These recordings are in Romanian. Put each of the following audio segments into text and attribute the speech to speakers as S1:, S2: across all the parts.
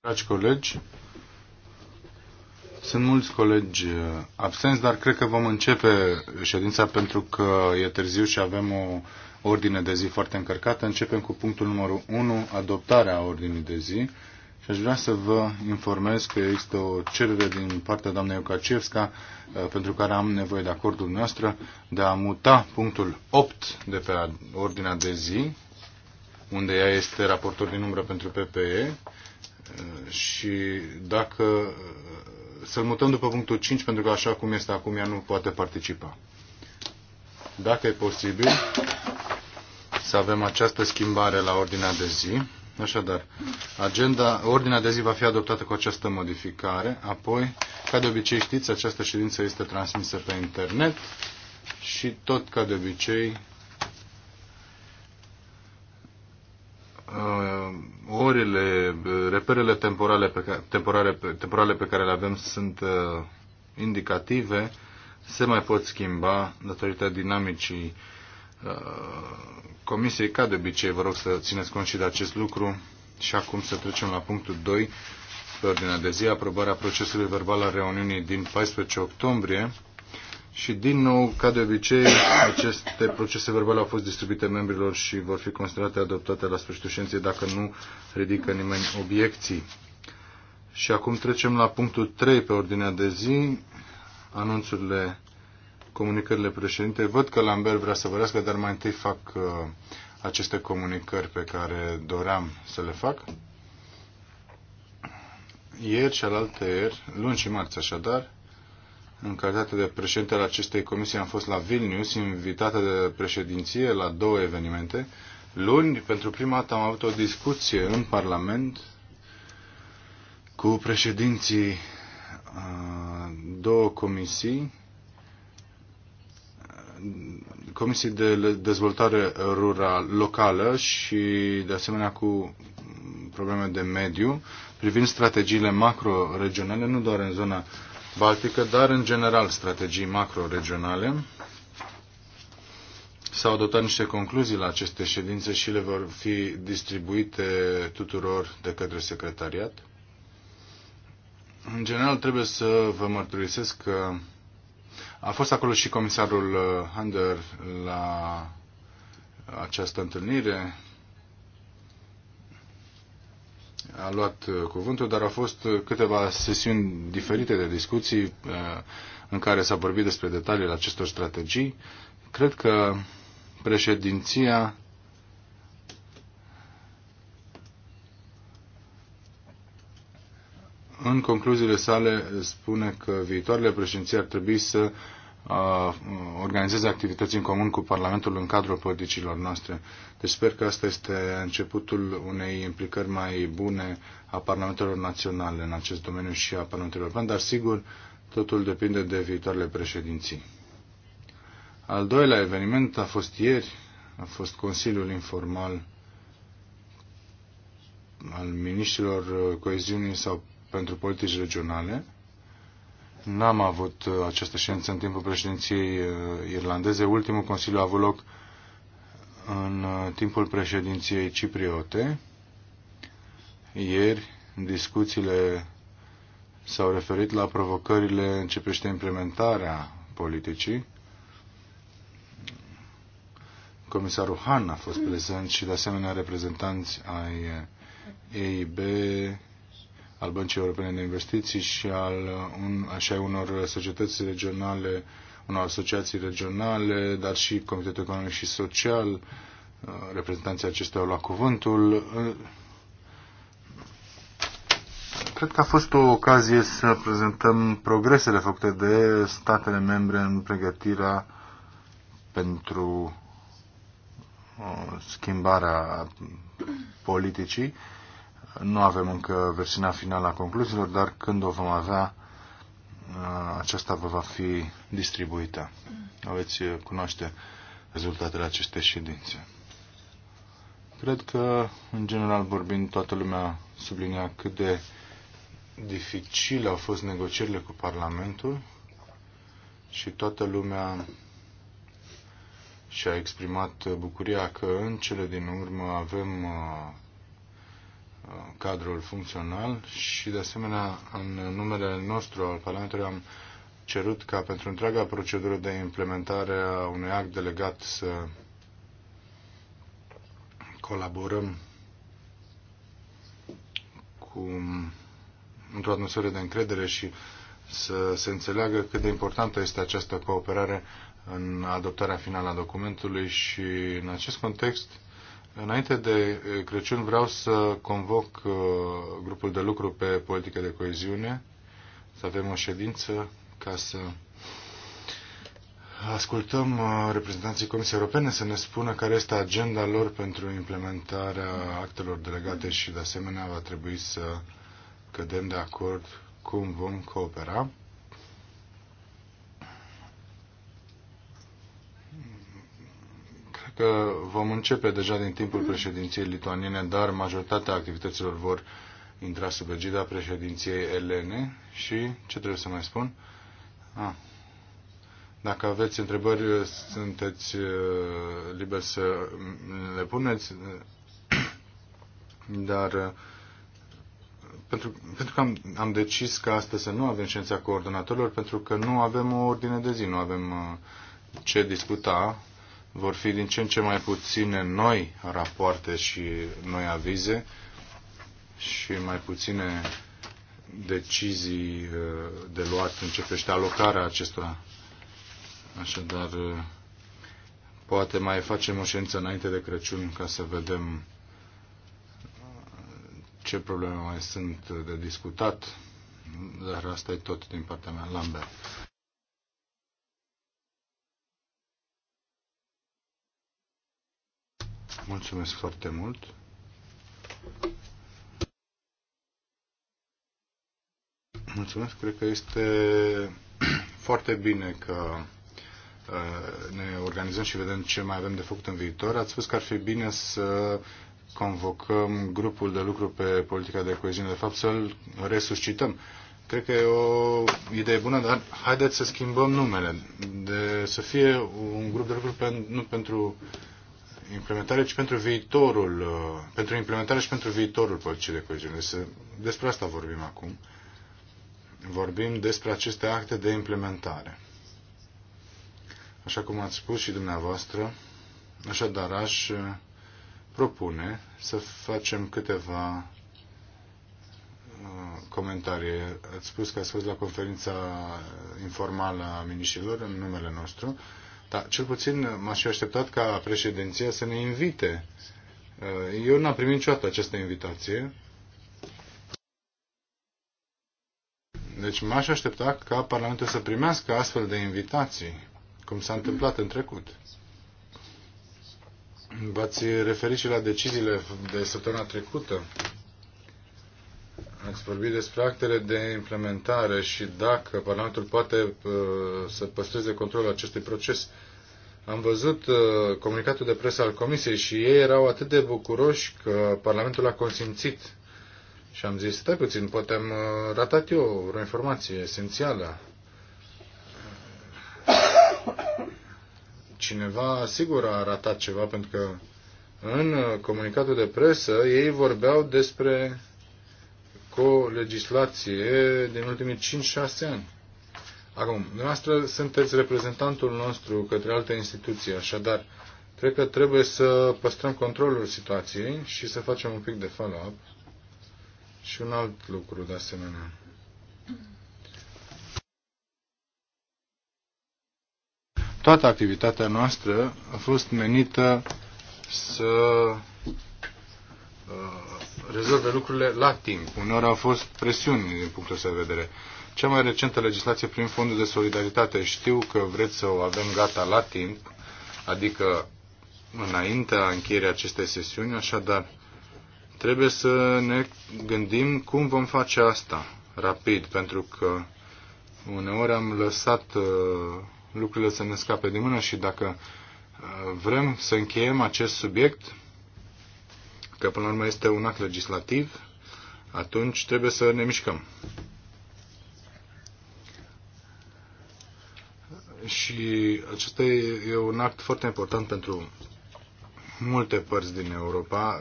S1: Dragi colegi, sunt mulți colegi uh, absenți, dar cred că vom începe ședința pentru că e târziu și avem o ordine de zi foarte încărcată. Începem cu punctul numărul 1, adoptarea ordinii de zi. Și aș vrea să vă informez că există o cerere din partea doamnei Ocacevska uh, pentru care am nevoie de acordul noastră de a muta punctul 8 de pe ordinea de zi, unde ea este raportor din umbră pentru PPE uh, și dacă uh, să-l mutăm după punctul 5 pentru că așa cum este acum ea nu poate participa. Dacă e posibil să avem această schimbare la ordinea de zi, Așadar, agenda, ordinea de zi va fi adoptată cu această modificare. Apoi, ca de obicei știți, această ședință este transmisă pe internet și tot ca de obicei uh, orele, reperele temporale pe care, temporale, temporale pe care le avem sunt uh, indicative, se mai pot schimba datorită dinamicii Uh, comisiei, ca de obicei, vă rog să țineți cont și de acest lucru. Și acum să trecem la punctul 2, pe ordinea de zi, aprobarea procesului verbal al reuniunii din 14 octombrie. Și din nou, ca de obicei, aceste procese verbale au fost distribuite membrilor și vor fi considerate adoptate la sfârșitul ședinței dacă nu ridică nimeni obiecții. Și acum trecem la punctul 3 pe ordinea de zi, anunțurile comunicările președinte. Văd că Lambert vrea să vorbească, dar mai întâi fac uh, aceste comunicări pe care doream să le fac. Ieri și alaltă ieri, luni și marți așadar, în calitate de președinte al acestei comisii am fost la Vilnius, invitată de președinție la două evenimente. Luni, pentru prima dată, am avut o discuție în Parlament cu președinții uh, două comisii Comisiei de Dezvoltare Rural Locală și de asemenea cu probleme de mediu privind strategiile macro-regionale, nu doar în zona Baltică, dar în general strategii macro-regionale. S-au adoptat niște concluzii la aceste ședințe și le vor fi distribuite tuturor de către secretariat. În general, trebuie să vă mărturisesc că a fost acolo și comisarul Hunter uh, la această întâlnire. A luat uh, cuvântul, dar au fost uh, câteva sesiuni diferite de discuții în care s-a vorbit despre detaliile acestor strategii. Cred că președinția în concluziile sale spune că viitoarele președinții ar trebui să Mm, organizeze activități în comun cu Parlamentul în cadrul politicilor noastre. Deci sper că asta este începutul unei implicări mai bune a Parlamentelor naționale în acest domeniu și a Parlamentului European, dar sigur totul depinde de viitoarele președinții. Al doilea eveniment a fost ieri, a fost Consiliul Informal al Ministrilor Coeziunii sau pentru Politici Regionale, N-am avut uh, această ședință în timpul președinției uh, irlandeze. Ultimul consiliu a avut loc în uh, timpul președinției cipriote. Ieri discuțiile s-au referit la provocările în ce privește implementarea politicii. Comisarul Han a fost prezent și de asemenea reprezentanți ai EIB, al Băncii Europene de Investiții și al, un, și ai unor societăți regionale, unor asociații regionale, dar și Comitetul Economic și Social, uh, reprezentanții acestea au luat cuvântul. Uh, cred că a fost o ocazie să prezentăm progresele făcute de statele membre în pregătirea pentru uh, schimbarea politicii nu avem încă versiunea finală a concluziilor, dar când o vom avea, uh, aceasta vă va fi distribuită. Aveți uh, cunoaște rezultatele acestei ședințe. Cred că, în general vorbind, toată lumea sublinia cât de dificile au fost negocierile cu Parlamentul și toată lumea și-a exprimat bucuria că în cele din urmă avem uh, cadrul funcțional și, de asemenea, în numele nostru al Parlamentului am cerut ca pentru întreaga procedură de implementare a unui act delegat să colaborăm cu într-o atmosferă de încredere și să se înțeleagă cât de importantă este această cooperare în adoptarea finală a documentului și în acest context Înainte de eh, Crăciun vreau să convoc eh, grupul de lucru pe politică de coeziune, să avem o ședință ca să ascultăm eh, reprezentanții Comisiei Europene să ne spună care este agenda lor pentru implementarea actelor delegate și de asemenea va trebui să cădem de acord cum vom coopera. că vom începe deja din timpul președinției lituaniene, dar majoritatea activităților vor intra sub egida președinției elene. Și ce trebuie să mai spun? Ah. Dacă aveți întrebări, sunteți uh, liberi să le puneți, dar uh, pentru, pentru că am, am decis că astăzi să nu avem ședința coordonatorilor, pentru că nu avem o ordine de zi, nu avem uh, ce discuta vor fi din ce în ce mai puține noi rapoarte și noi avize și mai puține decizii uh, de luat în ce privește alocarea acestora. Așadar, uh, poate mai facem o ședință înainte de Crăciun ca să vedem uh, ce probleme mai sunt de discutat, dar asta e tot din partea mea, Lambert. Mulțumesc foarte mult. Mulțumesc. Cred că este foarte bine că uh, ne organizăm și vedem ce mai avem de făcut în viitor. Ați spus că ar fi bine să convocăm grupul de lucru pe politica de coeziune, de fapt să-l resuscităm. Cred că e o idee bună, dar haideți să schimbăm numele, de, să fie un grup de lucru pe, nu pentru uh, implementare, ci pentru viitorul, uh, pentru implementare și pentru viitorul politicii de coeziune. Despre asta vorbim acum. Vorbim despre aceste acte de implementare. Așa cum ați spus și dumneavoastră, așadar aș uh, propune să facem câteva uh, comentarii. Ați spus că ați fost la conferința informală a miniștrilor în numele nostru. Dar cel puțin m-aș fi așteptat ca președinția să ne invite. Uh, eu n-am primit niciodată această invitație. Deci m-aș aștepta ca Parlamentul să primească astfel de invitații, cum s-a întâmplat în trecut. V-ați referit și la deciziile de săptămâna trecută Ați vorbit despre actele de implementare și dacă Parlamentul poate uh, să păstreze controlul acestui proces. Am văzut uh, comunicatul de presă al Comisiei și ei erau atât de bucuroși că Parlamentul a consimțit. Și am zis, stai puțin, poate am uh, ratat eu o informație esențială. Cineva, sigur, a ratat ceva, pentru că în comunicatul de presă ei vorbeau despre co-legislație din ultimii 5-6 ani. Acum, dumneavoastră sunteți reprezentantul nostru către alte instituții, așadar, cred că trebuie să păstrăm controlul situației și să facem un pic de follow-up și un alt lucru de asemenea. Toată activitatea noastră a fost menită să uh, rezolve lucrurile la timp. Uneori au fost presiuni din punctul ăsta de vedere. Cea mai recentă legislație prin Fondul de Solidaritate, știu că vreți să o avem gata la timp, adică înaintea încheierii acestei sesiuni, așadar trebuie să ne gândim cum vom face asta rapid, pentru că uneori am lăsat uh, lucrurile să ne scape din mână și dacă uh, vrem să încheiem acest subiect, că până la urmă este un act legislativ, atunci trebuie să ne mișcăm. Și acesta e un act foarte important pentru multe părți din Europa,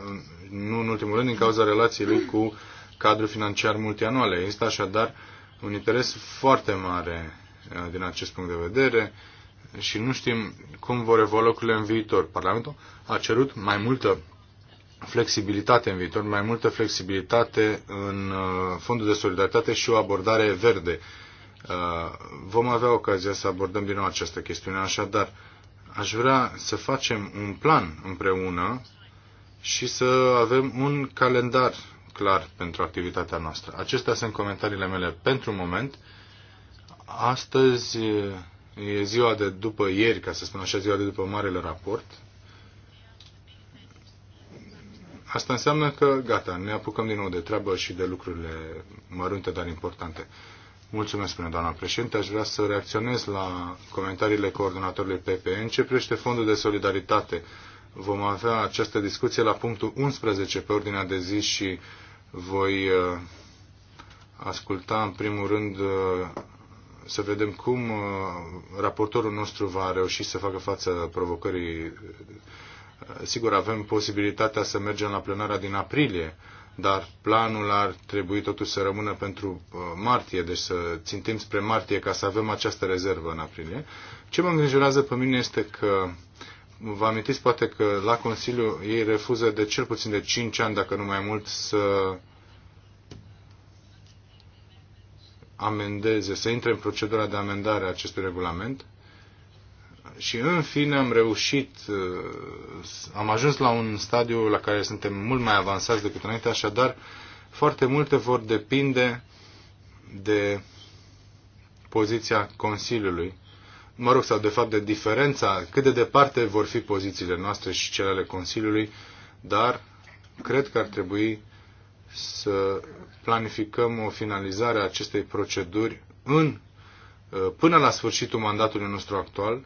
S1: nu în ultimul rând din cauza relațiilor cu cadrul financiar multianuale. Este așadar un interes foarte mare uh, din acest punct de vedere și nu știm cum vor evolua lucrurile în viitor. Parlamentul a cerut mai multă flexibilitate în viitor, mai multă flexibilitate în uh, fondul de solidaritate și o abordare verde. Uh, vom avea ocazia să abordăm din nou această chestiune, așadar aș vrea să facem un plan împreună și să avem un calendar clar pentru activitatea noastră. Acestea sunt comentariile mele pentru moment. Astăzi e ziua de după ieri, ca să spun așa, ziua de după marele raport, Asta înseamnă că, gata, ne apucăm din nou de treabă și de lucrurile mărunte, dar importante. Mulțumesc, spune doamna președinte. Aș vrea să reacționez la comentariile coordonatorului PPN. Ce prește fondul de solidaritate? Vom avea această discuție la punctul 11 pe ordinea de zi și voi uh, asculta în primul rând uh, să vedem cum uh, raportorul nostru va reuși să facă față provocării Sigur, avem posibilitatea să mergem la plenarea din aprilie, dar planul ar trebui totuși să rămână pentru uh, martie, deci să țintim spre martie ca să avem această rezervă în aprilie. Ce mă îngrijorează pe mine este că vă amintiți poate că la Consiliu ei refuză de cel puțin de 5 ani, dacă nu mai mult, să amendeze, să intre în procedura de amendare a acestui regulament și în fine am reușit, uh, am ajuns la un stadiu la care suntem mult mai avansați decât înainte, așadar foarte multe vor depinde de poziția Consiliului. Mă rog, sau de fapt de diferența, cât de departe vor fi pozițiile noastre și cele ale Consiliului, dar cred că ar trebui să planificăm o finalizare a acestei proceduri în, uh, până la sfârșitul mandatului nostru actual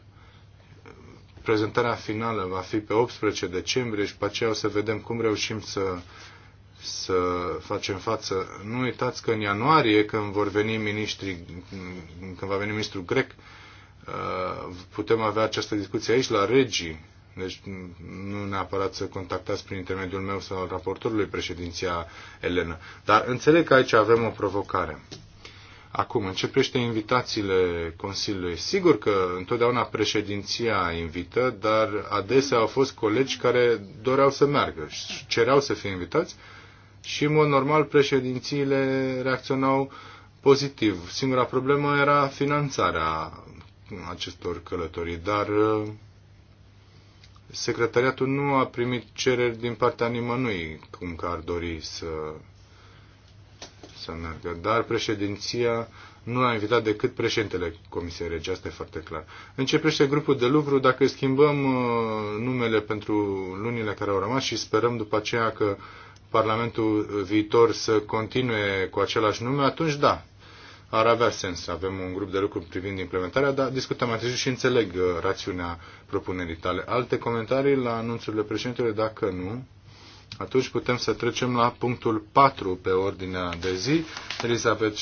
S1: prezentarea finală va fi pe 18 decembrie și pe aceea o să vedem cum reușim să, să facem față. Nu uitați că în ianuarie, când vor veni miniștri, când va veni ministrul grec, uh, putem avea această discuție aici la regii. Deci nu neapărat să contactați prin intermediul meu sau al raportorului președinția Elena. Dar înțeleg că aici avem o provocare. Acum, începește invitațiile Consiliului. Sigur că întotdeauna președinția invită, dar adesea au fost colegi care doreau să meargă și cereau să fie invitați și, în mod normal, președințiile reacționau pozitiv. Singura problemă era finanțarea acestor călătorii, dar uh, secretariatul nu a primit cereri din partea nimănui cum că ar dori să să meargă, dar președinția nu a invitat decât președintele Comisiei Regi, asta e foarte clar. Începește grupul de lucru dacă schimbăm uh, numele pentru lunile care au rămas și sperăm după aceea că Parlamentul viitor să continue cu același nume, atunci da, ar avea sens să avem un grup de lucru privind implementarea, dar discutăm mai târziu și înțeleg uh, rațiunea propunerii tale. Alte comentarii la anunțurile președintele, dacă nu, atunci putem să trecem la punctul 4 pe ordinea de zi. Elizabeth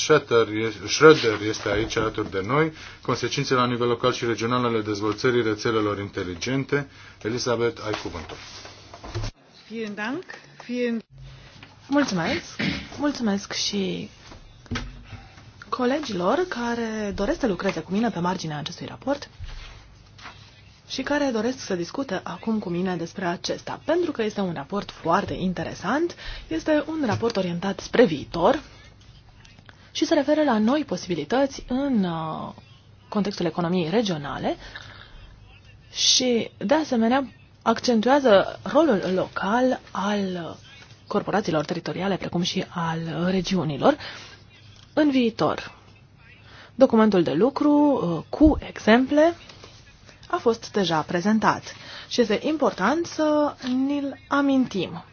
S1: Schroeder este aici alături de noi. Consecințe la nivel local și regional ale dezvoltării rețelelor inteligente. Elizabeth, ai cuvântul.
S2: Mulțumesc. Mulțumesc și colegilor care doresc să lucreze cu mine pe marginea acestui raport și care doresc să discute acum cu mine despre acesta, pentru că este un raport foarte interesant, este un raport orientat spre viitor și se referă la noi posibilități în uh, contextul economiei regionale și, de asemenea, accentuează rolul local al corporațiilor teritoriale, precum și al regiunilor, în viitor. Documentul de lucru uh, cu exemple a fost deja prezentat și este important să ni-l amintim.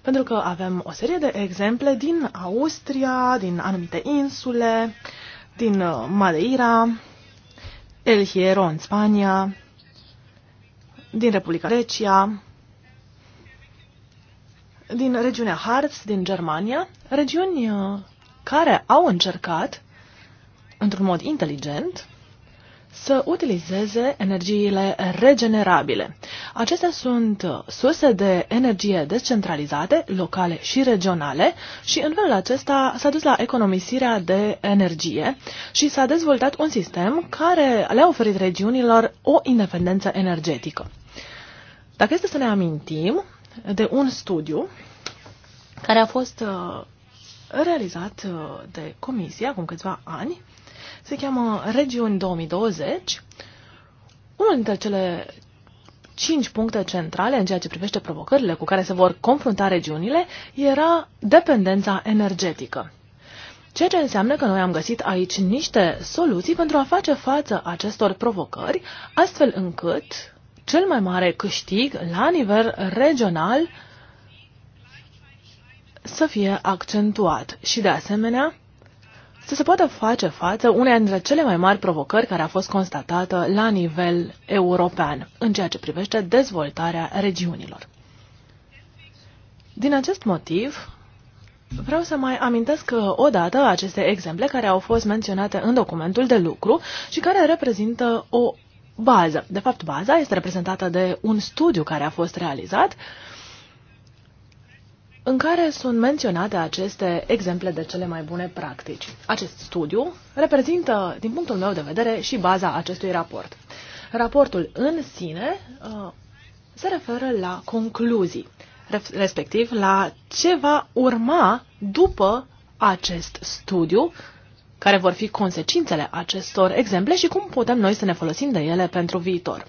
S2: Pentru că avem o serie de exemple din Austria, din anumite insule, din uh, Madeira, El Hierro în Spania, din Republica Grecia, din regiunea Harz, din Germania, regiuni uh, care au încercat, într-un mod inteligent, să utilizeze energiile regenerabile. Acestea sunt surse de energie descentralizate, locale și regionale și în felul acesta s-a dus la economisirea de energie și s-a dezvoltat un sistem care le-a oferit regiunilor o independență energetică. Dacă este să ne amintim de un studiu care a fost uh, realizat uh, de comisie acum câțiva ani, se cheamă Regiuni 2020. Unul dintre cele cinci puncte centrale în ceea ce privește provocările cu care se vor confrunta regiunile era dependența energetică. Ceea ce înseamnă că noi am găsit aici niște soluții pentru a face față acestor provocări, astfel încât cel mai mare câștig la nivel regional să fie accentuat și, de asemenea, să se poată face față unei dintre cele mai mari provocări care a fost constatată la nivel european în ceea ce privește dezvoltarea regiunilor. Din acest motiv, vreau să mai amintesc o dată aceste exemple care au fost menționate în documentul de lucru și care reprezintă o bază. De fapt, baza este reprezentată de un studiu care a fost realizat uh, în care sunt menționate aceste exemple de cele mai bune practici. Acest studiu reprezintă, din punctul meu de vedere, și baza acestui raport. Raportul în sine uh, se referă la concluzii, respectiv la ce va urma după acest studiu care vor fi consecințele acestor exemple și cum putem noi să ne folosim de ele pentru viitor.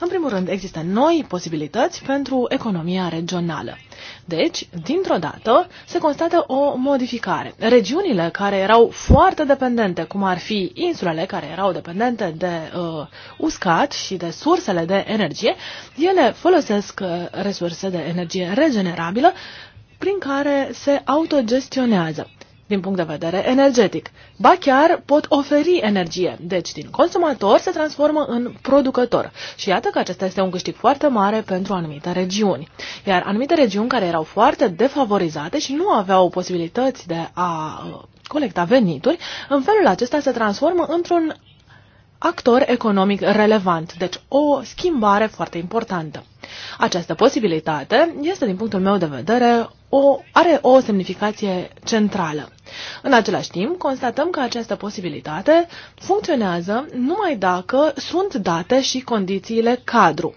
S2: În primul rând, există noi posibilități pentru economia regională. Deci, dintr-o dată, se constată o modificare. Regiunile care erau foarte dependente, cum ar fi insulele care erau dependente de uh, uscat și de sursele de energie, ele folosesc uh, resurse de energie regenerabilă prin care se autogestionează din punct de vedere energetic. Ba chiar pot oferi energie, deci din consumator se transformă în producător. Și iată că acesta este un câștig foarte mare pentru anumite regiuni. Iar anumite regiuni care erau foarte defavorizate și nu aveau posibilități de a uh, colecta venituri, în felul acesta se transformă într-un actor economic relevant, deci o schimbare foarte importantă. Această posibilitate este, din punctul meu de vedere, o, are o semnificație centrală. În același timp, constatăm că această posibilitate funcționează numai dacă sunt date și condițiile cadru.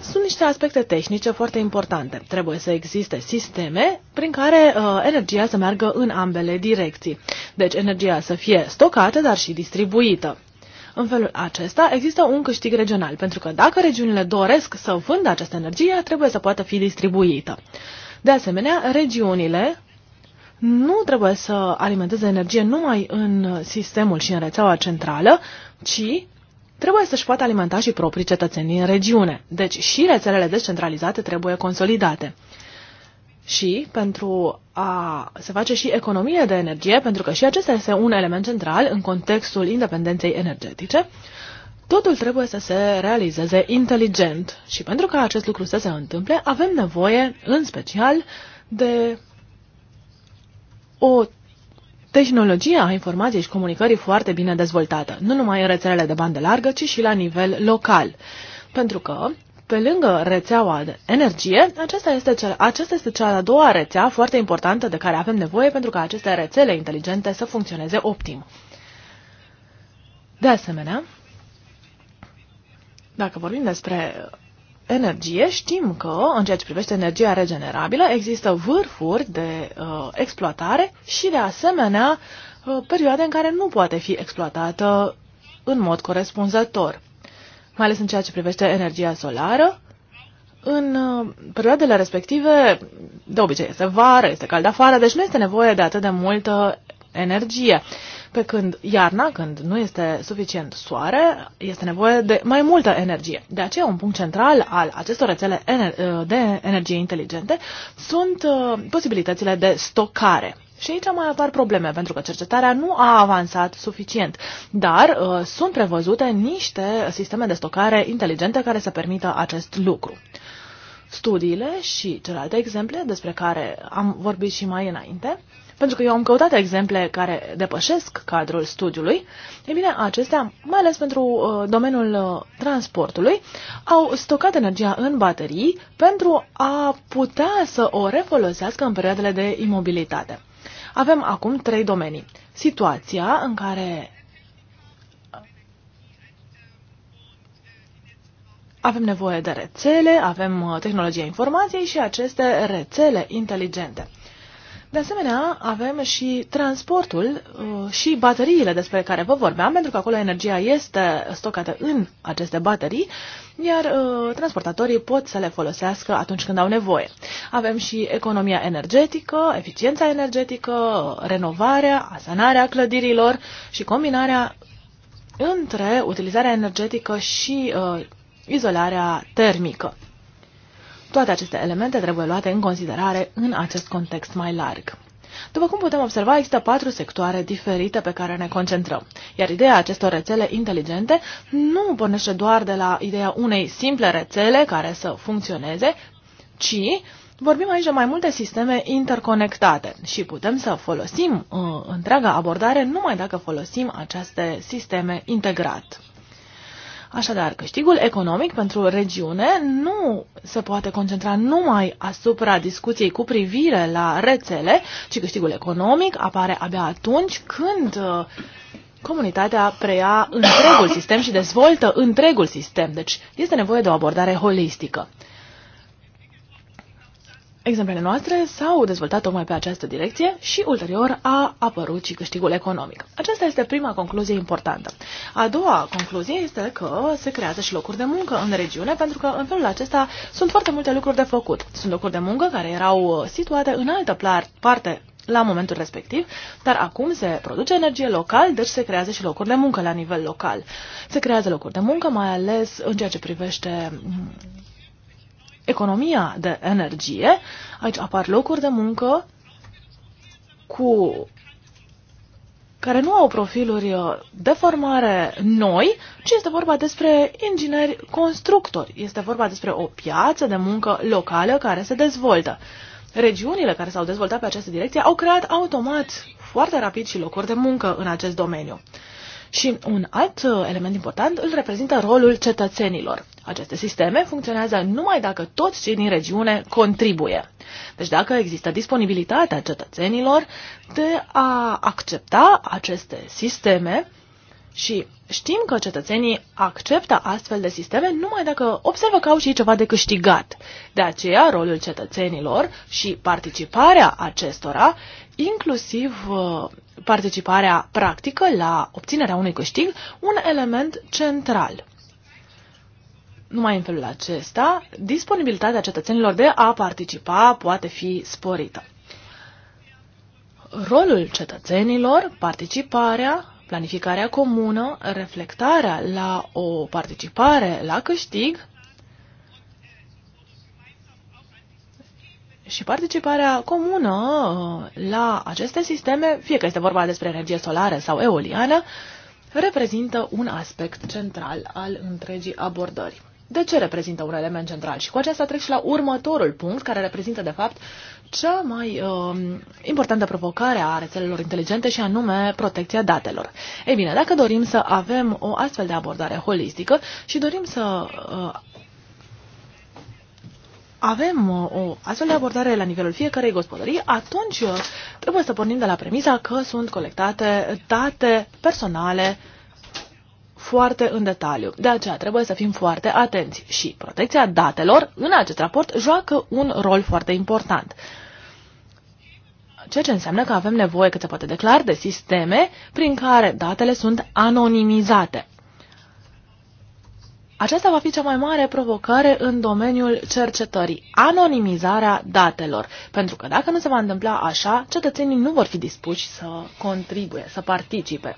S2: Sunt niște aspecte tehnice foarte importante. Trebuie să existe sisteme prin care uh, energia să meargă în ambele direcții. Deci energia să fie stocată, dar și distribuită. În felul acesta există un câștig regional, pentru că dacă regiunile doresc să vândă această energie, trebuie să poată fi distribuită. De asemenea, regiunile nu trebuie să alimenteze energie numai în sistemul și în rețeaua centrală, ci trebuie să-și poată alimenta și proprii cetățenii în regiune. Deci și rețelele descentralizate trebuie consolidate. Și pentru a se face și economie de energie, pentru că și acesta este un element central în contextul independenței energetice, Totul trebuie să se realizeze inteligent și pentru ca acest lucru să se întâmple, avem nevoie, în special, de o tehnologie a informației și comunicării foarte bine dezvoltată, nu numai în rețelele de bandă largă, ci și la nivel local. Pentru că, pe lângă rețeaua de energie, aceasta este, cea, aceasta este cea a doua rețea foarte importantă de care avem nevoie pentru ca aceste rețele inteligente să funcționeze optim. De asemenea, dacă vorbim despre energie, știm că, în ceea ce privește energia regenerabilă, există vârfuri de uh, exploatare și, de asemenea, uh, perioade în care nu poate fi exploatată în mod corespunzător. Mai ales în ceea ce privește energia solară, în uh, perioadele respective, de obicei este vară, este cald afară, deci nu este nevoie de atât de multă energie. Uh, pe când iarna, când nu este suficient soare, este nevoie de mai multă energie. De aceea, un punct central al acestor rețele de energie inteligente sunt uh, posibilitățile de stocare. Și aici mai apar probleme, pentru că cercetarea nu a avansat suficient, dar uh, sunt prevăzute niște sisteme de stocare inteligente care să permită acest lucru. Studiile și celelalte exemple despre care am vorbit și mai înainte pentru că eu am căutat exemple care depășesc cadrul studiului, e bine, acestea, mai ales pentru uh, domeniul uh, transportului, au stocat energia în baterii pentru a putea să o refolosească în perioadele de imobilitate. Avem acum trei domenii. Situația în care avem nevoie de rețele, avem uh, tehnologia informației și aceste rețele inteligente. De asemenea, avem și transportul uh, și bateriile despre care vă vorbeam, pentru că acolo energia este stocată în aceste baterii, iar uh, transportatorii pot să le folosească atunci când au nevoie. Avem și economia energetică, eficiența energetică, renovarea, asanarea clădirilor și combinarea între utilizarea energetică și uh, izolarea termică. Toate aceste elemente trebuie luate în considerare în acest context mai larg. După cum putem observa, există patru sectoare diferite pe care ne concentrăm, iar ideea acestor rețele inteligente nu pornește doar de la ideea unei simple rețele care să funcționeze, ci vorbim aici de mai multe sisteme interconectate și putem să folosim uh, întreaga abordare numai dacă folosim aceste sisteme integrate. Așadar, câștigul economic pentru regiune nu se poate concentra numai asupra discuției cu privire la rețele, ci câștigul economic apare abia atunci când uh, comunitatea preia întregul sistem și dezvoltă întregul sistem. Deci este nevoie de o abordare holistică. Exemplele noastre s-au dezvoltat tocmai pe această direcție și ulterior a apărut și câștigul economic. Aceasta este prima concluzie importantă. A doua concluzie este că se creează și locuri de muncă în regiune, pentru că în felul acesta sunt foarte multe lucruri de făcut. Sunt locuri de muncă care erau uh, situate în altă parte la momentul respectiv, dar acum se produce energie local, deci se creează și locuri de muncă la nivel local. Se creează locuri de muncă, mai ales în ceea ce privește economia de energie. Aici apar locuri de muncă cu care nu au profiluri uh, de formare noi, ci este vorba despre ingineri constructori. Este vorba despre o piață de muncă locală care se dezvoltă. Regiunile care s-au dezvoltat pe această direcție au creat automat foarte rapid și locuri de muncă în acest domeniu. Și un alt uh, element important îl reprezintă rolul cetățenilor. Aceste sisteme funcționează numai dacă toți cei din regiune contribuie. Deci dacă există disponibilitatea cetățenilor de a accepta aceste sisteme și știm că cetățenii acceptă astfel de sisteme numai dacă observă că au și ceva de câștigat. De aceea, rolul cetățenilor și participarea acestora inclusiv uh, participarea practică la obținerea unui câștig, un element central. Numai în felul acesta, disponibilitatea cetățenilor de a participa poate fi sporită. Rolul cetățenilor, participarea, planificarea comună, reflectarea la o participare la câștig și participarea comună uh, la aceste sisteme, fie că este vorba despre energie solară sau eoliană, reprezintă un aspect central al întregii abordări. De ce reprezintă un element central? Și cu aceasta trec și la următorul punct, care reprezintă, de fapt, cea mai uh, importantă provocare a rețelelor inteligente și anume protecția datelor. Ei bine, dacă dorim să avem o astfel de abordare holistică și dorim să uh, avem uh, o astfel de abordare la nivelul fiecarei gospodării, atunci uh, trebuie să pornim de la premisa că sunt colectate date personale foarte în detaliu. De aceea trebuie să fim foarte atenți și protecția datelor în acest raport joacă un rol foarte important. Ceea ce înseamnă că avem nevoie cât se poate declar de sisteme prin care datele sunt anonimizate. Aceasta va fi cea mai mare provocare în domeniul cercetării, anonimizarea datelor, pentru că dacă nu se va întâmpla așa, cetățenii nu vor fi dispuși să contribuie, să participe.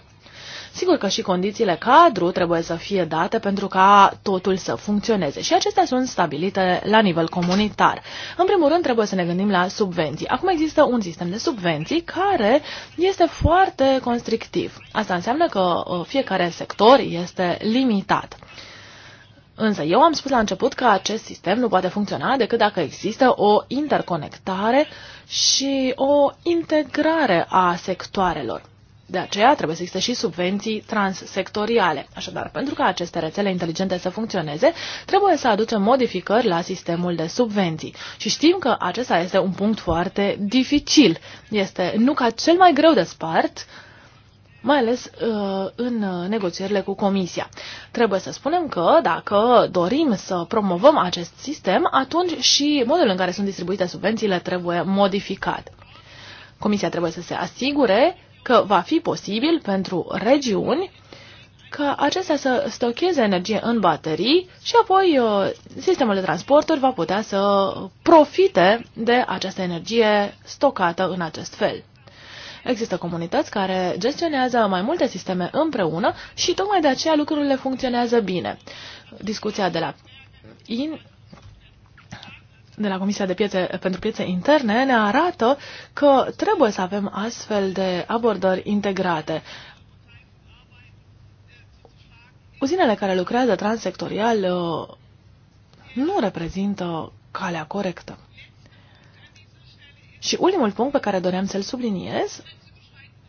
S2: Sigur că și condițiile cadru trebuie să fie date pentru ca totul să funcționeze și acestea sunt stabilite la nivel comunitar. În primul rând trebuie să ne gândim la subvenții. Acum există un sistem de subvenții care este foarte constrictiv. Asta înseamnă că uh, fiecare sector este limitat. Însă eu am spus la început că acest sistem nu poate funcționa decât dacă există o interconectare și o integrare a sectoarelor. De aceea trebuie să existe și subvenții transsectoriale. Așadar, pentru ca aceste rețele inteligente să funcționeze, trebuie să aducem modificări la sistemul de subvenții. Și știm că acesta este un punct foarte dificil. Este nu ca cel mai greu de spart, mai ales uh, în uh, negocierile cu Comisia. Trebuie să spunem că dacă dorim să promovăm acest sistem, atunci și modul în care sunt distribuite subvențiile trebuie modificat. Comisia trebuie să se asigure că va fi posibil pentru regiuni ca acestea să stocheze energie în baterii și apoi uh, sistemul de transporturi va putea să profite de această energie stocată în acest fel. Există comunități care gestionează mai multe sisteme împreună și tocmai de aceea lucrurile funcționează bine. Discuția de la in, de la Comisia de Piețe, pentru Piețe Interne ne arată că trebuie să avem astfel de abordări integrate. Uzinele care lucrează transsectorial uh, nu reprezintă calea corectă. Și ultimul punct pe care doream să-l subliniez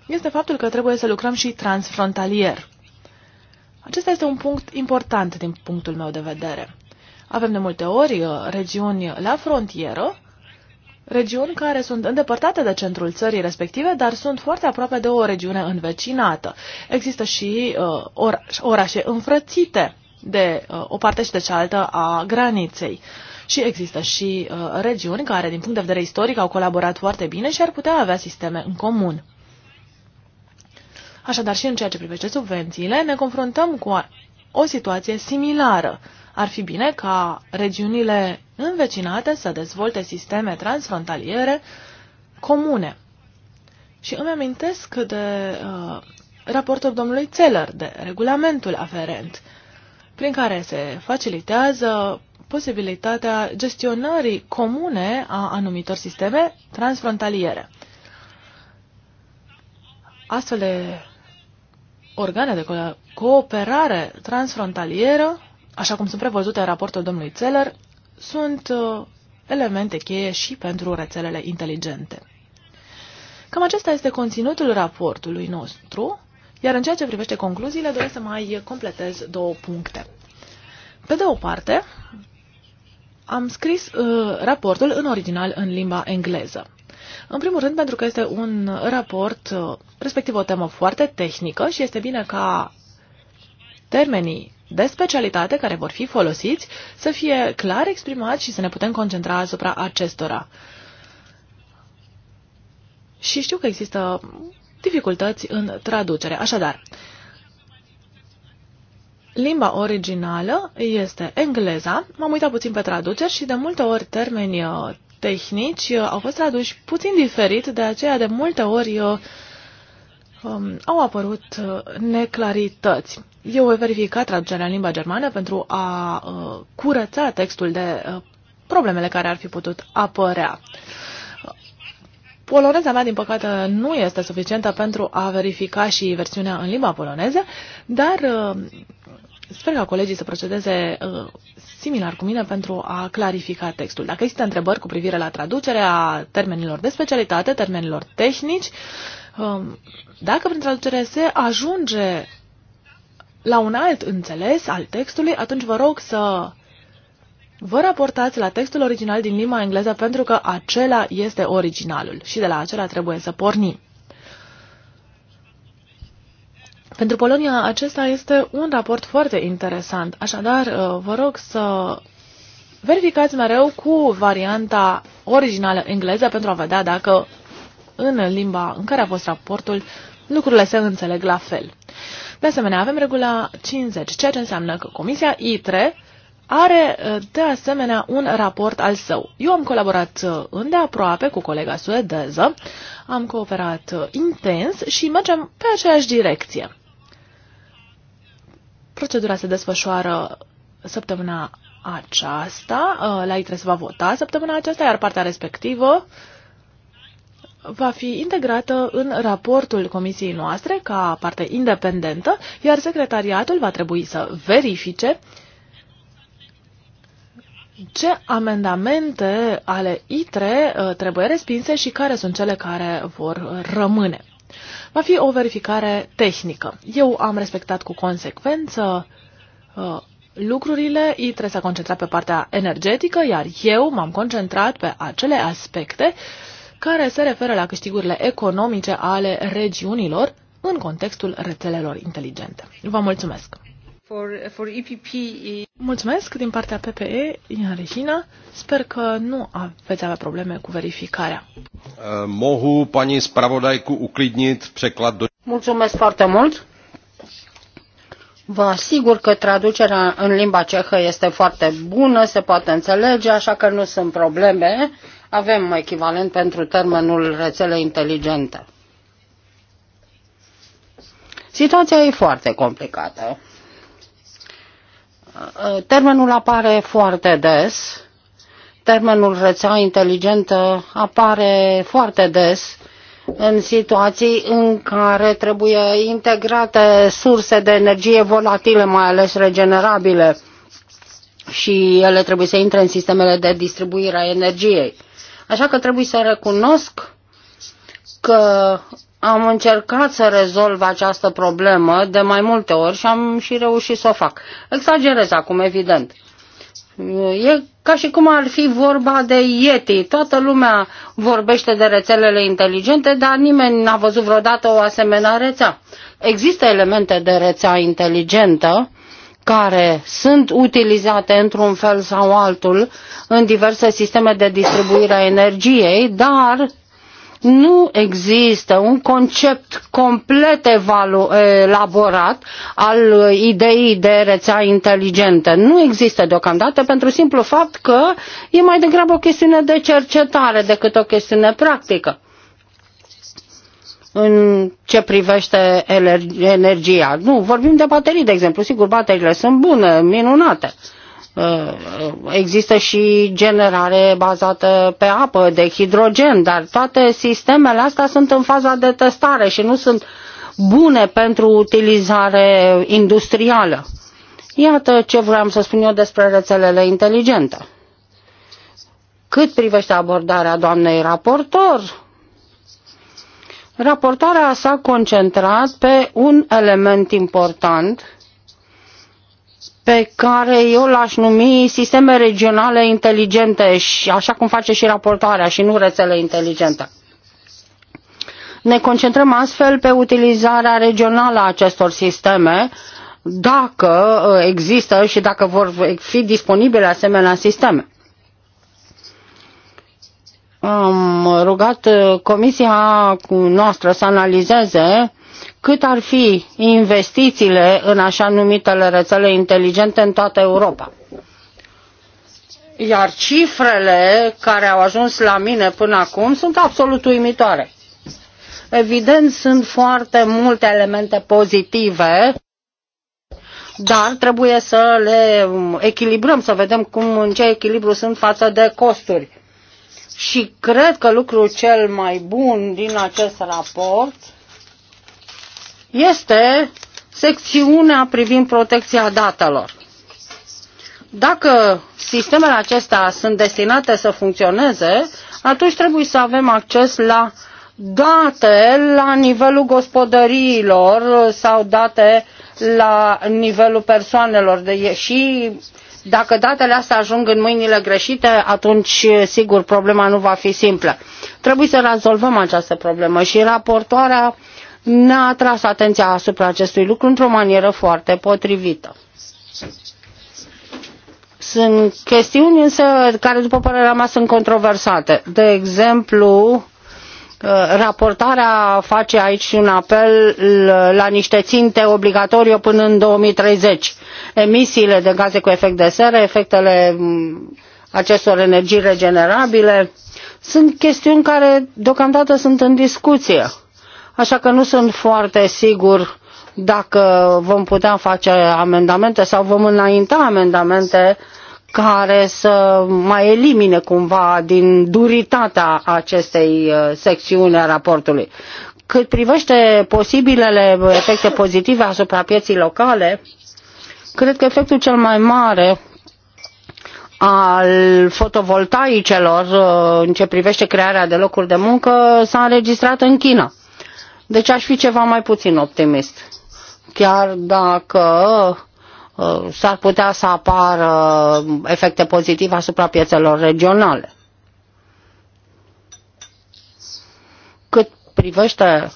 S2: este faptul că trebuie să lucrăm și transfrontalier. Acesta este un punct important din punctul meu de vedere. Avem de multe ori uh, regiuni la frontieră, regiuni care sunt îndepărtate de centrul țării respective, dar sunt foarte aproape de o regiune învecinată. Există și uh, orașe înfrățite de uh, o parte și de cealaltă a graniței. Uh, și există și uh, regiuni care, din punct de vedere istoric, au colaborat foarte bine și ar putea avea sisteme în comun. Așadar, și în ceea ce privește subvențiile, ne confruntăm cu o situație similară. Ar fi bine ca regiunile învecinate să dezvolte sisteme transfrontaliere comune. Și îmi amintesc de uh, raportul domnului Zeller, de regulamentul aferent, prin care se facilitează posibilitatea gestionării comune a anumitor sisteme transfrontaliere. Astfel de organe de cooperare transfrontalieră, așa cum sunt prevăzute în raportul domnului Zeller, sunt uh, elemente cheie și pentru rețelele inteligente. Cam acesta este conținutul raportului nostru, iar în ceea ce privește concluziile, doresc să mai completez două puncte. Pe de o parte, am scris uh, raportul în original în limba engleză. În primul rând pentru că este un raport, uh, respectiv o temă foarte tehnică și este bine ca termenii de specialitate care vor fi folosiți să fie clar exprimați și să ne putem concentra asupra acestora. Și știu că există dificultăți în traducere. Așadar, uh, Limba originală este engleza. M-am uitat puțin pe traduceri și de multe ori termeni uh, tehnici uh, au fost traduși puțin diferit, de aceea de multe ori uh, um, au apărut neclarități. Eu voi verifica traducerea în limba germană pentru a uh, curăța textul de uh, problemele care ar fi putut apărea. Poloneza mea, din păcate, nu este suficientă pentru a verifica și versiunea în limba poloneză, dar Sper ca colegii să procedeze uh, similar cu mine pentru a clarifica textul. Dacă există întrebări cu privire la traducerea termenilor de specialitate, termenilor tehnici, uh, dacă prin traducere se ajunge la un alt înțeles al textului, atunci vă rog să vă raportați la textul original din limba engleză pentru că acela este originalul și de la acela trebuie să pornim. Pentru Polonia acesta este un raport foarte interesant, așadar uh, vă rog să verificați mereu cu varianta originală engleză pentru a vedea dacă în limba în care a fost raportul lucrurile se înțeleg la fel. De asemenea, avem regula 50, ceea ce înseamnă că Comisia ITRE are uh, de asemenea un raport al său. Eu am colaborat uh, îndeaproape cu colega suedeză, am cooperat intens și mergem pe aceeași direcție. Procedura se desfășoară săptămâna aceasta, uh, la ITRE să va vota săptămâna aceasta, iar partea respectivă va fi integrată în raportul comisiei noastre ca parte independentă, iar secretariatul va trebui să verifice ce amendamente ale ITRE uh, trebuie respinse și care sunt cele care vor rămâne. Va fi o verificare tehnică. Eu am respectat cu consecvență uh, lucrurile, ITRE s-a concentrat pe partea energetică, iar eu m-am concentrat pe acele aspecte care se referă la câștigurile economice ale regiunilor în contextul rețelelor inteligente. Vă mulțumesc!
S3: For, for EPP...
S2: Mulțumesc din partea PPE, Ina Regina. Sper că nu veți avea probleme cu verificarea. Eh,
S4: mohu pani spravodajku uklidnit preklad do...
S3: Mulțumesc foarte mult. Vă asigur că traducerea în limba cehă este foarte bună, se poate înțelege, așa că nu sunt probleme. Avem echivalent pentru termenul rețele inteligente. Situația e foarte complicată. Uh, termenul apare foarte des, termenul rețea inteligentă apare foarte des în situații în care trebuie integrate surse de energie volatile, mai ales regenerabile, și ele trebuie să intre în sistemele de distribuire a energiei. Așa că trebuie să recunosc că am încercat să rezolv această problemă de mai multe ori și am și reușit să o fac. Exagerez acum, evident. E ca și cum ar fi vorba de Yeti. Toată lumea vorbește de rețelele inteligente, dar nimeni n-a văzut vreodată o asemenea rețea. Există elemente de rețea inteligentă care sunt utilizate într-un fel sau altul în diverse sisteme de distribuire a energiei, dar nu există un concept complet evalu- elaborat al uh, ideii de rețea inteligentă. Nu există deocamdată pentru simplu fapt că e mai degrabă o chestiune de cercetare decât o chestiune practică în ce privește energia. Nu, vorbim de baterii, de exemplu. Sigur, bateriile sunt bune, minunate. Uh, Uh, există și generare bazată pe apă, de hidrogen, dar toate sistemele astea sunt în faza de testare și nu sunt bune pentru utilizare industrială. Iată ce vreau să spun eu despre rețelele inteligente. Cât privește abordarea doamnei raportor, raportarea s-a concentrat pe un element important – pe care eu l-aș numi sisteme regionale inteligente, și așa cum face și raportarea, și nu rețele inteligente. Ne concentrăm astfel pe utilizarea regională a acestor sisteme, dacă uh, există și dacă vor fi disponibile asemenea sisteme. Am rugat uh, comisia noastră să analizeze cât ar fi investițiile în așa numitele rețele inteligente în toată Europa. Iar cifrele care au ajuns la mine până acum sunt absolut uimitoare. Evident, sunt foarte multe elemente pozitive, dar trebuie să le echilibrăm, să vedem cum, în ce echilibru sunt față de costuri. Și cred că lucrul cel mai bun din acest raport este secțiunea privind protecția datelor. Dacă sistemele acestea sunt destinate să funcționeze, atunci trebuie să avem acces la date la nivelul gospodăriilor sau date la nivelul persoanelor. De, și dacă datele astea ajung în mâinile greșite, atunci, sigur, problema nu va fi simplă. Trebuie să rezolvăm această problemă și raportoarea ne-a atras atenția asupra acestui lucru într-o manieră foarte potrivită. Sunt chestiuni însă care, după părerea mea, sunt controversate. De exemplu, uh, raportarea face aici un apel uh, la niște ținte obligatorii până în 2030. Emisiile de gaze cu efect de seră, efectele mm, acestor energii regenerabile, sunt chestiuni care deocamdată sunt în discuție așa că nu sunt foarte sigur dacă vom putea face amendamente sau vom înainta amendamente care să mai elimine cumva din duritatea acestei uh, secțiuni a raportului. Cât privește posibilele efecte pozitive asupra pieții locale, cred că efectul cel mai mare al fotovoltaicelor uh, în ce privește crearea de locuri de muncă s-a înregistrat în China deci aș fi ceva mai puțin optimist. Chiar dacă uh, s-ar putea să apară efecte pozitive asupra piețelor regionale. Cât privește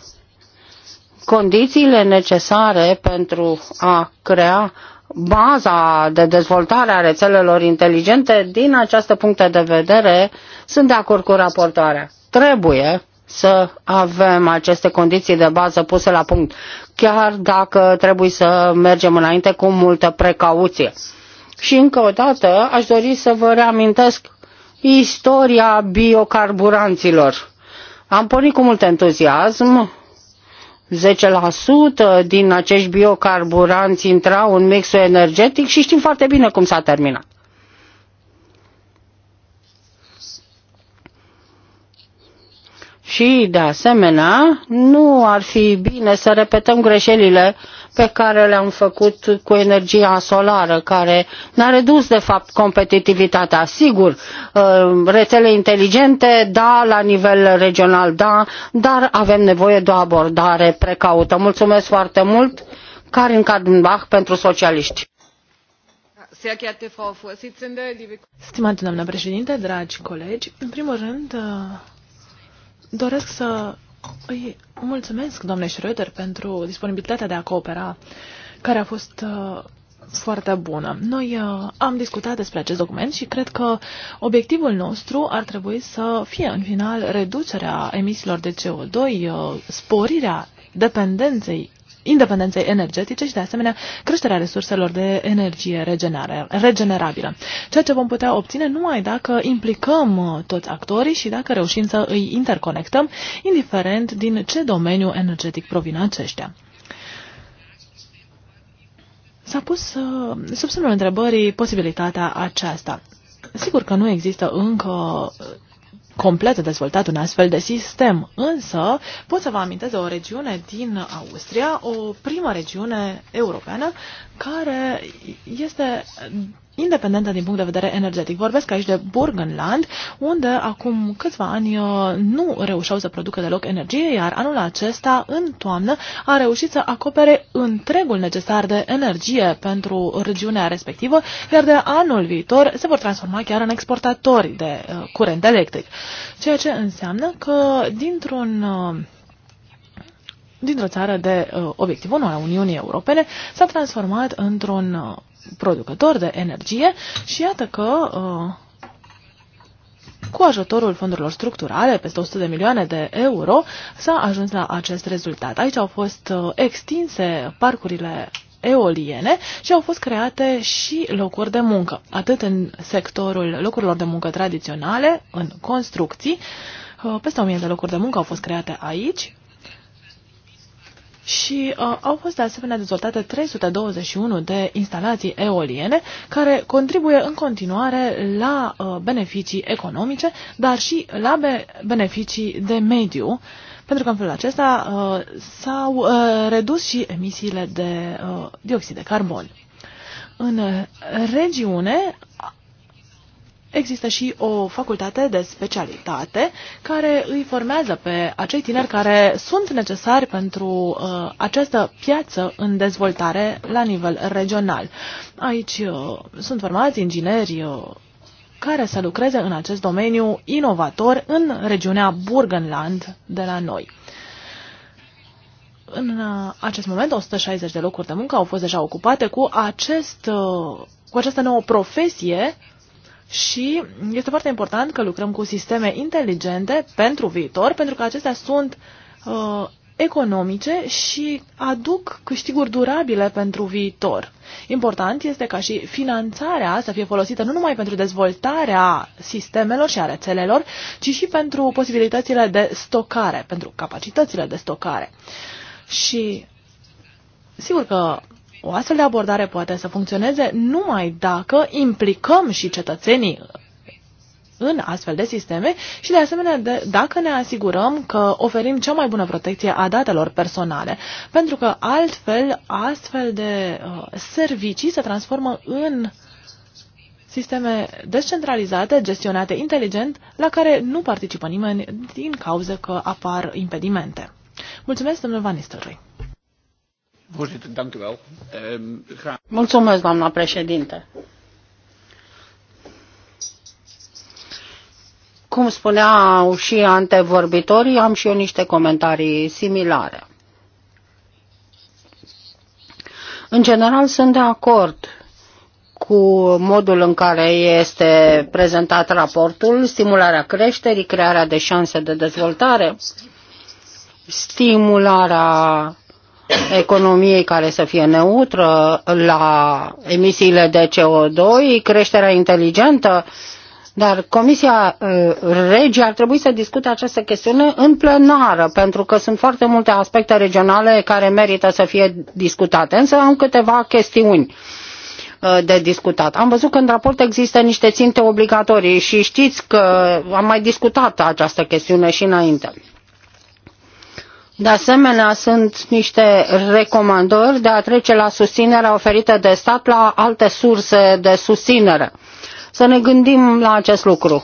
S3: condițiile necesare pentru a crea baza de dezvoltare a rețelelor inteligente, din această punct de vedere, sunt de acord cu raportoarea. Trebuie să avem aceste condiții de bază puse la punct, chiar dacă trebuie să mergem înainte cu multă precauție. Și încă o dată aș dori să vă reamintesc istoria biocarburanților. Am pornit cu mult entuziasm, 10% din acești biocarburanți intrau în mixul energetic și știm foarte bine cum s-a terminat. Și, de asemenea, nu ar fi bine să repetăm greșelile pe care le-am făcut cu energia solară, care ne-a redus, de fapt, competitivitatea. Sigur, uh, rețele inteligente, da, la nivel regional, da, dar avem nevoie de o abordare precaută. Mulțumesc foarte mult, Karin Kadunbach pentru socialiști.
S2: Stimate doamnă președinte, dragi colegi, în primul rând uh, Doresc să îi mulțumesc, domnule Schroeder, pentru disponibilitatea de a coopera, care a fost uh, foarte bună. Noi uh, am discutat despre acest document și cred că obiectivul nostru ar trebui să fie, în final, reducerea emisiilor de CO2, uh, sporirea dependenței independenței energetice și, de asemenea, creșterea resurselor de energie regenerabilă. Ceea ce vom putea obține numai dacă implicăm uh, toți actorii și dacă reușim să îi interconectăm, indiferent din ce domeniu energetic provin aceștia. S-a pus uh, sub semnul întrebării posibilitatea aceasta. Sigur că nu există încă complet dezvoltat un astfel de sistem. Însă pot să vă amintesc o regiune din Austria, o primă regiune europeană, care este independentă din punct de vedere energetic. Vorbesc aici de Burgenland, unde acum câțiva ani uh, nu reușeau să producă deloc energie, iar anul acesta, în toamnă, a reușit să acopere întregul necesar de energie pentru regiunea respectivă, iar de anul viitor se vor transforma chiar în exportatori de uh, curent electric. Ceea ce înseamnă că dintr-un uh, dintr-o țară de uh, obiectiv 1 a Uniunii Europene, s-a transformat într-un uh, producător de energie și iată că uh, cu ajutorul fondurilor structurale, peste 100 de milioane de euro, s-a ajuns la acest rezultat. Aici au fost uh, extinse parcurile eoliene și au fost create și locuri de muncă, atât în sectorul locurilor de muncă tradiționale, în construcții, uh, peste 1000 de locuri de muncă au fost create aici, și uh, au fost de asemenea dezvoltate 321 de instalații eoliene care contribuie în continuare la uh, beneficii economice, dar și la be- beneficii de mediu, pentru că în felul acesta uh, s-au uh, redus și emisiile de uh, dioxid de carbon. În regiune există și o facultate de specialitate care îi formează pe acei tineri care sunt necesari pentru uh, această piață în dezvoltare la nivel regional. Aici uh, sunt formați ingineri uh, care să lucreze în acest domeniu inovator în regiunea Burgenland de la noi. În uh, acest moment, 160 de locuri de muncă au fost deja ocupate cu, acest, uh, cu această nouă profesie și este foarte important că lucrăm cu sisteme inteligente pentru viitor, pentru că acestea sunt uh, economice și aduc câștiguri durabile pentru viitor. Important este ca și finanțarea să fie folosită nu numai pentru dezvoltarea sistemelor și a rețelelor, ci și pentru posibilitățile de stocare, pentru capacitățile de stocare. Și sigur că o astfel de abordare poate să funcționeze numai dacă implicăm și cetățenii în astfel de sisteme și, de asemenea, de, dacă ne asigurăm că oferim cea mai bună protecție a datelor personale, pentru că altfel astfel de uh, servicii se transformă în sisteme descentralizate, gestionate inteligent, la care nu participă nimeni din cauza că apar impedimente. Mulțumesc, domnul Van Nistelrooy.
S4: Ehm,
S3: Mulțumesc, președintă președinte. Cum spuneau și antevorbitorii, am și eu niște comentarii similare. În general sunt de acord cu modul în care este prezentat raportul, stimularea creșterii, crearea de șanse de dezvoltare, stimularea economiei care să fie neutră la emisiile de CO2, creșterea inteligentă, dar Comisia uh, Regii ar trebui să discute această chestiune în plenară, pentru că sunt foarte multe aspecte regionale care merită să fie discutate. Însă am câteva chestiuni uh, de discutat. Am văzut că în raport există niște ținte obligatorii și știți că am mai discutat această chestiune și înainte. De asemenea, sunt niște recomandări de a trece la susținerea oferită de stat la alte surse de susținere. Să ne gândim la acest lucru.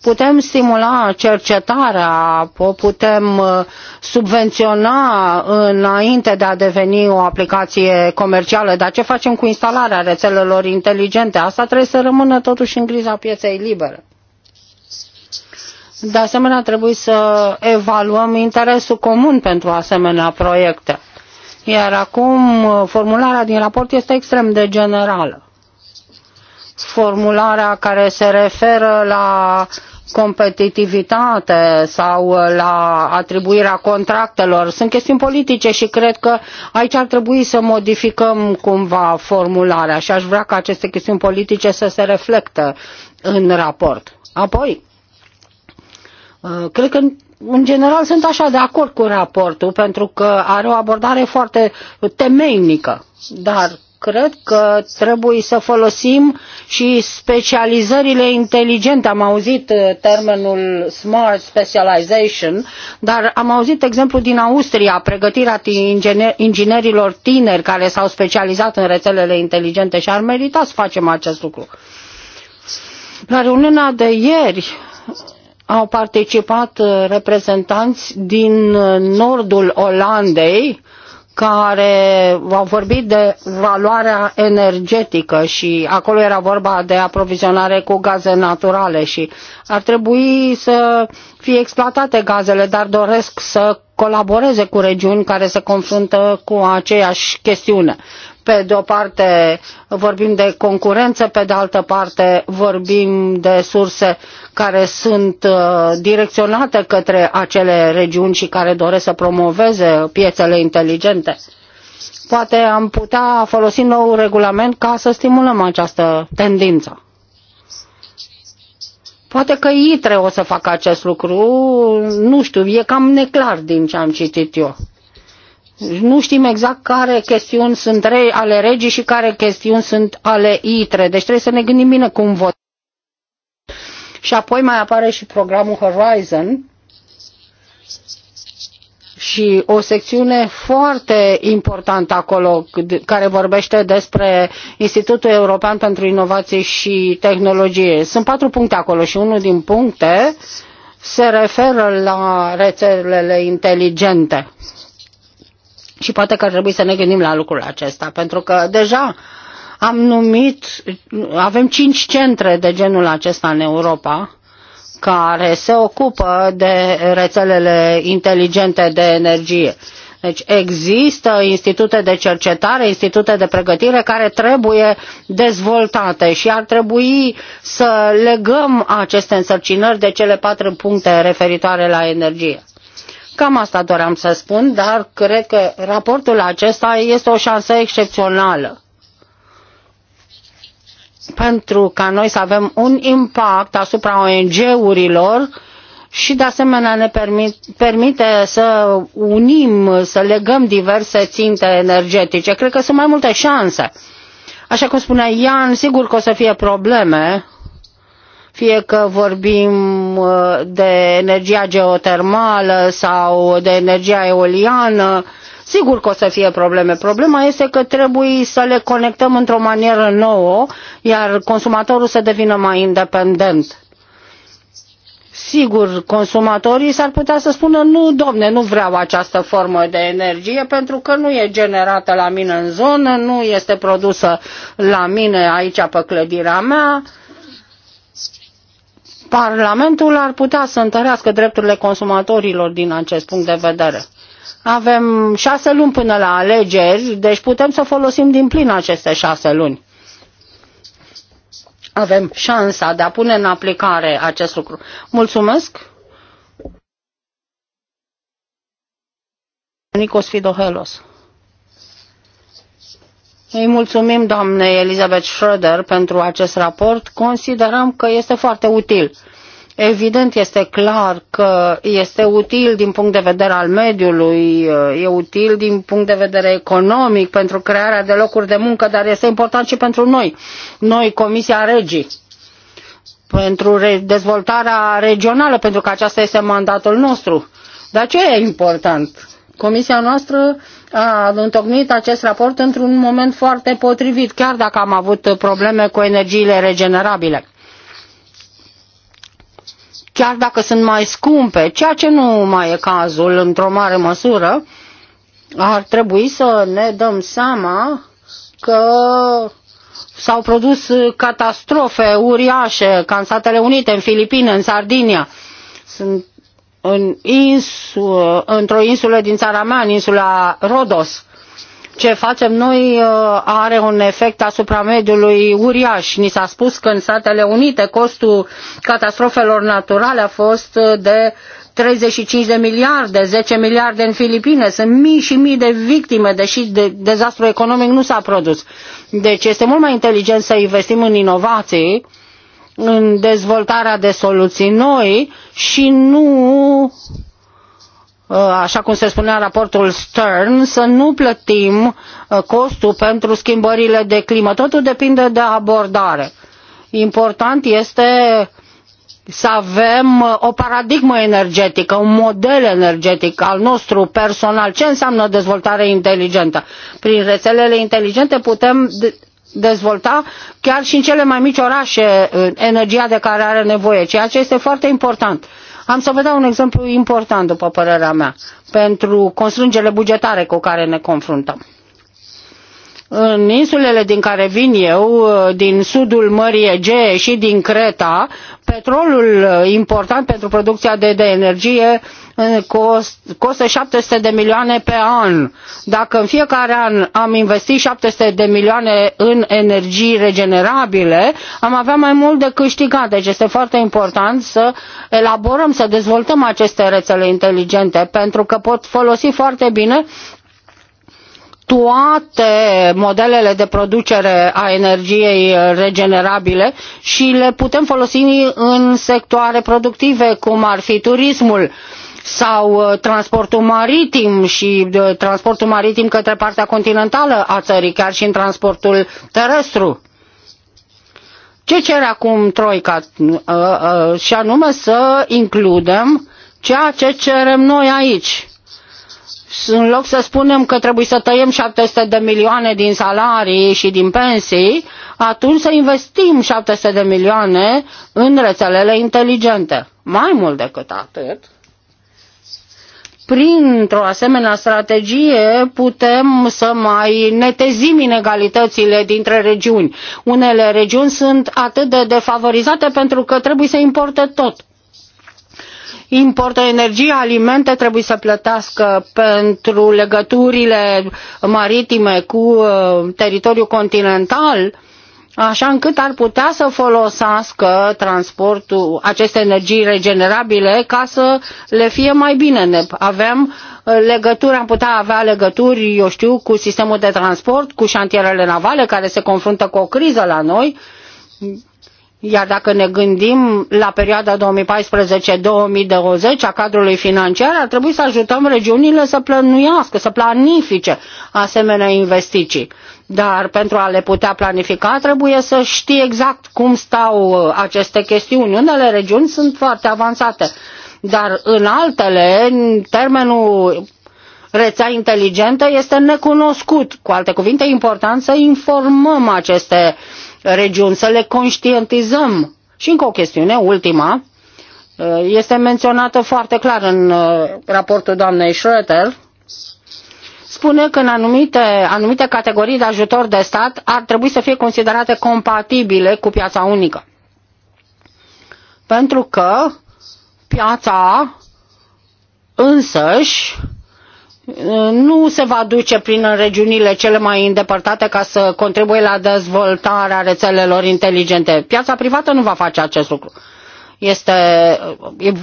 S3: Putem stimula cercetarea, o putem uh, subvenționa înainte de a deveni o aplicație comercială, dar ce facem cu instalarea rețelelor inteligente? Asta trebuie să rămână totuși în griza pieței libere. De asemenea, trebuie să evaluăm interesul comun pentru asemenea proiecte. Iar acum formularea din raport este extrem de generală. Formularea care se referă la competitivitate sau la atribuirea contractelor. Sunt chestiuni politice și cred că aici ar trebui să modificăm cumva formularea și aș vrea ca aceste chestiuni politice să se reflectă în raport. Apoi, Uh, cred că, în general, sunt așa de acord cu raportul, pentru că are o abordare foarte temeinică, dar cred că trebuie să folosim și specializările inteligente. Am auzit uh, termenul smart specialization, dar am auzit exemplu din Austria, pregătirea inginerilor tineri care s-au specializat în rețelele inteligente și ar merita să facem acest lucru. La reuniunea de ieri au participat uh, reprezentanți din uh, nordul Olandei care au vorbit de valoarea energetică și acolo era vorba de aprovizionare cu gaze naturale și ar trebui să fie exploatate gazele, dar doresc să colaboreze cu regiuni care se confruntă cu aceeași chestiune. Pe de o parte vorbim de concurență, pe de altă parte vorbim de surse care sunt uh, direcționate către acele regiuni și care doresc să promoveze piețele inteligente. Poate am putea folosi nou regulament ca să stimulăm această tendință. Poate că ITRE o să facă acest lucru, nu știu, e cam neclar din ce am citit eu. Nu știm exact care chestiuni sunt re, ale regii și care chestiuni sunt ale ITRE, deci trebuie să ne gândim bine cum votăm. Și apoi mai apare și programul Horizon și o secțiune foarte importantă acolo care vorbește despre Institutul European pentru Inovație și Tehnologie. Sunt patru puncte acolo și unul din puncte se referă la rețelele inteligente. Și poate că ar trebui să ne gândim la lucrul acesta, pentru că deja am numit, avem cinci centre de genul acesta în Europa, care se ocupă de rețelele inteligente de energie. Deci există institute de cercetare, institute de pregătire care trebuie dezvoltate și ar trebui să legăm aceste însărcinări de cele patru puncte referitoare la energie. Cam asta doream să spun, dar cred că raportul acesta este o șansă excepțională pentru ca noi să avem un impact asupra ONG-urilor și de asemenea ne permit, permite să unim, să legăm diverse ținte energetice. Cred că sunt mai multe șanse. Așa cum spunea Ian, sigur că o să fie probleme fie că vorbim uh, de energia geotermală sau de energia eoliană, sigur că o să fie probleme. Problema este că trebuie să le conectăm într-o manieră nouă, iar consumatorul să devină mai independent. Sigur, consumatorii s-ar putea să spună, nu, domne, nu vreau această formă de energie pentru că nu e generată la mine în zonă, nu este produsă la mine aici pe clădirea mea, Parlamentul ar putea să întărească drepturile consumatorilor din acest punct de vedere. Avem șase luni până la alegeri, deci putem să folosim din plin aceste șase luni. Avem șansa de a pune în aplicare acest lucru. Mulțumesc! Nicos Fidohelos. Îi mulțumim doamnei Elizabeth Schroeder pentru acest raport. Considerăm că este foarte util. Evident, este clar că este util din punct de vedere al mediului, e util din punct de vedere economic pentru crearea de locuri de muncă, dar este important și pentru noi, noi, Comisia Regii, pentru dezvoltarea regională, pentru că aceasta este mandatul nostru. Dar ce e important Comisia noastră a întocmit acest raport într-un moment foarte potrivit, chiar dacă am avut probleme cu energiile regenerabile. Chiar dacă sunt mai scumpe, ceea ce nu mai e cazul într-o mare măsură, ar trebui să ne dăm seama că s-au produs catastrofe uriașe ca în Statele Unite, în Filipine, în Sardinia. Sunt în insu, într-o insulă din țara mea, în insula Rodos. Ce facem noi uh, are un efect asupra mediului uriaș. Ni s-a spus că în Statele Unite costul catastrofelor naturale a fost uh, de 35 de miliarde, 10 miliarde în Filipine, sunt mii și mii de victime, deși de, dezastru economic nu s-a produs. Deci este mult mai inteligent să investim în inovații, în dezvoltarea de soluții noi și nu, uh, așa cum se spunea în raportul Stern, să nu plătim uh, costul pentru schimbările de climă. Totul depinde de abordare. Important este să avem uh, o paradigmă energetică, un model energetic al nostru personal. Ce înseamnă dezvoltare inteligentă? Prin rețelele inteligente putem dezvolta chiar și în cele mai mici orașe energia de care are nevoie, ceea ce este foarte important. Am să vă dau un exemplu important, după părerea mea, pentru constrângele bugetare cu care ne confruntăm. În insulele din care vin eu, uh, din sudul Mării Egee și din Creta, petrolul uh, important pentru producția de, de energie uh, cost, costă 700 de milioane pe an. Dacă în fiecare an am investit 700 de milioane în energii regenerabile, am avea mai mult de câștigat. Deci este foarte important să elaborăm, să dezvoltăm aceste rețele inteligente, pentru că pot folosi foarte bine toate modelele de producere a energiei regenerabile și le putem folosi în sectoare productive, cum ar fi turismul sau uh, transportul maritim și uh, transportul maritim către partea continentală a țării, chiar și în transportul terestru. Ce cere acum Troica? Uh, și anume să includem ceea ce cerem noi aici în loc să spunem că trebuie să tăiem 700 de milioane din salarii și din pensii, atunci să investim 700 de milioane în rețelele inteligente. Mai mult decât atât, printr-o asemenea strategie putem să mai netezim inegalitățile dintre regiuni. Unele regiuni sunt atât de defavorizate pentru că trebuie să importe tot importă energie, alimente, trebuie să plătească pentru legăturile maritime cu uh, teritoriul continental, așa încât ar putea să folosească transportul, aceste energii regenerabile, ca să le fie mai bine. Ne Avem uh, legături, am putea avea legături, eu știu, cu sistemul de transport, cu șantierele navale care se confruntă cu o criză la noi iar dacă ne gândim la perioada 2014-2020 a cadrului financiar, ar trebui să ajutăm regiunile să plănuiască, să planifice asemenea investiții. Dar pentru a le putea planifica, trebuie să știi exact cum stau uh, aceste chestiuni. Unele regiuni sunt foarte avansate, dar în altele, în termenul rețea inteligentă este necunoscut. Cu alte cuvinte, e important să informăm aceste regiuni, să le conștientizăm. Și încă o chestiune, ultima, uh, este menționată foarte clar în uh, raportul doamnei Schroeter, spune că în anumite, anumite categorii de ajutor de stat ar trebui să fie considerate compatibile cu piața unică. Pentru că piața însăși nu se va duce prin regiunile cele mai îndepărtate ca să contribuie la dezvoltarea rețelelor inteligente. Piața privată nu va face acest lucru. Este,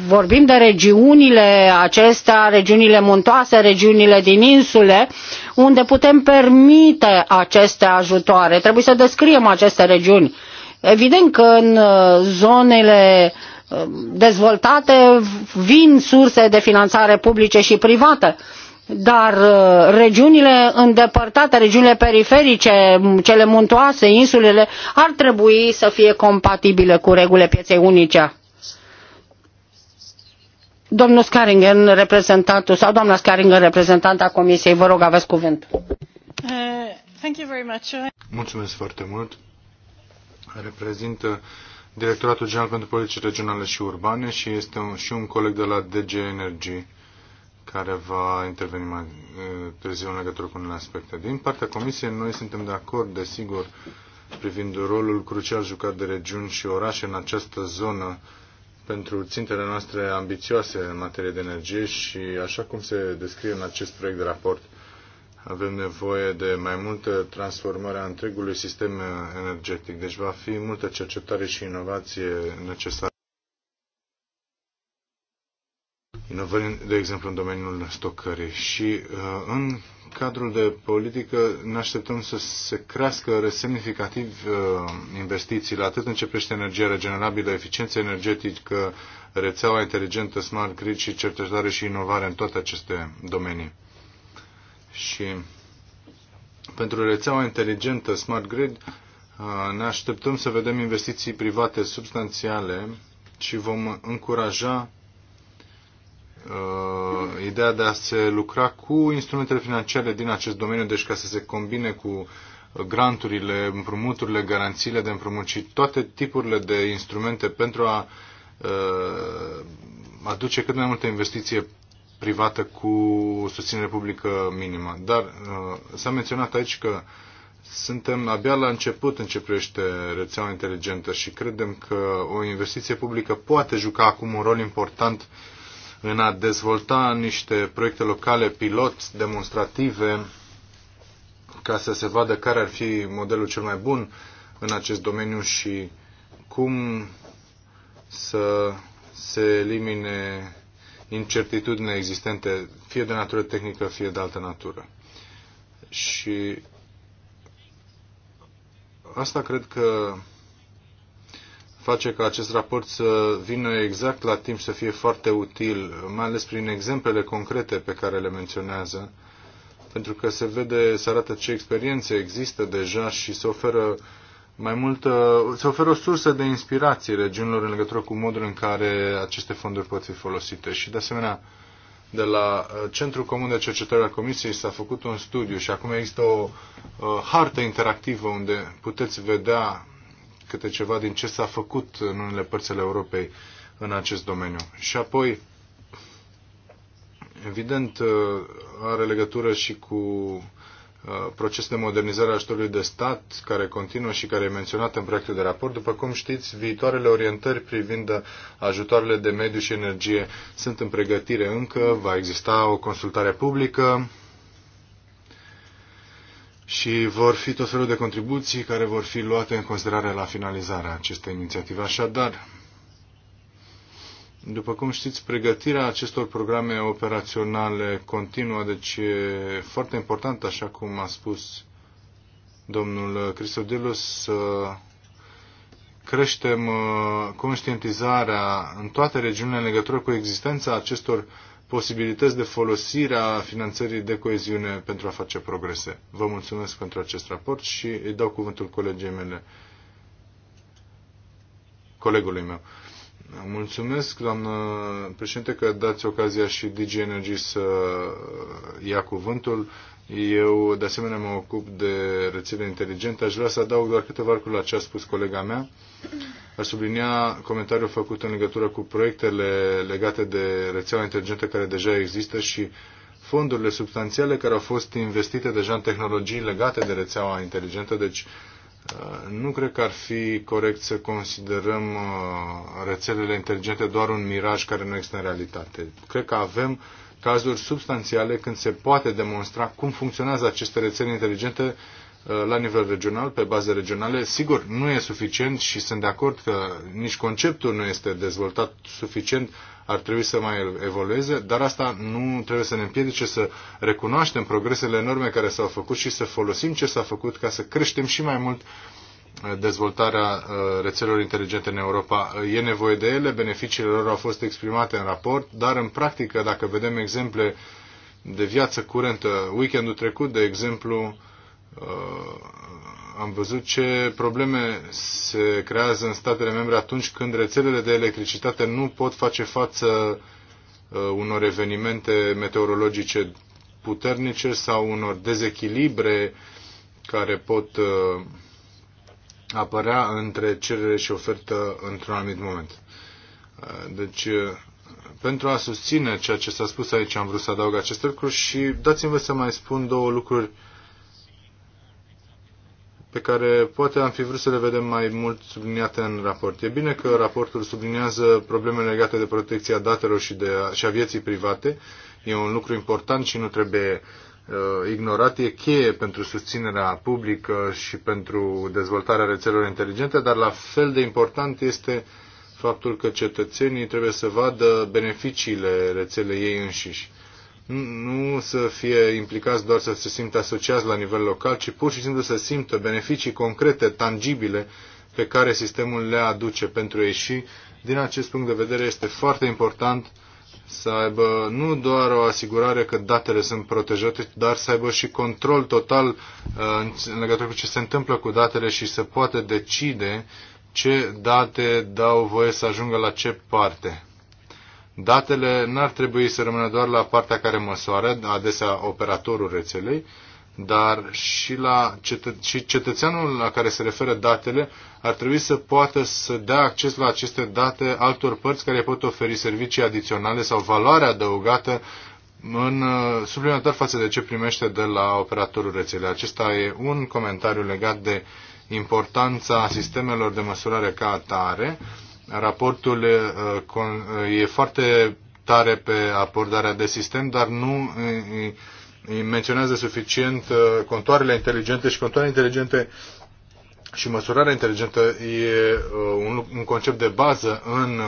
S3: vorbim de regiunile acestea, regiunile muntoase, regiunile din insule, unde putem permite aceste ajutoare. Trebuie să descriem aceste regiuni. Evident că în uh, zonele uh, dezvoltate vin surse de finanțare publice și private dar uh, regiunile îndepărtate, regiunile periferice, cele muntoase, insulele, ar trebui să fie compatibile cu regulile pieței unice. Domnul Scaringen, reprezentantul, sau doamna Scaringen, reprezentanta Comisiei, vă rog, aveți cuvântul. Uh,
S1: Mulțumesc foarte mult. Reprezintă uh, Directoratul General pentru Politici Regionale și Urbane și este un, și un coleg de la DG Energy care va interveni mai târziu în legătură cu unele aspecte. Din partea Comisiei, noi suntem de acord, desigur, privind rolul crucial jucat de regiuni și orașe în această zonă pentru țintele noastre ambițioase în materie de energie și, așa cum se descrie în acest proiect de raport, avem nevoie de mai multă transformare a întregului sistem energetic. Deci va fi multă cercetare și inovație necesară. inovări, de exemplu, în domeniul stocării. Și uh, în cadrul de politică ne așteptăm să se crească semnificativ uh, investițiile, atât în ce privește energia regenerabilă, eficiență energetică, rețeaua inteligentă, smart grid și cercetare și inovare în toate aceste domenii. Și pentru rețeaua inteligentă, smart grid, uh, ne așteptăm să vedem investiții private substanțiale și vom încuraja Uh, ideea de a se lucra cu instrumentele financiare din acest domeniu, deci ca să se combine cu granturile, împrumuturile, garanțiile de împrumut și toate tipurile de instrumente pentru a uh, aduce cât mai multă investiție privată cu susținere publică minimă. Dar uh, s-a menționat aici că suntem abia la început în ce privește rețeaua inteligentă și credem că o investiție publică poate juca acum un rol important uh, în a dezvolta niște proiecte locale pilot demonstrative ca să se vadă care ar fi modelul cel mai bun în acest domeniu și cum să se elimine incertitudine existente, fie de natură tehnică, fie de altă natură. Și asta cred că face ca acest raport să vină exact la timp și să fie foarte util, mai ales prin exemplele concrete pe care le menționează, pentru că se vede, se arată ce experiențe există deja și se oferă mai multă, se oferă o sursă de inspirație regiunilor în legătură cu modul în care aceste fonduri pot fi folosite. Și de asemenea, de la uh, Centrul Comun de Cercetare al Comisiei s-a făcut un studiu și acum există o uh, hartă interactivă unde puteți vedea câte ceva din ce s-a făcut în unele ale Europei în acest domeniu. Și apoi, evident, uh, are legătură și cu uh, procesul de modernizare a ajutorului de stat, care continuă și care e menționat în proiectul de raport. După cum știți, viitoarele orientări privind ajutoarele de mediu și energie sunt în pregătire încă, va exista o consultare publică și vor fi tot felul de contribuții care vor fi luate în considerare la finalizarea acestei inițiative. Așadar, după cum știți, pregătirea acestor programe operaționale continuă, deci e foarte important, așa cum a spus domnul Cristodelus, să creștem uh, conștientizarea în toate regiunile în legătură cu existența acestor posibilități de folosire a finanțării de coeziune pentru a face progrese. Vă mulțumesc pentru acest raport și îi dau cuvântul colegii mele, colegului meu. Mulțumesc, doamnă președinte, că dați ocazia și DG Energy să ia cuvântul. Eu, de asemenea, mă ocup de rețele inteligente. Aș vrea să adaug doar câteva lucruri la ce a spus colega mea. Aș sublinia comentariul făcut în legătură cu proiectele legate de rețeaua inteligentă care deja există și fondurile substanțiale care au fost investite deja în tehnologii legate de rețeaua inteligentă. Deci, nu cred că ar fi corect să considerăm uh, rețelele inteligente doar un miraj care nu există în realitate. Cred că avem cazuri substanțiale când se poate demonstra cum funcționează aceste rețele inteligente Uh, la nivel regional, pe baze regionale, sigur, nu e suficient și sunt de acord că nici conceptul nu este dezvoltat suficient, ar trebui să mai evolueze, dar asta nu trebuie să ne împiedice să recunoaștem progresele enorme care s-au făcut și să folosim ce s-a făcut ca să creștem și mai mult uh, dezvoltarea uh, rețelelor inteligente în Europa. E nevoie de ele, beneficiile lor au fost exprimate în raport, dar în practică, dacă vedem exemple de viață curentă, weekendul trecut, de exemplu, Uh, am văzut ce probleme se creează în statele membre atunci când rețelele de electricitate nu pot face față uh, unor evenimente meteorologice puternice sau unor dezechilibre care pot uh, apărea între cerere și ofertă într-un anumit moment. Deci, pentru a susține ceea ce s-a spus aici, am vrut să adaug acest lucru și dați-mi să mai spun două lucruri uh, pe care poate am fi vrut să le vedem mai mult subliniate în raport. E bine că raportul subliniază problemele legate de protecția datelor și, de, și a vieții private. E un lucru important și nu trebuie uh, ignorat. E cheie pentru susținerea publică și pentru dezvoltarea rețelelor inteligente, dar la fel de important este faptul că cetățenii trebuie să vadă beneficiile rețelei ei înșiși nu să fie implicați doar să se simtă asociați la nivel local, ci pur și simplu să simtă beneficii concrete, tangibile, pe care sistemul le aduce pentru ei și, din acest punct de vedere, este foarte important să aibă nu doar o asigurare că datele sunt protejate, dar să aibă și control total uh, în legătură cu ce se întâmplă cu datele și să poată decide ce date dau voie să ajungă la ce parte. Datele n-ar trebui să rămână doar la partea care măsoară, adesea operatorul rețelei, dar și, la cetă- și cetățeanul la care se referă datele ar trebui să poată să dea acces la aceste date altor părți care pot oferi servicii adiționale sau valoare adăugată în uh, suplimentar față de ce primește de la operatorul rețelei. Acesta e un comentariu legat de importanța sistemelor de măsurare ca atare Raportul uh, uh, e foarte tare pe abordarea de sistem, dar nu uh, îi menționează suficient contoarele inteligente și contoarele inteligente și măsurarea inteligentă e un, un concept de bază în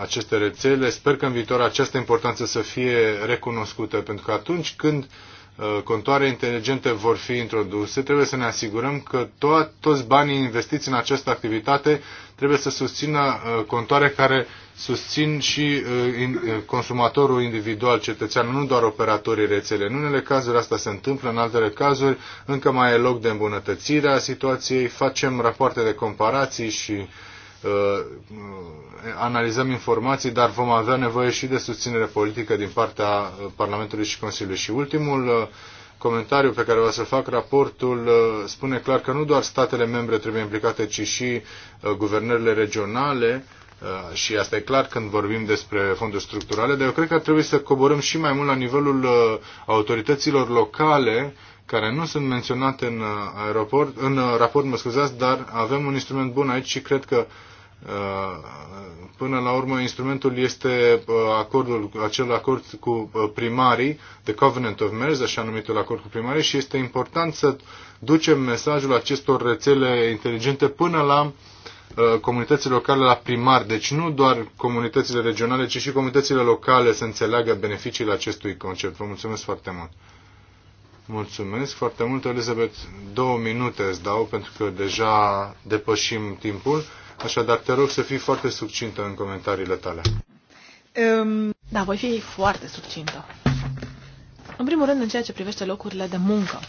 S1: aceste rețele. Sper că în viitor această importanță să fie recunoscută, pentru că atunci când uh, Uh, contoare inteligente vor fi introduse, trebuie să ne asigurăm că to- toți banii investiți în această activitate trebuie să susțină uh, contoare care susțin și uh, consumatorul individual, cetățean, nu doar operatorii rețele. În unele cazuri asta se întâmplă, în altele cazuri încă mai e loc de îmbunătățire a situației, facem rapoarte de comparații și uh, Uh, analizăm informații, dar vom avea nevoie și de susținere politică din partea uh, Parlamentului și Consiliului. Și ultimul uh, comentariu pe care o să-l fac, raportul spune clar că nu doar statele membre trebuie implicate, ci și guvernările regionale și asta e clar când vorbim despre fonduri structurale, dar eu cred că ar trebui să coborâm și mai mult la nivelul autorităților locale care nu sunt menționate în, aeroport, în raport, mă scuzați, dar avem un instrument bun aici și cred că uh, Uh, până la urmă, instrumentul este uh, acordul, acel acord cu uh, primarii, The Covenant of Mers, așa numitul acord cu primarii, și este important să ducem mesajul acestor rețele inteligente până la comunitățile locale la primar, deci nu doar comunitățile regionale, ci și comunitățile locale să înțeleagă beneficiile acestui concept. Vă mulțumesc foarte mult! Mulțumesc foarte mult, Elizabeth. Două minute îți dau, pentru că deja depășim timpul. Așadar, te rog să fii foarte succintă în comentariile tale.
S2: Um, da, voi fi foarte succintă. În primul rând, în ceea ce privește locurile de muncă.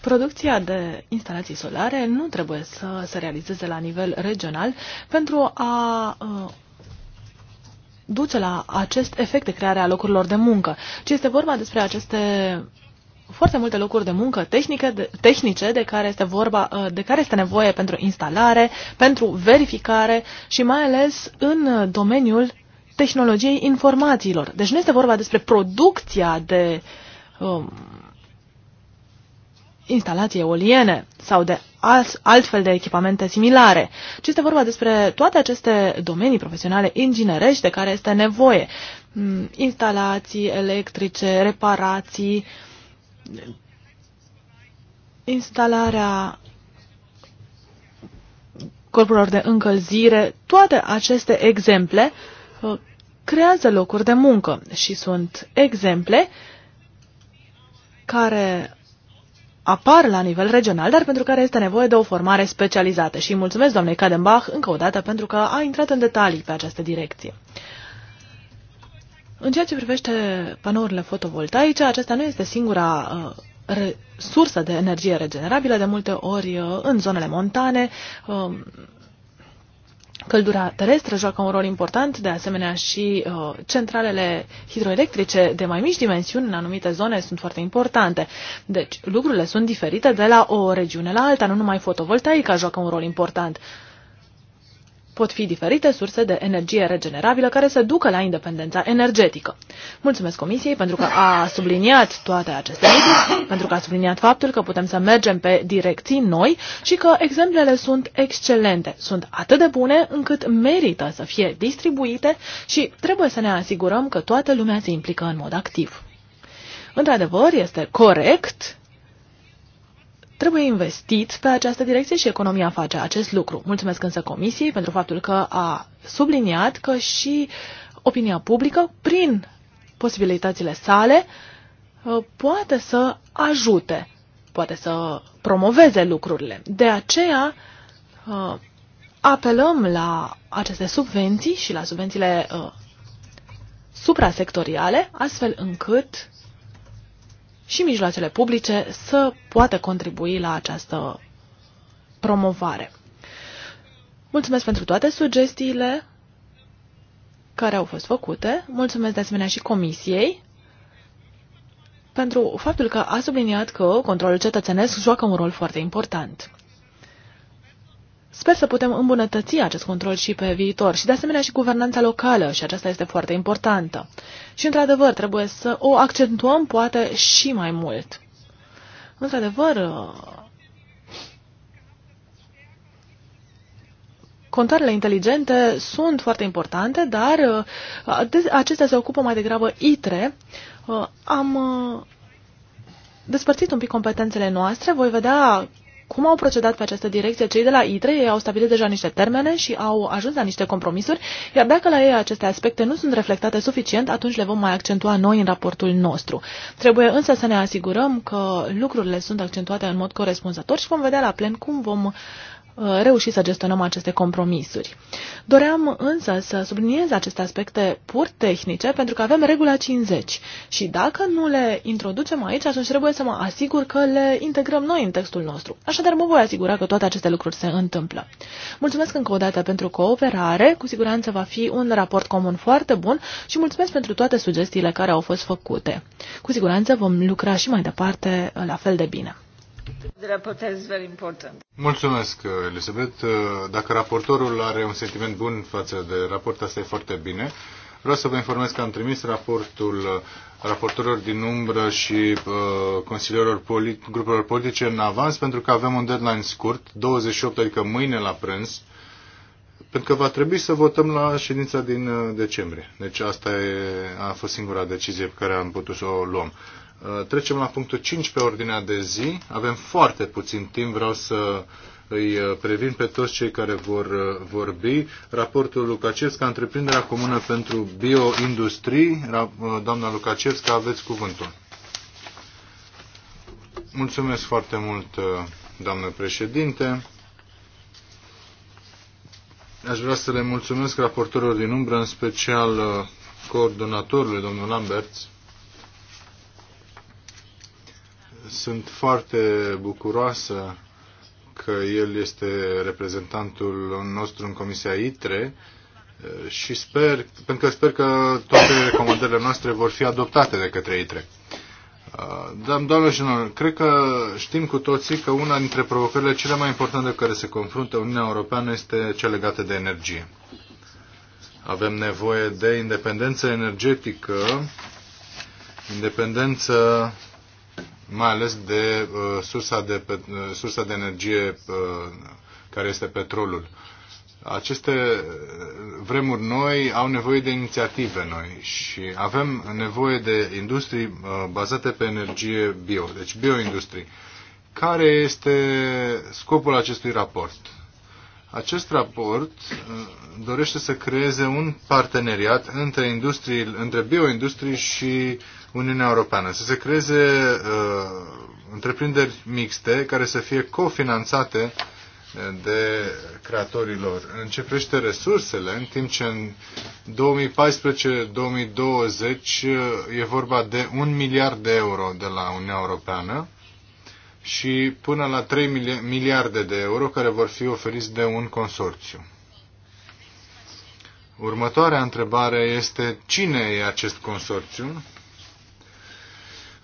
S2: Producția de instalații solare nu trebuie să se realizeze la nivel regional pentru a uh, duce la acest efect de creare a locurilor de muncă, ci este vorba despre aceste foarte multe locuri de muncă tehnică, de, tehnice de care, este vorba, uh, de care este nevoie pentru instalare, pentru verificare și mai ales în uh, domeniul tehnologiei informațiilor. Deci nu este vorba despre producția de um, instalații eoliene sau de alt, altfel de echipamente similare, ci este vorba despre toate aceste domenii profesionale inginerești de care este nevoie. Mm, instalații electrice, reparații, uh, instalarea corpurilor de încălzire, toate aceste exemple uh, creează locuri de muncă și sunt exemple care apar la nivel regional, dar pentru care este nevoie de o formare specializată. Și mulțumesc doamnei Cadenbach încă o dată pentru că a intrat în detalii pe această direcție. În ceea ce privește panourile fotovoltaice, acesta nu este singura uh, sursă de energie regenerabilă. De multe ori, uh, în zonele montane, um, căldura terestră joacă un rol important, de asemenea și uh, centralele hidroelectrice de mai mici dimensiuni în anumite zone sunt foarte importante. Deci, lucrurile sunt diferite de la o regiune la alta, nu numai fotovoltaica joacă un rol important pot fi diferite surse de energie regenerabilă care să ducă la independența energetică. Mulțumesc Comisiei pentru că a subliniat toate aceste lucruri, pentru că a subliniat faptul că putem să mergem pe direcții noi și că exemplele sunt excelente, sunt atât de bune încât merită să fie distribuite și trebuie să ne asigurăm că toată lumea se implică în mod activ. Într-adevăr, este corect Trebuie investit pe această direcție și economia face acest lucru. Mulțumesc însă Comisiei pentru faptul că a subliniat că și opinia publică, prin posibilitățile sale, uh, poate să ajute, poate să promoveze lucrurile. De aceea uh, apelăm la aceste subvenții și la subvențiile uh, suprasectoriale, astfel încât și mijloacele publice să poată contribui la această promovare. Mulțumesc pentru toate sugestiile care au fost făcute. Mulțumesc de asemenea și Comisiei pentru faptul că a subliniat că controlul cetățenesc joacă un rol foarte important. Sper să putem îmbunătăți acest control și pe viitor și de asemenea și guvernanța locală și aceasta este foarte importantă. Și într-adevăr trebuie să o accentuăm poate și mai mult. Într-adevăr, Contoarele inteligente sunt foarte importante, dar uh, acestea se ocupă mai degrabă ITRE. Uh, am uh, despărțit un pic competențele noastre, voi vedea cum au procedat pe această direcție cei de la ITRE. Ei au stabilit deja niște termene și au ajuns la niște compromisuri, iar dacă la ei aceste aspecte nu sunt reflectate suficient, atunci le vom mai accentua noi în raportul nostru. Trebuie însă să ne asigurăm că lucrurile sunt accentuate în mod corespunzător și vom vedea la plen cum vom Uh, reușit să gestionăm aceste compromisuri. Doream însă să subliniez aceste aspecte pur tehnice pentru că avem regula 50 și dacă nu le introducem aici, atunci trebuie să mă asigur că le integrăm noi în textul nostru. Așadar mă voi asigura că toate aceste lucruri se întâmplă. Mulțumesc încă o dată pentru cooperare, cu siguranță va fi un raport comun foarte bun și mulțumesc pentru toate sugestiile care au fost făcute. Cu siguranță vom lucra și mai departe la fel de bine.
S1: Mulțumesc, Elisabeth. Dacă raportorul are un sentiment bun față de raport, asta e foarte bine. Vreau să vă informez că am trimis raportul raportorilor din umbră și uh, consilierilor polit, grupurilor politice în avans pentru că avem un deadline scurt, 28, adică mâine la prânz, pentru că va trebui să votăm la ședința din uh, decembrie. Deci asta e, a fost singura decizie pe care am putut să o luăm. Uh, trecem la punctul 5 pe ordinea de zi. Avem foarte puțin timp, vreau să îi uh, previn pe toți cei care vor uh, vorbi. Raportul Lucacevska, întreprinderea comună pentru bioindustrii. Doamna Lucacevska, aveți cuvântul. Mulțumesc foarte mult, doamnă președinte. Aș vrea să le mulțumesc raportorilor din umbră, în special coordonatorului, domnul Lamberts, sunt foarte bucuroasă că el este reprezentantul nostru în Comisia ITRE și sper, pentru că sper că toate recomandările noastre vor fi adoptate de către ITRE. Dar, doamnă și domnule, cred că știm cu toții că una dintre provocările cele mai importante cu care se confruntă Uniunea Europeană este cea legată de energie. Avem nevoie de independență energetică, independență mai ales de, uh, sursa, de uh, sursa de energie uh, care este petrolul. Aceste uh, vremuri noi au nevoie de inițiative noi și avem nevoie de industrii uh, bazate pe energie bio, deci bioindustrii. Care este scopul acestui raport? Acest raport uh, dorește să creeze un parteneriat între, industrii, între bioindustrii și uh, Uniunea Europeană, să se creeze uh, întreprinderi mixte care să fie cofinanțate de creatorilor. Începește resursele, în timp ce în 2014-2020 uh, e vorba de un miliard de euro de la Uniunea Europeană și până la 3 miliarde de euro care vor fi oferiți de un consorțiu. Următoarea întrebare este cine e acest consorțiu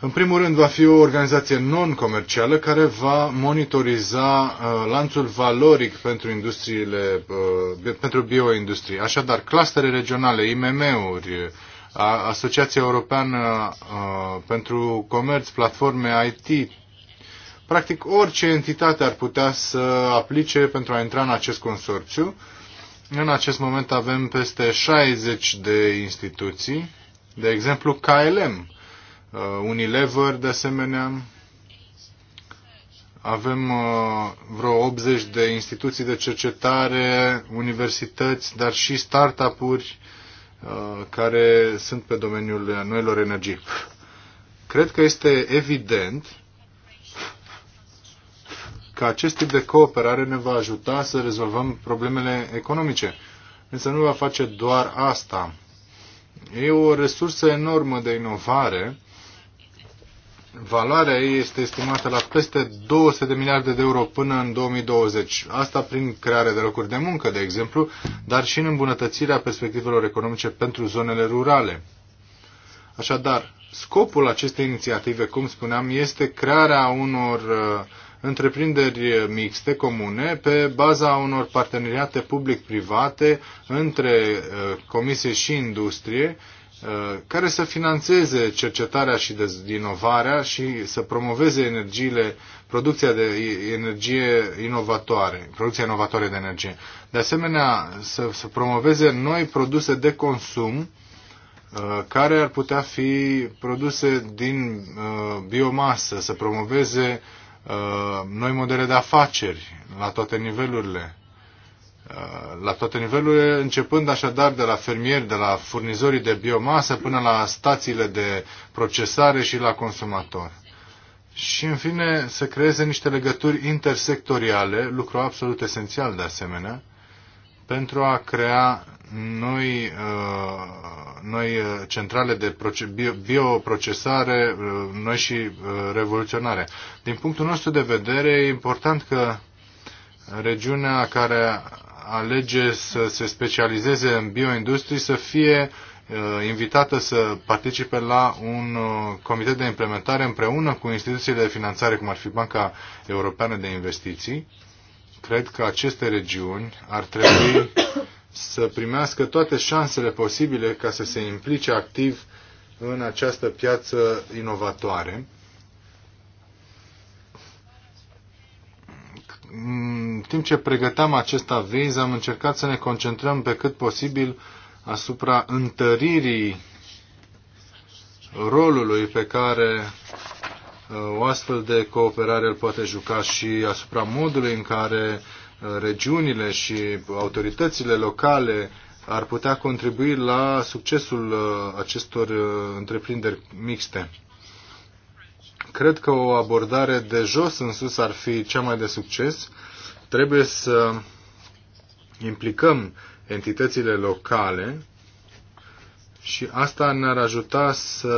S1: în primul rând, va fi o organizație non-comercială care va monitoriza uh, lanțul valoric pentru, industriile, uh, pentru bioindustrie. Așadar, clustere regionale, IMM-uri, Asociația Europeană uh, pentru Comerț, platforme IT, practic orice entitate ar putea să aplice pentru a intra în acest consorțiu. În acest moment avem peste 60 de instituții, de exemplu KLM, Uh, Unilever, de asemenea. Avem uh, vreo 80 de instituții de cercetare, universități, dar și startup-uri uh, care sunt pe domeniul noilor energii. Cred că este evident că acest tip de cooperare ne va ajuta să rezolvăm problemele economice. Însă nu va face doar asta. E o resursă enormă de inovare Valoarea ei este estimată la peste 200 de miliarde de euro până în 2020. Asta prin crearea de locuri de muncă, de exemplu, dar și în îmbunătățirea perspectivelor economice pentru zonele rurale. Așadar, scopul acestei inițiative, cum spuneam, este crearea unor uh, întreprinderi mixte, comune, pe baza unor parteneriate public-private între uh, comisie și industrie, Uh, care să financeze cercetarea și inovarea și să promoveze energiile, producția de energie inovatoare, producția inovatoare de energie. De asemenea, să, să promoveze noi produse de consum uh, care ar putea fi produse din uh, biomasă, să promoveze noi modele de afaceri la toate nivelurile, Uh, la toate nivelurile, începând așadar de la fermieri, de la furnizorii de biomasă până la stațiile de procesare și la consumator, Și în fine să creeze niște legături intersectoriale, lucru absolut esențial de asemenea, pentru a crea noi, uh, noi uh, centrale de bioprocesare, noi și revoluționare. Din punctul nostru de vedere, e important că regiunea care alege să se specializeze în bioindustrie să fie uh, invitată să participe la un uh, comitet de implementare împreună cu instituțiile de finanțare, cum ar fi Banca Europeană de Investiții. Cred că aceste regiuni ar trebui să primească toate șansele posibile ca să se implice activ în această piață inovatoare În timp ce pregăteam acest aviz, am încercat să ne concentrăm pe cât posibil asupra întăririi rolului pe care uh, o astfel de cooperare îl poate juca și asupra modului în care uh, regiunile și autoritățile locale ar putea contribui la succesul uh, acestor întreprinderi mixte. Cred că o abordare de jos în sus ar fi cea mai de succes. Trebuie să implicăm entitățile locale și asta ne-ar ajuta să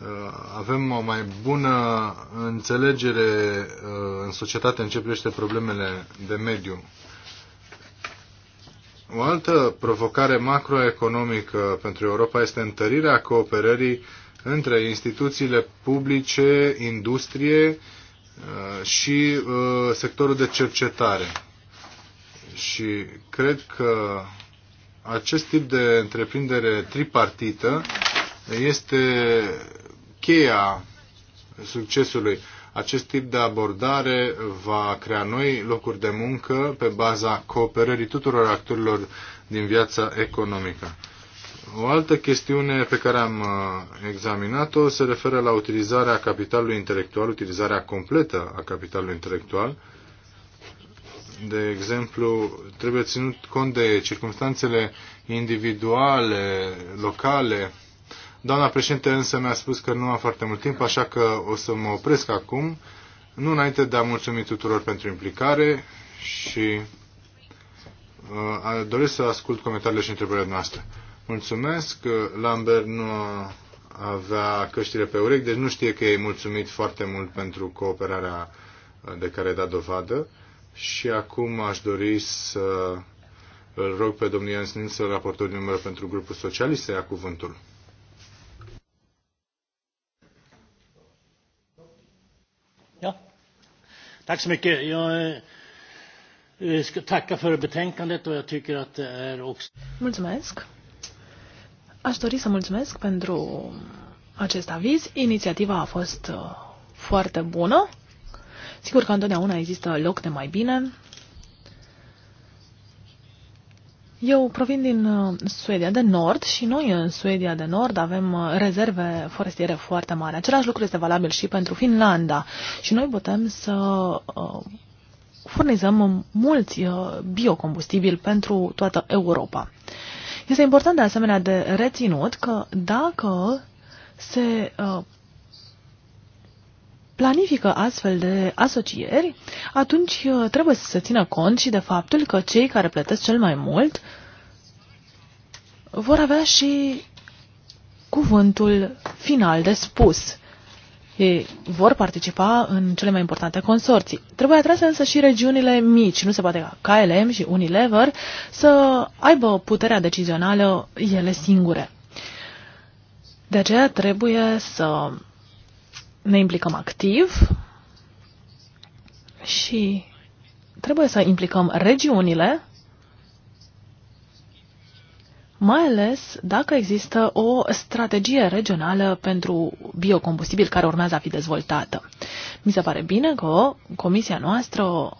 S1: uh, avem o mai bună înțelegere uh, în societate în ce privește problemele de mediu o altă provocare macroeconomică pentru Europa este întărirea cooperării între instituțiile publice, industrie uh, și uh, sectorul de cercetare. Și cred că acest tip de întreprindere tripartită este cheia succesului. Acest tip de abordare va crea noi locuri de muncă pe baza cooperării tuturor actorilor din viața economică. O altă chestiune pe care am uh, examinat-o se referă la utilizarea capitalului intelectual, utilizarea completă a capitalului intelectual. De exemplu, trebuie ținut cont de circunstanțele individuale, locale, Doamna președinte însă mi-a spus că nu am foarte mult timp, așa că o să mă opresc acum, nu înainte de a mulțumi tuturor pentru implicare și uh, doresc să ascult comentariile și întrebările noastre. Mulțumesc, Lambert nu avea căștile pe urechi, deci nu știe că e mulțumit foarte mult pentru cooperarea uh, de care a dat dovadă și acum aș dori să îl rog pe domnul Ian să raportor numărul pentru grupul socialist, să ia cuvântul. Tack så mycket. Jag
S4: eh, ska tacka för betänkandet och jag tycker att det är också...
S2: Mulțumesc. Aș dori să mulțumesc pentru acest aviz. Inițiativa a fost eh, foarte bună. Sigur că întotdeauna există loc de mai bine. Eu provin din uh, Suedia de Nord și noi în Suedia de Nord avem uh, rezerve forestiere foarte mari. Același lucru este valabil și pentru Finlanda și noi putem să uh, furnizăm mulți biocombustibili pentru toată Europa. Este important de asemenea de reținut că dacă se planifică astfel de asocieri, atunci uh, trebuie să se țină cont și de faptul că cei care plătesc cel mai mult vor avea și cuvântul final de spus. Ei vor participa în cele mai importante consorții. Trebuie atrase însă și regiunile mici. Nu se poate ca KLM și Unilever să aibă puterea decizională ele singure. De aceea trebuie să ne implicăm activ și trebuie să implicăm regiunile, mai ales dacă există o strategie regională pentru biocombustibil care urmează a fi dezvoltată. Mi se pare bine că comisia noastră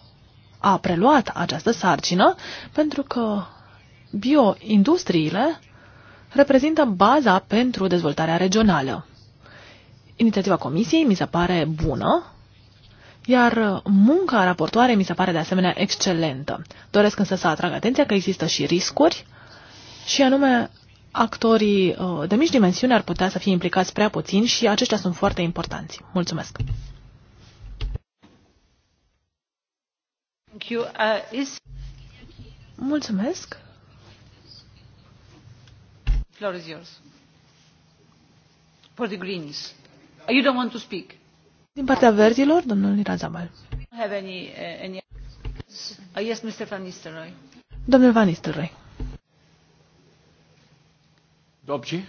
S2: a preluat această sarcină pentru că bioindustriile reprezintă baza pentru dezvoltarea regională inițiativa comisiei mi se pare bună, iar munca raportoare mi se pare de asemenea excelentă. Doresc însă să atrag atenția că există și riscuri, și anume actorii uh, de mici dimensiuni ar putea să fie implicați prea puțin și aceștia sunt foarte importanți. Mulțumesc! Uh, Mulțumesc!
S3: Floor is yours. For the Greens.
S2: You don't want to speak. Din partea verzilor, domnul Razamal. Have any, eh, any... Oh, yes, Mr. Van Nistelrooy. Domnul Van Nistelrooy.
S4: Dobrze.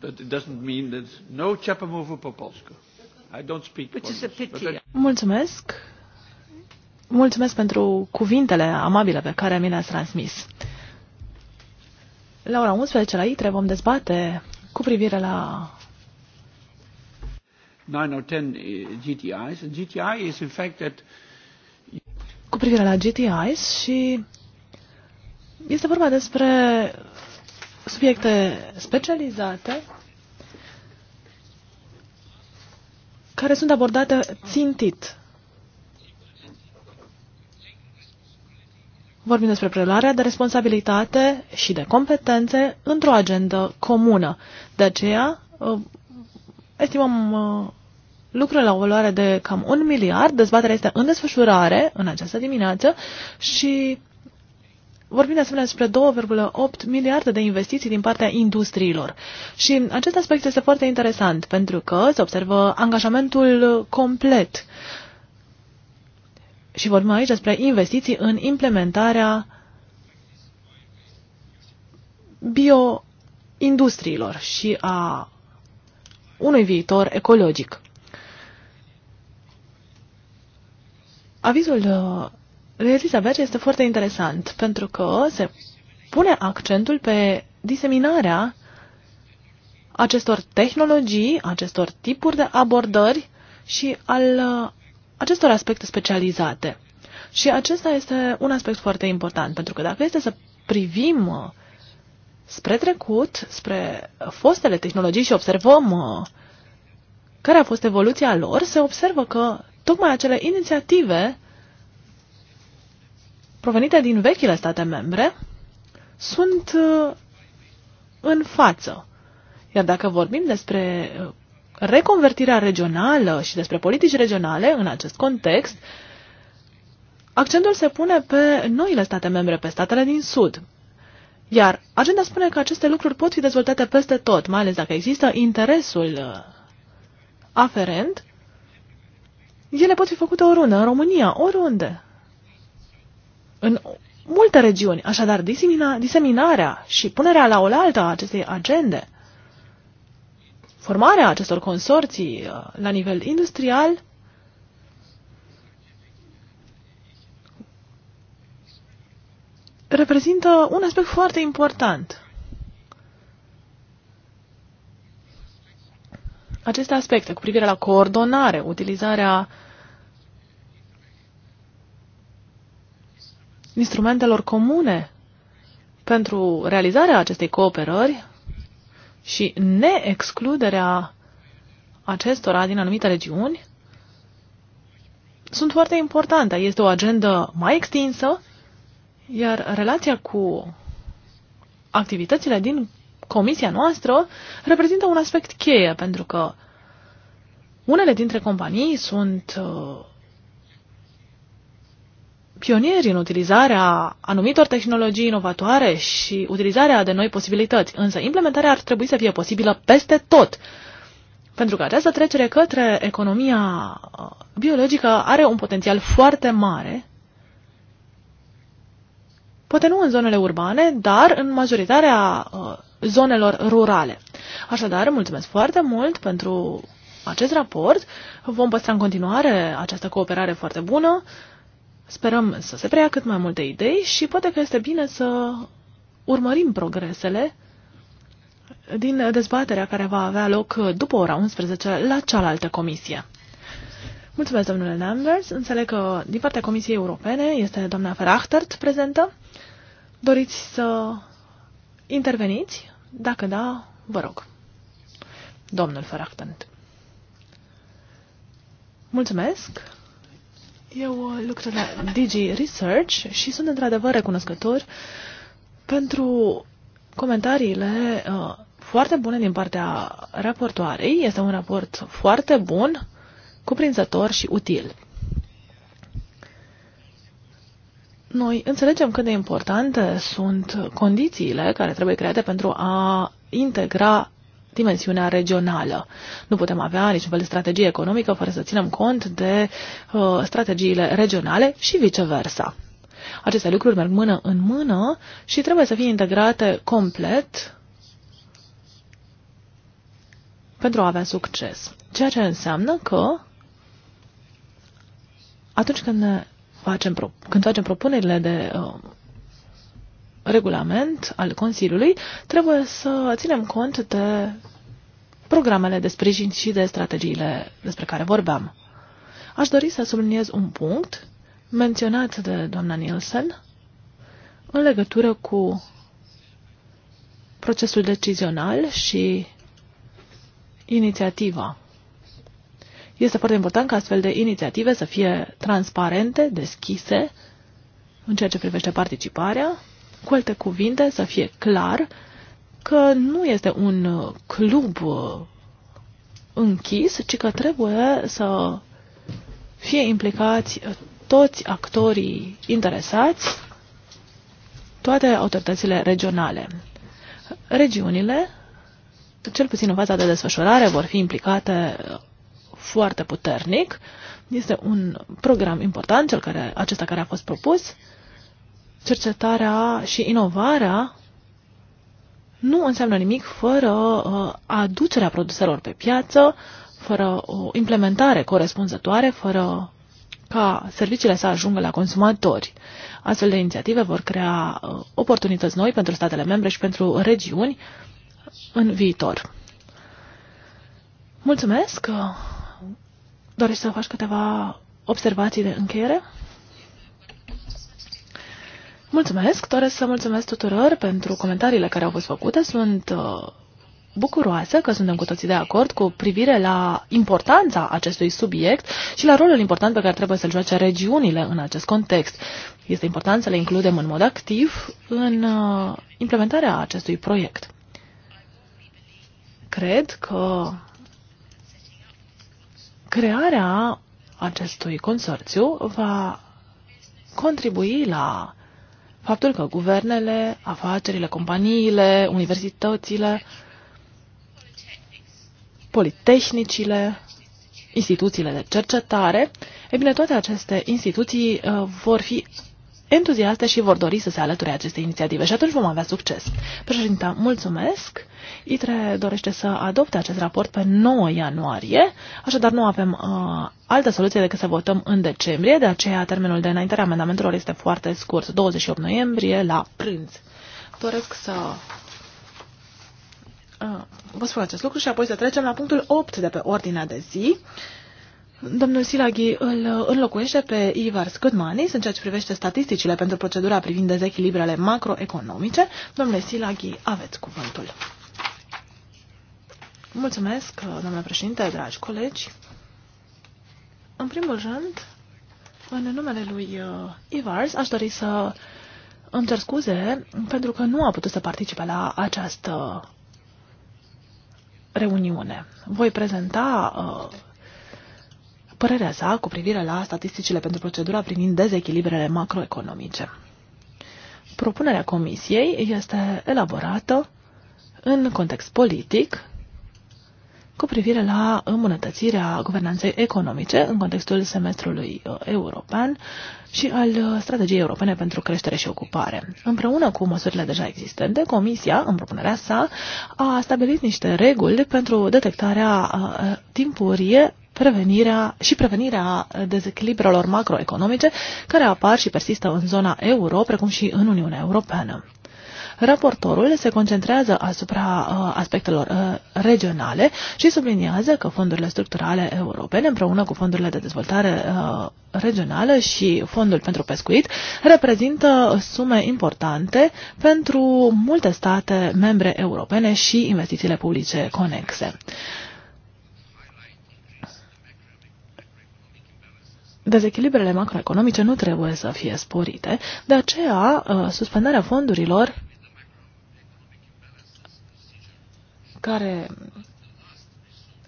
S4: But it doesn't mean that no for Popolsko. I don't speak Which is a pity. Multumesc,
S2: Mulțumesc. Mulțumesc pentru cuvintele amabile pe care mi le-ați transmis. La ora 11 la ITRE vom dezbate cu privire la
S4: nine or ten eh, GTIs. And GTI is in fact that
S2: cu privire la GTIs și este vorba despre subiecte specializate care sunt abordate țintit. Vorbim despre preluarea de responsabilitate și de competențe într-o agendă comună. De aceea, eh, estimăm eh, Lucrul la o valoare de cam un miliard. Dezbaterea este în desfășurare în această dimineață și vorbim de asemenea despre 2,8 miliarde de investiții din partea industriilor. Și acest aspect este foarte interesant pentru că se observă angajamentul complet. Și vorbim aici despre investiții în implementarea bioindustriilor și a unui viitor ecologic. Avizul lui uh, Elisabeth este foarte interesant pentru că se pune accentul pe diseminarea acestor tehnologii, acestor tipuri de abordări și al uh, acestor aspecte specializate. Și acesta este un aspect foarte important, pentru că dacă este să privim uh, spre trecut, spre fostele tehnologii și observăm care a fost evoluția lor, se observă că tocmai acele inițiative provenite din vechile state membre sunt uh, în față. Iar dacă vorbim despre uh, reconvertirea regională și despre politici regionale în acest context, accentul se pune pe noile state membre, pe statele din Sud. Iar agenda spune că aceste lucruri pot fi dezvoltate peste tot, mai ales dacă există interesul uh, aferent ele pot fi făcute oriunde, în România, oriunde. În multe regiuni. Așadar, disemina, diseminarea și punerea la oaltă a acestei agende, formarea acestor consorții uh, la nivel industrial, reprezintă un aspect foarte important. aceste aspecte cu privire la coordonare, utilizarea instrumentelor comune pentru realizarea acestei cooperări și neexcluderea acestora din anumite regiuni sunt foarte importante. Este o agendă mai extinsă, iar relația cu activitățile din comisia noastră reprezintă un aspect cheie, pentru că unele dintre companii sunt uh, pionieri în utilizarea anumitor tehnologii inovatoare și utilizarea de noi posibilități, însă implementarea ar trebui să fie posibilă peste tot. Pentru că această trecere către economia uh, biologică are un potențial foarte mare, poate nu în zonele urbane, dar în majoritatea uh, zonelor rurale. Așadar, mulțumesc foarte mult pentru acest raport. Vom păstra în continuare această cooperare foarte bună. Sperăm să se preia cât mai multe idei și poate că este bine să urmărim progresele din dezbaterea care va avea loc după ora 11 la cealaltă comisie. Mulțumesc, domnule Lambers. Înțeleg că din partea Comisiei Europene este doamna Ferachtert prezentă. Doriți să Interveniți? Dacă da, vă rog. Domnul Faractant. Mulțumesc! Eu lucrez la Digi Research și sunt într-adevăr recunoscător pentru comentariile uh, foarte bune din partea raportoarei. Este un raport foarte bun, cuprinzător și util. Noi înțelegem cât de importante sunt condițiile care trebuie create pentru a integra dimensiunea regională. Nu putem avea niciun fel de strategie economică fără să ținem cont de uh, strategiile regionale și viceversa. Aceste lucruri merg mână în mână și trebuie să fie integrate complet pentru a avea succes. Ceea ce înseamnă că atunci când ne facem când facem propunerile de uh, regulament al Consiliului, trebuie să ținem cont de programele de sprijin și de strategiile despre care vorbeam. Aș dori să subliniez un punct menționat de doamna Nielsen în legătură cu procesul decizional și inițiativa este foarte important ca astfel de inițiative să fie transparente, deschise, în ceea ce privește participarea, cu alte cuvinte, să fie clar că nu este un club uh, închis, ci că trebuie să fie implicați toți actorii interesați, toate autoritățile regionale. Regiunile, cel puțin în fața de desfășurare, vor fi implicate foarte puternic. Este un program important, cel care, acesta care a fost propus. Cercetarea și inovarea nu înseamnă nimic fără uh, aducerea produselor pe piață, fără o implementare corespunzătoare, fără ca serviciile să ajungă la consumatori. Astfel de inițiative vor crea uh, oportunități noi pentru statele membre și pentru regiuni în viitor. Mulțumesc! Uh, Dorești să faci câteva observații de încheiere? Mulțumesc! Doresc să mulțumesc tuturor pentru comentariile care au fost făcute. Sunt uh, bucuroasă că suntem cu toții de acord cu privire la importanța acestui subiect și la rolul important pe care trebuie să-l joace regiunile în acest context. Este important să le includem în mod activ în uh, implementarea acestui proiect. Cred că Crearea acestui consorțiu va contribui la faptul că guvernele, afacerile, companiile, universitățile, politehnicile, instituțiile de cercetare, e bine, toate aceste instituții uh, vor fi entuziaste și vor dori să se alăture acestei inițiative și atunci vom avea succes. Președinta, mulțumesc! ITRE dorește să adopte acest raport pe 9 ianuarie, așadar nu avem uh, altă soluție decât să votăm în decembrie, de aceea termenul de înaintare a amendamentelor este foarte scurt, 28 noiembrie la prânz. Doresc să uh, vă spun acest lucru și apoi să trecem la punctul 8 de pe ordinea de zi. Uh, Domnul Silaghi îl înlocuiește pe Ivar Scudmanis în ceea ce privește statisticile pentru procedura privind dezechilibrele macroeconomice. Domnule Silaghi, aveți cuvântul. Mulțumesc, domnule președinte, dragi colegi. În primul rând, în numele lui uh, Ivars, aș dori să îmi cer scuze pentru că nu a putut să participe la această reuniune. Voi prezenta uh, părerea sa cu privire la statisticile pentru procedura privind dezechilibrele macroeconomice. Propunerea Comisiei este elaborată în context politic cu privire la îmbunătățirea guvernanței economice în contextul semestrului uh, european și al uh, strategiei europene pentru creștere și ocupare. Împreună cu măsurile deja existente, Comisia, în propunerea sa, a stabilit niște reguli pentru detectarea uh, timpurie prevenirea și prevenirea dezechilibrelor macroeconomice care apar și persistă în zona euro, precum și în Uniunea Europeană. Raportorul se concentrează asupra uh, aspectelor uh, regionale și subliniază că fondurile structurale europene împreună cu fondurile de dezvoltare uh, regională și fondul pentru pescuit reprezintă sume importante pentru multe state membre europene și investițiile publice conexe. Dezechilibrele macroeconomice nu trebuie să fie sporite, de aceea suspendarea fondurilor care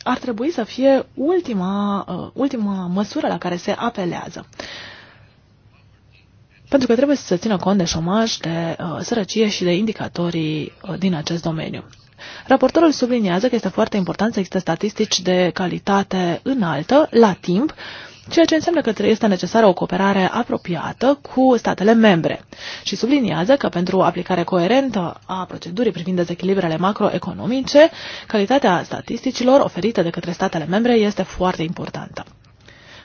S2: ar trebui să fie ultima, uh, ultima măsură la care se apelează. Pentru că trebuie să se țină cont de șomaj, de uh, sărăcie și de indicatorii uh, din acest domeniu. Raportorul subliniază că este foarte important să existe statistici de calitate înaltă, la timp, uh, ceea ce înseamnă că este necesară o cooperare apropiată cu statele membre și subliniază că pentru o aplicare coerentă a procedurii privind dezechilibrele macroeconomice, calitatea statisticilor oferite de către statele membre este foarte importantă.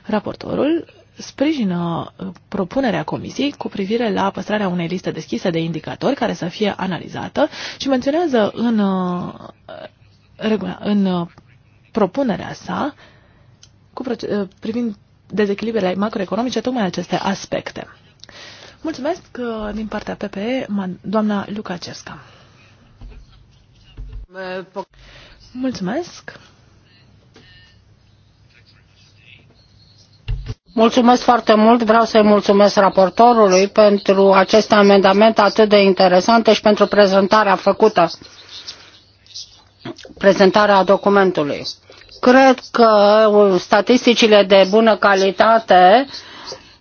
S2: Raportorul sprijină uh, propunerea Comisiei cu privire la păstrarea unei liste deschise de indicatori care să fie analizată și menționează în, uh, în uh, propunerea sa cu, privind dezechilibrele macroeconomice tocmai aceste aspecte. Mulțumesc că uh, din partea PPE, doamna Cesca.
S3: Mulțumesc. Mulțumesc foarte mult, vreau să-i mulțumesc raportorului pentru aceste amendamente atât de interesante și pentru prezentarea făcută, prezentarea documentului cred că uh, statisticile de bună calitate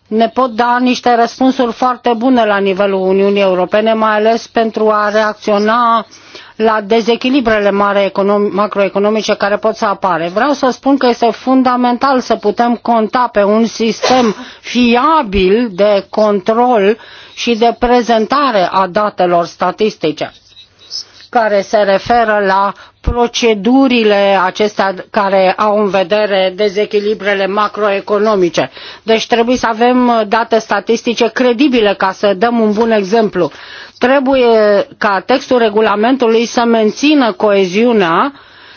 S3: ne pot da niște răspunsuri foarte bune la nivelul Uniunii Europene, mai ales pentru a reacționa la dezechilibrele macroeconomice care pot să apare. Vreau să spun că este fundamental să putem conta pe un sistem fiabil de control și de prezentare a datelor statistice care se referă la procedurile acestea care au în vedere dezechilibrele macroeconomice. Deci trebuie să avem date statistice credibile ca să dăm un bun exemplu. Trebuie ca textul regulamentului să mențină coeziunea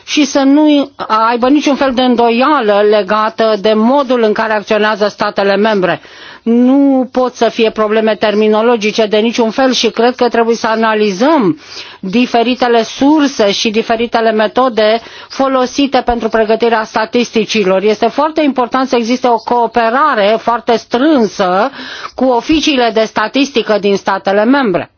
S3: și să nu aibă niciun fel de îndoială legată de modul în care acționează statele membre nu pot să fie probleme terminologice de niciun fel și cred că trebuie să analizăm diferitele surse și diferitele metode folosite pentru pregătirea statisticilor. Este foarte important să existe o cooperare foarte strânsă cu oficiile de statistică din statele membre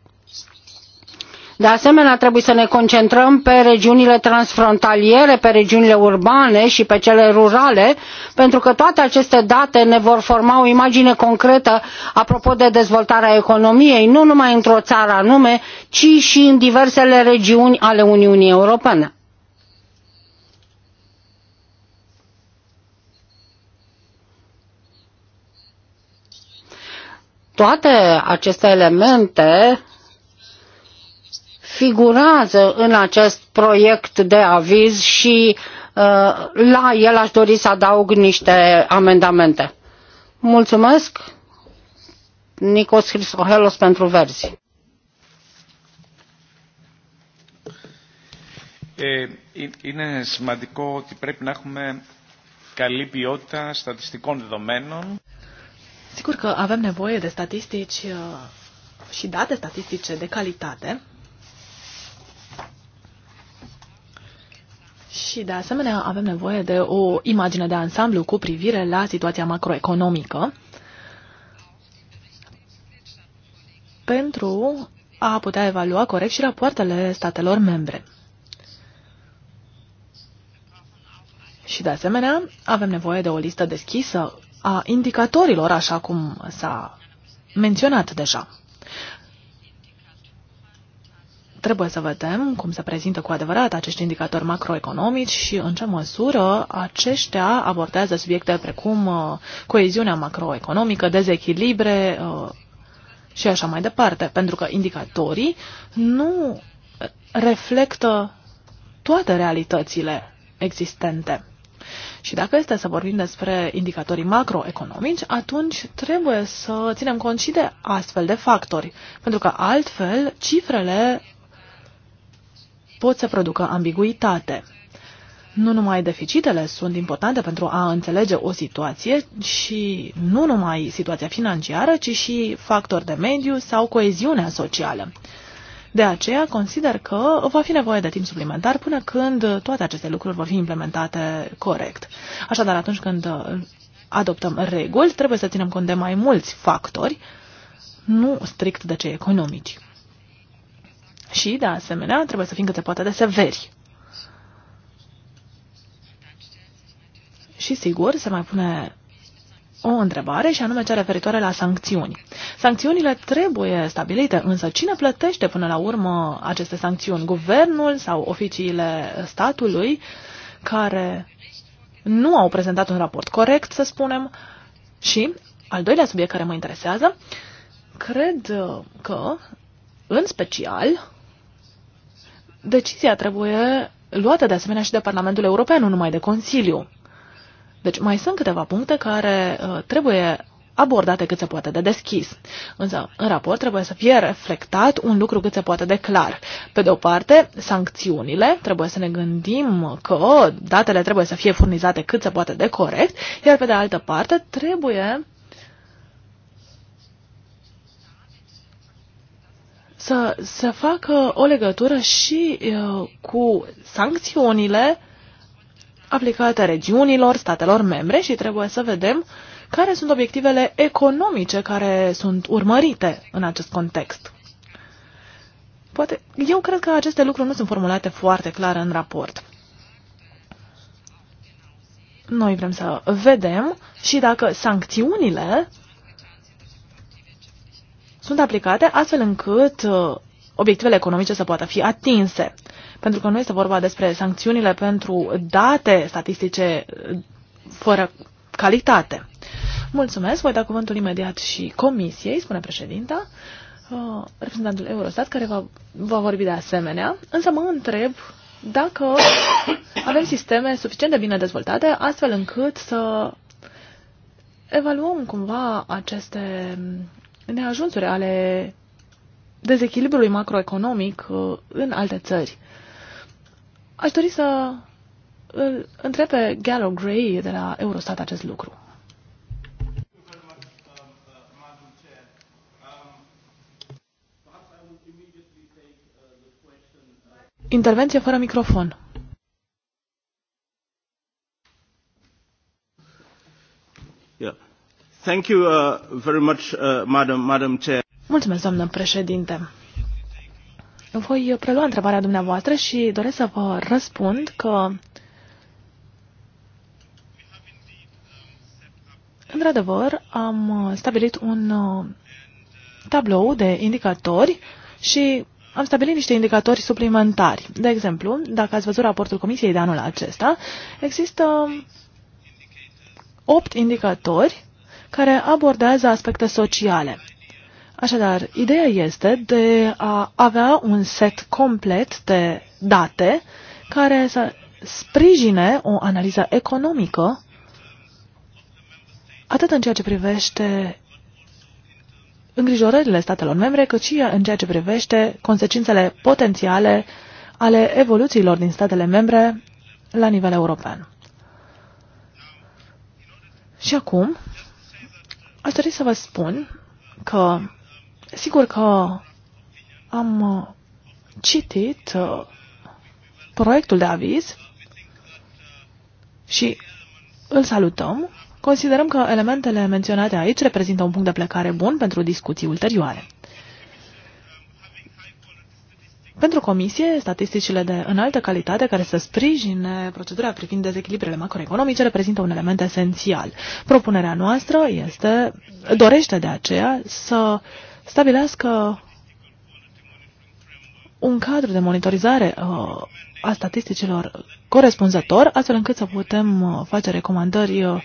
S3: de asemenea, trebuie să ne concentrăm pe regiunile transfrontaliere, pe regiunile urbane și pe cele rurale, pentru că toate aceste date ne vor forma o imagine concretă apropo de dezvoltarea economiei, nu numai într-o țară anume, ci și în diversele regiuni ale Uniunii Europene. toate aceste elemente figurează în acest proiect de aviz și uh, la el aș dori să adaug niște amendamente. Mulțumesc, Nikos Hristohelos, pentru verzi.
S4: Είναι σημαντικό ότι πρέπει να έχουμε καλή ποιότητα στατιστικών δεδομένων. Sigur
S2: că avem nevoie de statistici uh, și date statistice de calitate Și, de asemenea, avem nevoie de o imagine de ansamblu cu privire la situația macroeconomică pentru a putea evalua corect și rapoartele statelor membre. Și, de asemenea, avem nevoie de o listă deschisă a indicatorilor, așa cum s-a menționat deja trebuie să vedem cum se prezintă cu adevărat acești indicatori macroeconomici și în ce măsură aceștia abordează subiecte precum uh, coeziunea macroeconomică, dezechilibre uh, și așa mai departe, pentru că indicatorii nu reflectă toate realitățile existente. Și dacă este să vorbim despre indicatorii macroeconomici, atunci trebuie să ținem cont și de astfel de factori, pentru că altfel cifrele pot să producă ambiguitate. Nu numai deficitele sunt importante pentru a înțelege o situație și nu numai situația financiară, ci și factori de mediu sau coeziunea socială. De aceea consider că va fi nevoie de timp suplimentar până când toate aceste lucruri vor fi implementate corect. Așadar, atunci când adoptăm reguli, trebuie să ținem cont de mai mulți factori, nu strict de cei economici. Și, de asemenea, trebuie să fim cât poate de severi. Și, sigur, se mai pune o întrebare și anume cea referitoare la sancțiuni. Sancțiunile trebuie stabilite, însă cine plătește până la urmă aceste sancțiuni? Guvernul sau oficiile statului care nu au prezentat un raport corect, să spunem. Și al doilea subiect care mă interesează, cred că, în special, decizia trebuie luată de asemenea și de Parlamentul European, nu numai de Consiliu. Deci mai sunt câteva puncte care uh, trebuie abordate cât se poate de deschis. Însă, în raport trebuie să fie reflectat un lucru cât se poate de clar. Pe de o parte, sancțiunile, trebuie să ne gândim că datele trebuie să fie furnizate cât se poate de corect, iar pe de altă parte, trebuie să se facă o legătură și uh, cu sancțiunile aplicate regiunilor, statelor membre și trebuie să vedem care sunt obiectivele economice care sunt urmărite în acest context. Poate, eu cred că aceste lucruri nu sunt formulate foarte clar în raport. Noi vrem să vedem și dacă sancțiunile sunt aplicate astfel încât uh, obiectivele economice să poată fi atinse. Pentru că nu este vorba despre sancțiunile pentru date statistice uh, fără calitate. Mulțumesc, voi da cuvântul imediat și comisiei, spune președinta, uh, reprezentantul Eurostat, care va, va vorbi de asemenea, însă mă întreb dacă avem sisteme suficient de bine dezvoltate, astfel încât să evaluăm cumva aceste neajunsuri ale dezechilibrului macroeconomic uh, în alte țări. Aș dori să îl întreb pe Gallo Gray de la Eurostat acest lucru. Intervenție fără microfon.
S4: Yeah. Uh, uh,
S2: Mulțumesc, doamnă președinte. Voi prelua întrebarea dumneavoastră și doresc să vă răspund că Într-adevăr, am stabilit un uh, tablou de indicatori și am stabilit niște indicatori suplimentari. De exemplu, dacă ați văzut raportul Comisiei de anul acesta, există opt indicatori care abordează aspecte sociale. Așadar, ideea este de a avea un set complet de date care să sprijine o analiză economică atât în ceea ce privește îngrijorările statelor membre, cât și în ceea ce privește consecințele potențiale ale evoluțiilor din statele membre la nivel european. Și acum, Aș dori să vă spun că, sigur că am uh, citit uh, proiectul de aviz și îl salutăm. Considerăm că elementele menționate aici reprezintă un punct de plecare bun pentru discuții ulterioare. Pentru comisie, statisticile de înaltă calitate care să sprijine procedura privind dezechilibrele macroeconomice reprezintă un element esențial. Propunerea noastră este, dorește de aceea să stabilească un cadru de monitorizare uh, a statisticilor corespunzător, astfel încât să putem uh, face recomandări uh,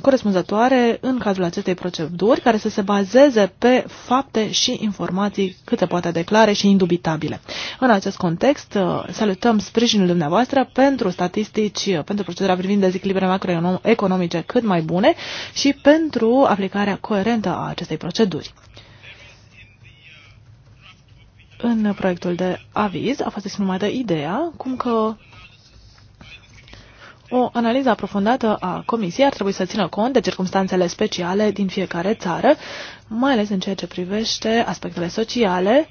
S2: corespunzătoare în cazul acestei proceduri, care să se bazeze pe fapte și informații cât se poate declare și indubitabile. În acest context, uh, salutăm sprijinul dumneavoastră pentru statistici, uh, pentru procedura privind dezechilibre macroeconomice cât mai bune și pentru aplicarea coerentă a acestei proceduri. În proiectul de aviz a fost exprimată ideea cum că o analiză aprofundată a Comisiei ar trebui să țină cont de circumstanțele speciale din fiecare țară, mai ales în ceea ce privește aspectele sociale,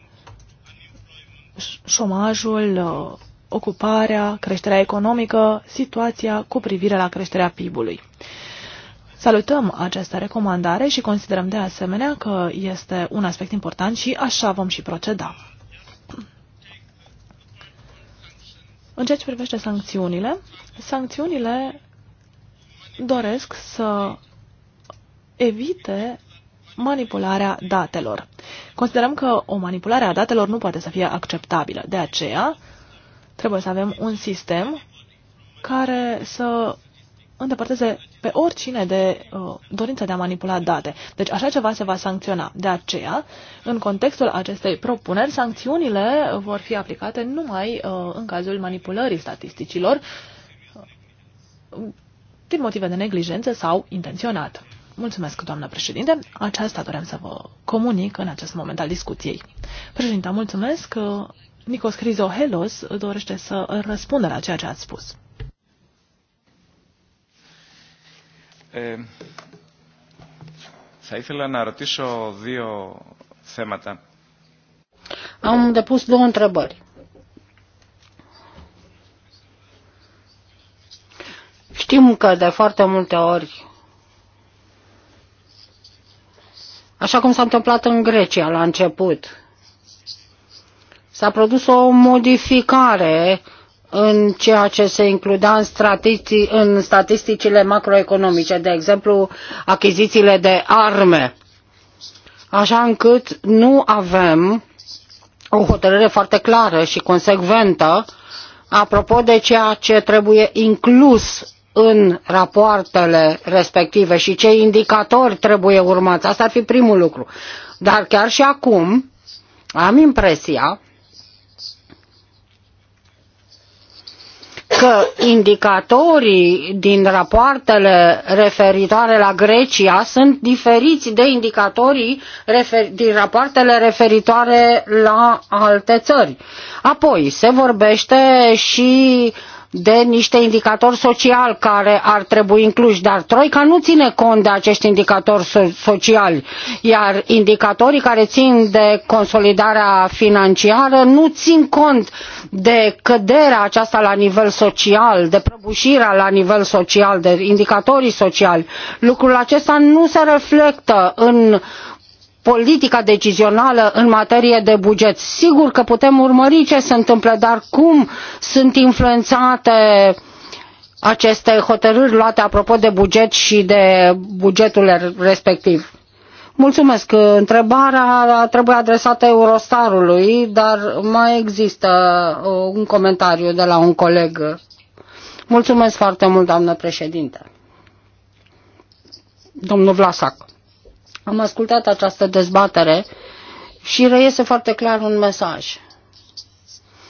S2: șomajul, uh, ocuparea, creșterea economică, situația cu privire la creșterea PIB-ului. Salutăm această recomandare și considerăm de asemenea că este un aspect important și așa vom și proceda. În ceea ce privește sancțiunile, sancțiunile doresc să evite manipularea datelor. Considerăm că o manipulare a datelor nu poate să fie acceptabilă. De aceea, trebuie să avem un sistem care să îndepărteze pe oricine de uh, dorința de a manipula date. Deci așa ceva se va sancționa. De aceea, în contextul acestei propuneri, sancțiunile vor fi aplicate numai uh, în cazul manipulării statisticilor uh, din motive de neglijență sau intenționat. Mulțumesc, doamnă președinte. Aceasta doream să vă comunic în acest moment al discuției. Președinte, mulțumesc. Nicos Helos dorește să răspundă la ceea ce ați spus.
S4: Ε, θα ήθελα να ρωτήσω δύο θέματα.
S3: Am depus două întrebări. Știm că de foarte multe ori, așa cum s-a întâmplat în Grecia la început, s-a produs o modificare în ceea ce se includea în, statistici, în statisticile macroeconomice, de exemplu achizițiile de arme, așa încât nu avem o hotărâre foarte clară și consecventă apropo de ceea ce trebuie inclus în rapoartele respective și ce indicatori trebuie urmați. Asta ar fi primul lucru. Dar chiar și acum am impresia că indicatorii din rapoartele referitoare la Grecia sunt diferiți de indicatorii refer- din rapoartele referitoare la alte țări. Apoi, se vorbește și de niște indicatori sociali care ar trebui incluși, dar Troica nu ține cont de acești indicatori so- sociali, iar indicatorii care țin de consolidarea financiară nu țin cont de căderea aceasta la nivel social, de prăbușirea la nivel social, de indicatorii sociali. Lucrul acesta nu se reflectă în politica decizională în materie de buget. Sigur că putem urmări ce se întâmplă, dar cum sunt influențate aceste hotărâri luate apropo de buget și de bugetul respectiv? Mulțumesc. Întrebarea trebuie adresată Eurostarului, dar mai există uh, un comentariu de la un coleg. Mulțumesc foarte mult, doamnă președinte. Domnul Vlasac. Am ascultat această dezbatere și reiese foarte clar un mesaj.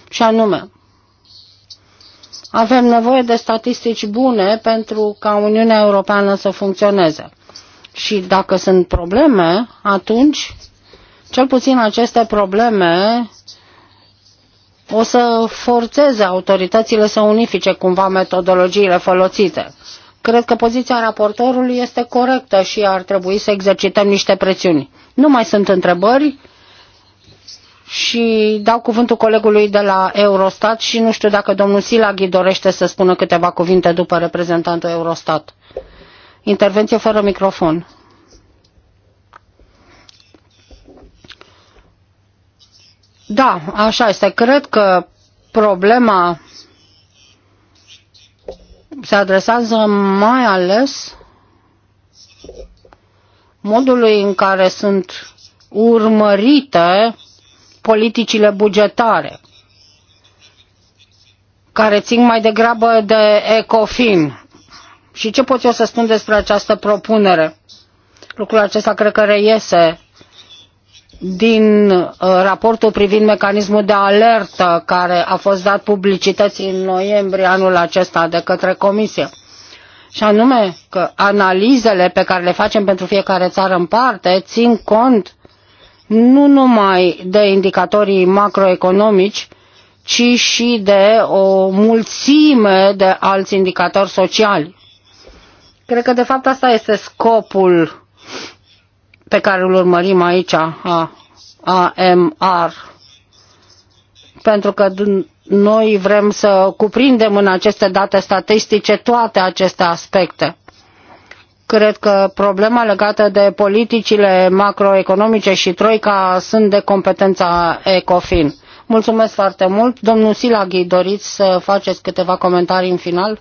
S3: Și anume, avem nevoie de statistici bune pentru ca Uniunea Europeană să funcționeze. Și dacă sunt probleme, atunci cel puțin aceste probleme o să forțeze autoritățile să unifice cumva metodologiile folosite. Cred că poziția raportorului este corectă și ar trebui să exercităm niște presiuni. Nu mai sunt întrebări și dau cuvântul colegului de la Eurostat și nu știu dacă domnul Silaghi dorește să spună câteva cuvinte după reprezentantul Eurostat. Intervenție fără microfon. Da, așa este. Cred că problema se adresează mai ales modului în care sunt urmărite politicile bugetare, care țin mai degrabă de ECOFIN. Și ce pot eu să spun despre această propunere? Lucrul acesta cred că reiese din uh, raportul privind mecanismul de alertă care a fost dat publicității în noiembrie anul acesta de către Comisie. Și anume că analizele pe care le facem pentru fiecare țară în parte țin cont nu numai de indicatorii macroeconomici, ci și de o mulțime de alți indicatori sociali. Cred că de fapt asta este scopul pe care îl urmărim aici, a, AMR, pentru că noi vrem să cuprindem în aceste date statistice toate aceste aspecte. Cred că problema legată de politicile macroeconomice și troica sunt de competența ECOFIN. Mulțumesc foarte mult. Domnul Silaghi, doriți să faceți câteva comentarii în final?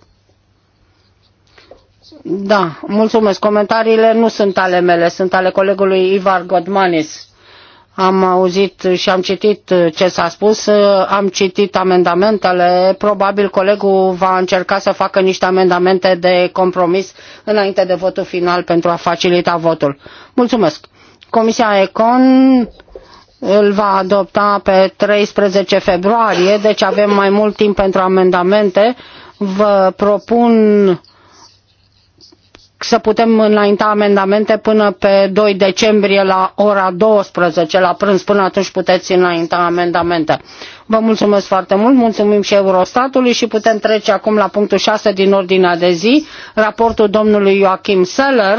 S3: Da, mulțumesc. Comentariile nu sunt ale mele, sunt ale colegului Ivar Godmanis. Am auzit și am citit ce s-a spus, am citit amendamentele, probabil colegul va încerca să facă niște amendamente de compromis înainte de votul final pentru a facilita votul. Mulțumesc. Comisia Econ îl va adopta pe 13 februarie, deci avem mai mult timp pentru amendamente. Vă propun să putem înainta amendamente până pe 2 decembrie la ora 12, la prânz. Până atunci puteți înainta amendamente. Vă mulțumesc foarte mult, mulțumim și Eurostatului și putem trece acum la punctul 6 din ordinea de zi, raportul domnului Joachim Seller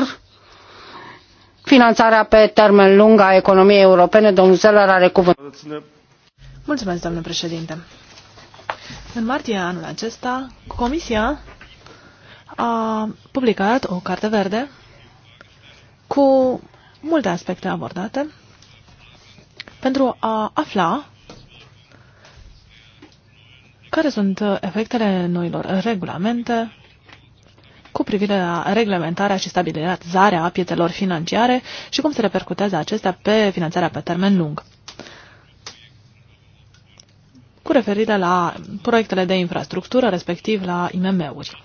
S3: finanțarea pe termen lung a economiei europene. Domnul Seller are cuvântul. Mulțumesc, domnule președinte.
S2: În martie anul acesta, Comisia a publicat o carte verde cu multe aspecte abordate pentru a afla care sunt efectele noilor regulamente cu privire la reglementarea și stabilizarea piețelor financiare și cum se repercutează acestea pe finanțarea pe termen lung. Cu referire la proiectele de infrastructură, respectiv la IMM-uri.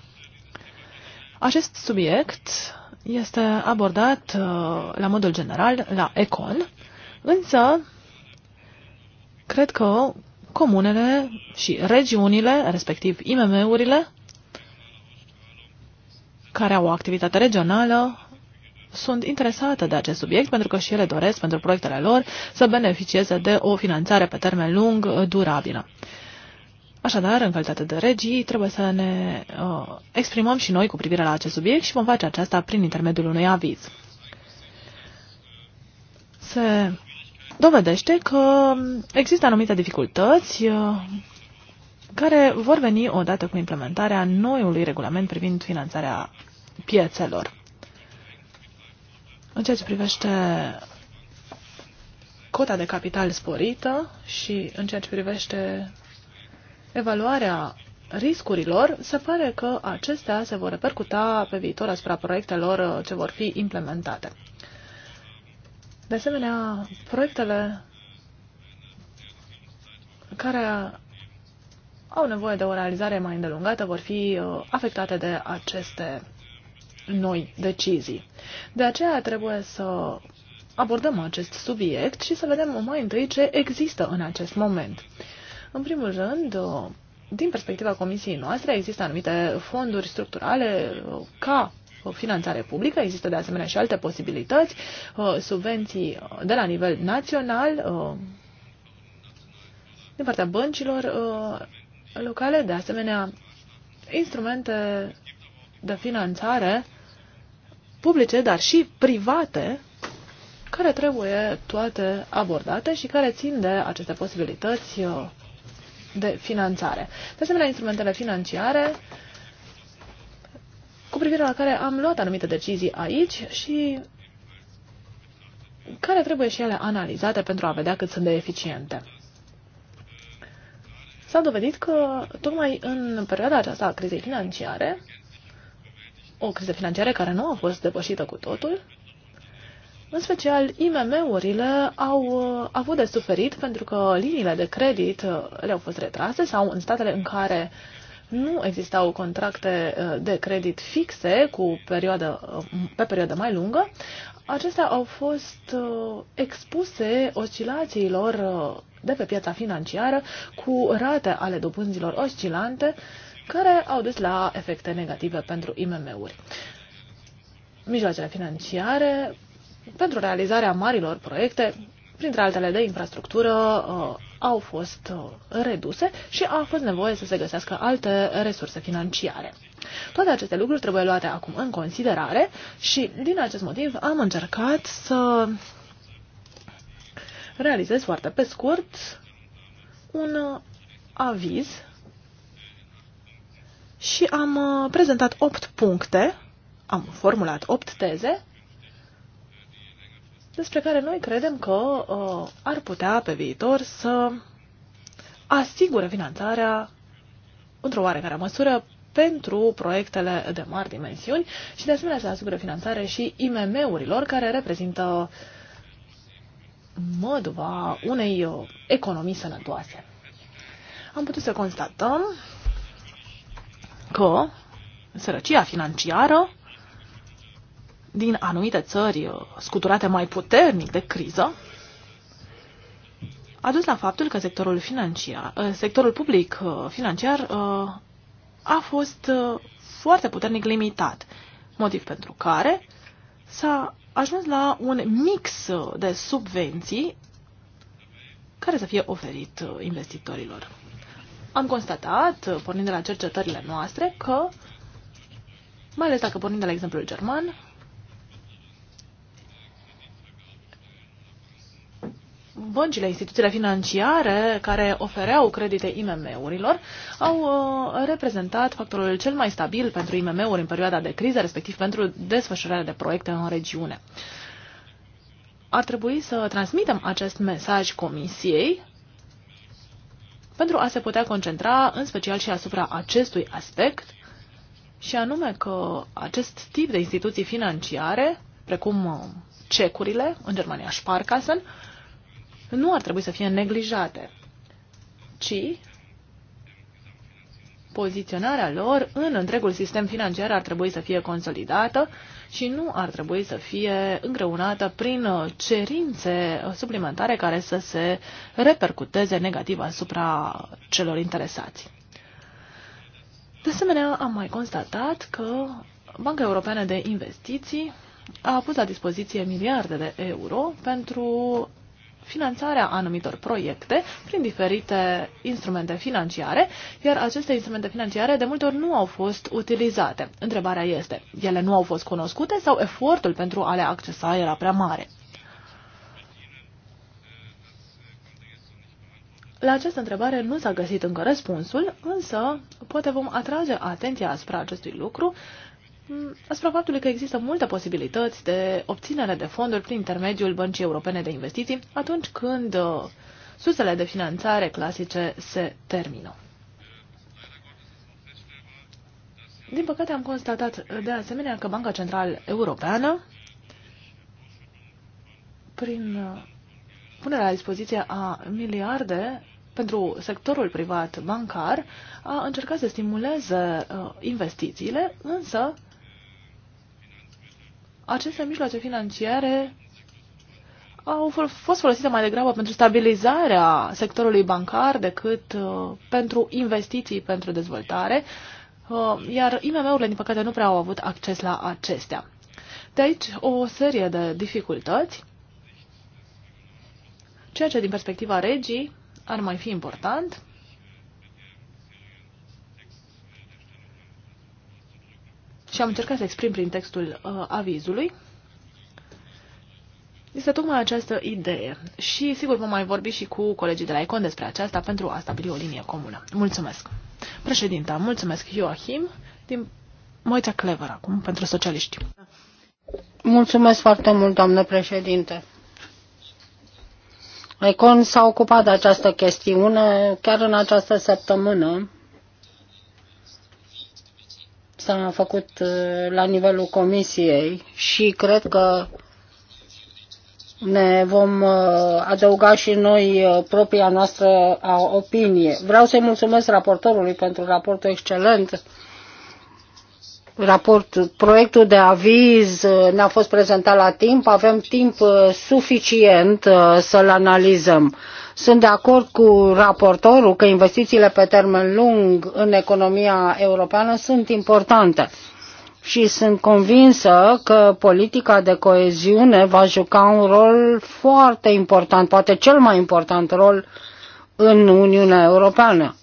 S2: Acest subiect este abordat uh, la modul general la Econ, însă cred că comunele și regiunile, respectiv IMM-urile, care au o activitate regională, sunt interesate de acest subiect pentru că și ele doresc pentru proiectele lor să beneficieze de o finanțare pe termen lung durabilă. Așadar, în calitate de regii, trebuie să ne uh, exprimăm și noi cu privire la acest subiect și vom face aceasta prin intermediul unui aviz. Se dovedește că există anumite dificultăți uh, care vor veni odată cu implementarea noiului regulament privind finanțarea piețelor. În ceea ce privește cota de capital sporită și în ceea ce privește evaluarea riscurilor, se pare că acestea se vor repercuta pe viitor asupra proiectelor uh, ce vor fi implementate. De asemenea, proiectele care au nevoie de o realizare mai îndelungată vor fi uh, afectate de aceste noi decizii. De aceea trebuie să abordăm acest subiect și să vedem mai întâi ce există în acest moment. În primul rând, din perspectiva comisiei noastre, există anumite fonduri structurale ca finanțare publică, există de asemenea și alte posibilități, subvenții de la nivel național, din partea băncilor locale, de asemenea instrumente de finanțare publice, dar și private, care trebuie toate abordate și care țin de aceste posibilități de finanțare. De asemenea, instrumentele financiare cu privire la care am luat anumite decizii aici și care trebuie și ele analizate pentru a vedea cât sunt de eficiente. S-a dovedit că tocmai în perioada aceasta a crizei financiare, o criză financiară care nu a fost depășită cu totul, în special, IMM-urile au uh, avut de suferit pentru că liniile de credit uh, le-au fost retrase sau în statele în care nu existau contracte uh, de credit fixe cu perioadă, pe perioadă mai lungă, acestea au fost expuse oscilațiilor de pe piața financiară cu rate ale dobânzilor oscilante care au dus la efecte negative pentru IMM-uri. Mijloacele financiare pentru realizarea marilor proiecte, printre altele de infrastructură, uh, au fost uh, reduse și a fost nevoie să se găsească alte resurse financiare. Toate aceste lucruri trebuie luate acum în considerare și din acest motiv am încercat să realizez foarte pe scurt un uh, aviz și am prezentat 8 puncte, am formulat 8 teze despre care noi credem că uh, ar putea pe viitor să asigure finanțarea într-o oarecare măsură pentru proiectele de mari dimensiuni și de asemenea să asigure finanțare și IMM-urilor care reprezintă măduva unei uh, economii sănătoase. Am putut să constatăm că sărăcia financiară din anumite țări uh, scuturate mai puternic de criză a dus la faptul că sectorul, financiar, uh, sectorul public uh, financiar a fost foarte puternic limitat, motiv pentru care s-a ajuns la un mix de subvenții care să fie oferit investitorilor. Am constatat, pornind de la cercetările noastre, că, mai ales dacă pornim de la exemplul german, băncile, instituțiile financiare care ofereau credite IMM-urilor au uh, reprezentat factorul cel mai stabil pentru IMM-uri în perioada de criză, respectiv pentru desfășurarea de proiecte în regiune. Ar trebui să transmitem acest mesaj Comisiei pentru a se putea concentra în special și asupra acestui aspect, și anume că acest tip de instituții financiare, precum uh, cecurile, în Germania Sparkassen, nu ar trebui să fie neglijate, ci poziționarea lor în întregul sistem financiar ar trebui să fie consolidată și nu ar trebui să fie îngreunată prin cerințe suplimentare care să se repercuteze negativ asupra celor interesați. De asemenea, am mai constatat că Banca Europeană de Investiții a pus la dispoziție miliarde de euro pentru finanțarea anumitor proiecte prin diferite instrumente financiare, iar aceste instrumente financiare de multe ori nu au fost utilizate. Întrebarea este, ele nu au fost cunoscute sau efortul pentru a le accesa era prea mare? La această întrebare nu s-a găsit încă răspunsul, însă poate vom atrage atenția asupra acestui lucru asupra faptului că există multe posibilități de obținere de fonduri prin intermediul Băncii Europene de Investiții atunci când uh, sursele de finanțare clasice se termină. Din păcate am constatat uh, de asemenea că Banca Centrală Europeană, prin uh, punerea la dispoziție a miliarde pentru sectorul privat bancar, a încercat să stimuleze investițiile, însă aceste mijloace financiare au fost folosite mai degrabă pentru stabilizarea sectorului bancar decât uh, pentru investiții pentru dezvoltare, uh, iar IMM-urile, din păcate, nu prea au avut acces la acestea. De aici o serie de dificultăți, ceea ce din perspectiva regii ar mai fi important și am încercat să exprim prin textul uh, avizului, este tocmai această idee. Și sigur vom mai vorbi și cu colegii de la ICON despre aceasta pentru a stabili o linie comună. Mulțumesc. Președinta, mulțumesc Joachim din Moița Clever acum pentru socialiști.
S3: Mulțumesc foarte mult, doamnă președinte. ICON s-a ocupat de această chestiune chiar în această săptămână s-a făcut uh, la nivelul comisiei și cred că ne vom uh, adăuga și noi uh, propria noastră opinie. Vreau să-i mulțumesc raportorului pentru raportul excelent raport, proiectul de aviz uh, ne-a fost prezentat la timp, avem timp uh, suficient uh, să-l analizăm. Sunt de acord cu raportorul că investițiile pe termen lung în economia europeană sunt importante și sunt convinsă că politica de coeziune va juca un rol foarte important, poate cel mai important rol în Uniunea Europeană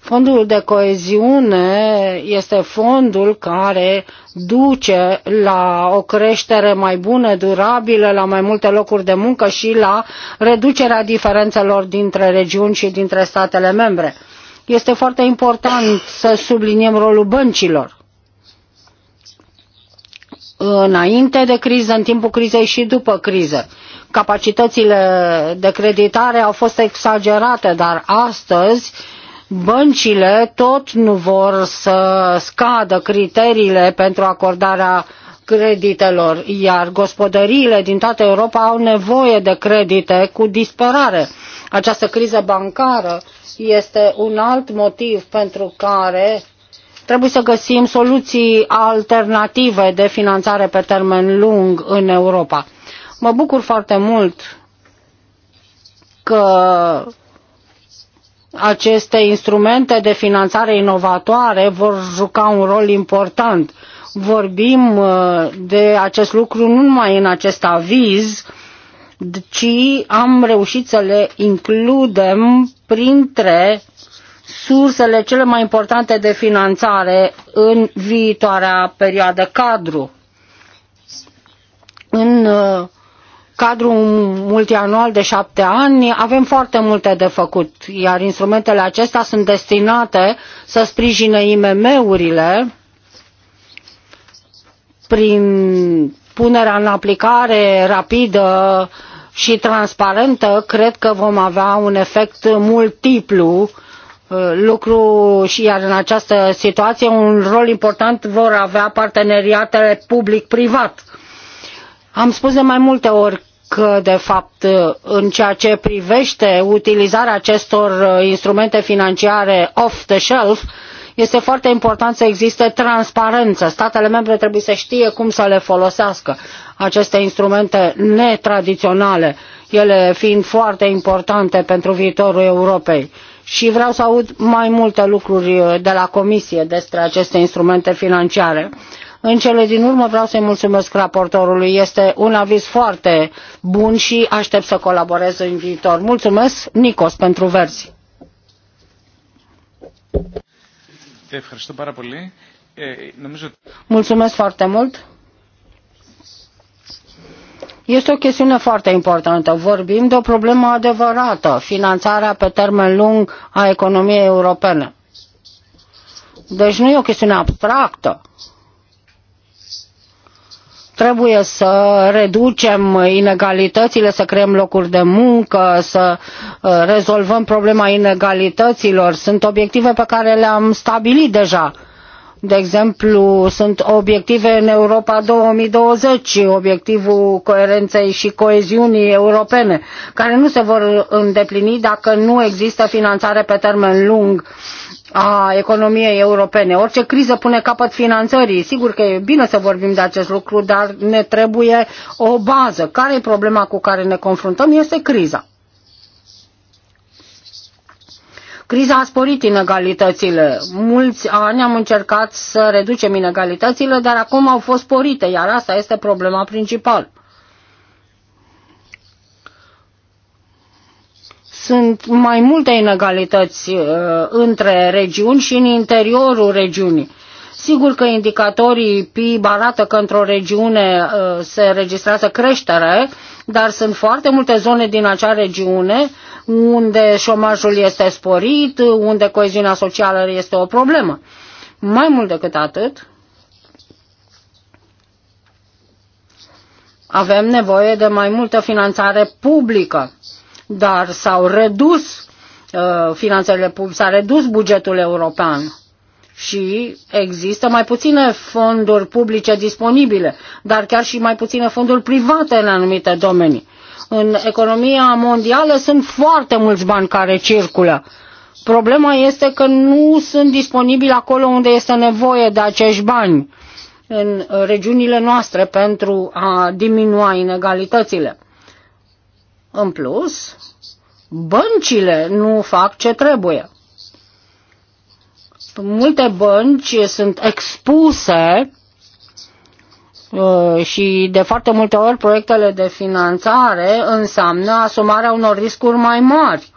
S3: Fondul de coeziune este fondul care duce la o creștere mai bună, durabilă, la mai multe locuri de muncă și la reducerea diferențelor dintre regiuni și dintre statele membre. Este foarte important să subliniem rolul băncilor înainte de criză, în timpul crizei și după criză. Capacitățile de creditare au fost exagerate, dar astăzi uh, băncile tot nu vor să scadă criteriile pentru acordarea creditelor, iar gospodăriile din toată Europa au nevoie de credite cu disperare. Această criză bancară este un alt motiv pentru care trebuie să găsim soluții alternative de finanțare pe termen lung în Europa. Mă bucur foarte mult că aceste instrumente de finanțare inovatoare vor juca un rol important. Vorbim uh, de acest lucru nu numai în acest aviz, ci am reușit să le includem printre sursele cele mai importante de finanțare în viitoarea perioadă cadru. În uh, cadru multianual de șapte ani avem foarte multe de făcut, iar instrumentele acestea sunt destinate să sprijine IMM-urile prin punerea în aplicare rapidă și transparentă, cred că vom avea un efect multiplu uh, lucru și iar în această situație un rol important vor avea parteneriatele public-privat. Am spus de mai multe ori că, de fapt, în ceea ce privește utilizarea acestor uh, instrumente financiare off the shelf, este foarte important să existe transparență. Statele membre trebuie să știe cum să le folosească aceste instrumente netradiționale, ele fiind foarte importante pentru viitorul Europei. Și vreau să aud mai multe lucruri uh, de la Comisie despre aceste instrumente financiare. Uh, în cele din urmă vreau să-i mulțumesc raportorului. Este un aviz foarte bun și aștept să colaborez în viitor. Mulțumesc, Nicos, pentru verzi. Mulțumesc foarte mult. Este o chestiune foarte importantă. Vorbim de o problemă adevărată, finanțarea pe termen lung a economiei europene. Deci nu e o chestiune abstractă. Trebuie să reducem inegalitățile, să creăm locuri de muncă, să uh, rezolvăm problema inegalităților. Sunt obiective pe care le-am stabilit deja. De exemplu, sunt obiective în Europa 2020, obiectivul coerenței și coeziunii europene, care nu se vor îndeplini dacă nu există finanțare pe termen lung a economiei europene. Orice criză pune capăt finanțării. Sigur că e bine să vorbim de acest lucru, dar ne trebuie o bază. Care e problema cu care ne confruntăm? Este criza. Criza a sporit inegalitățile. Mulți ani am încercat să reducem inegalitățile, dar acum au fost sporite, iar asta este problema principală. sunt mai multe inegalități uh, între regiuni și în interiorul regiunii. Sigur că indicatorii PIB arată că într-o regiune uh, se registrează creștere, dar sunt foarte multe zone din acea regiune unde șomajul este sporit, unde coeziunea socială este o problemă. Mai mult decât atât, avem nevoie de mai multă finanțare publică dar s-au redus uh, finanțele finanțele s-a redus bugetul european și există mai puține fonduri publice disponibile, dar chiar și mai puține fonduri private în anumite domenii. În economia mondială sunt foarte mulți bani care circulă. Problema este că nu sunt disponibili acolo unde este nevoie de acești bani, în regiunile noastre, pentru a diminua inegalitățile. În plus, băncile nu fac ce trebuie. Multe bănci sunt expuse uh, și de foarte multe ori proiectele de finanțare înseamnă asumarea unor riscuri mai mari.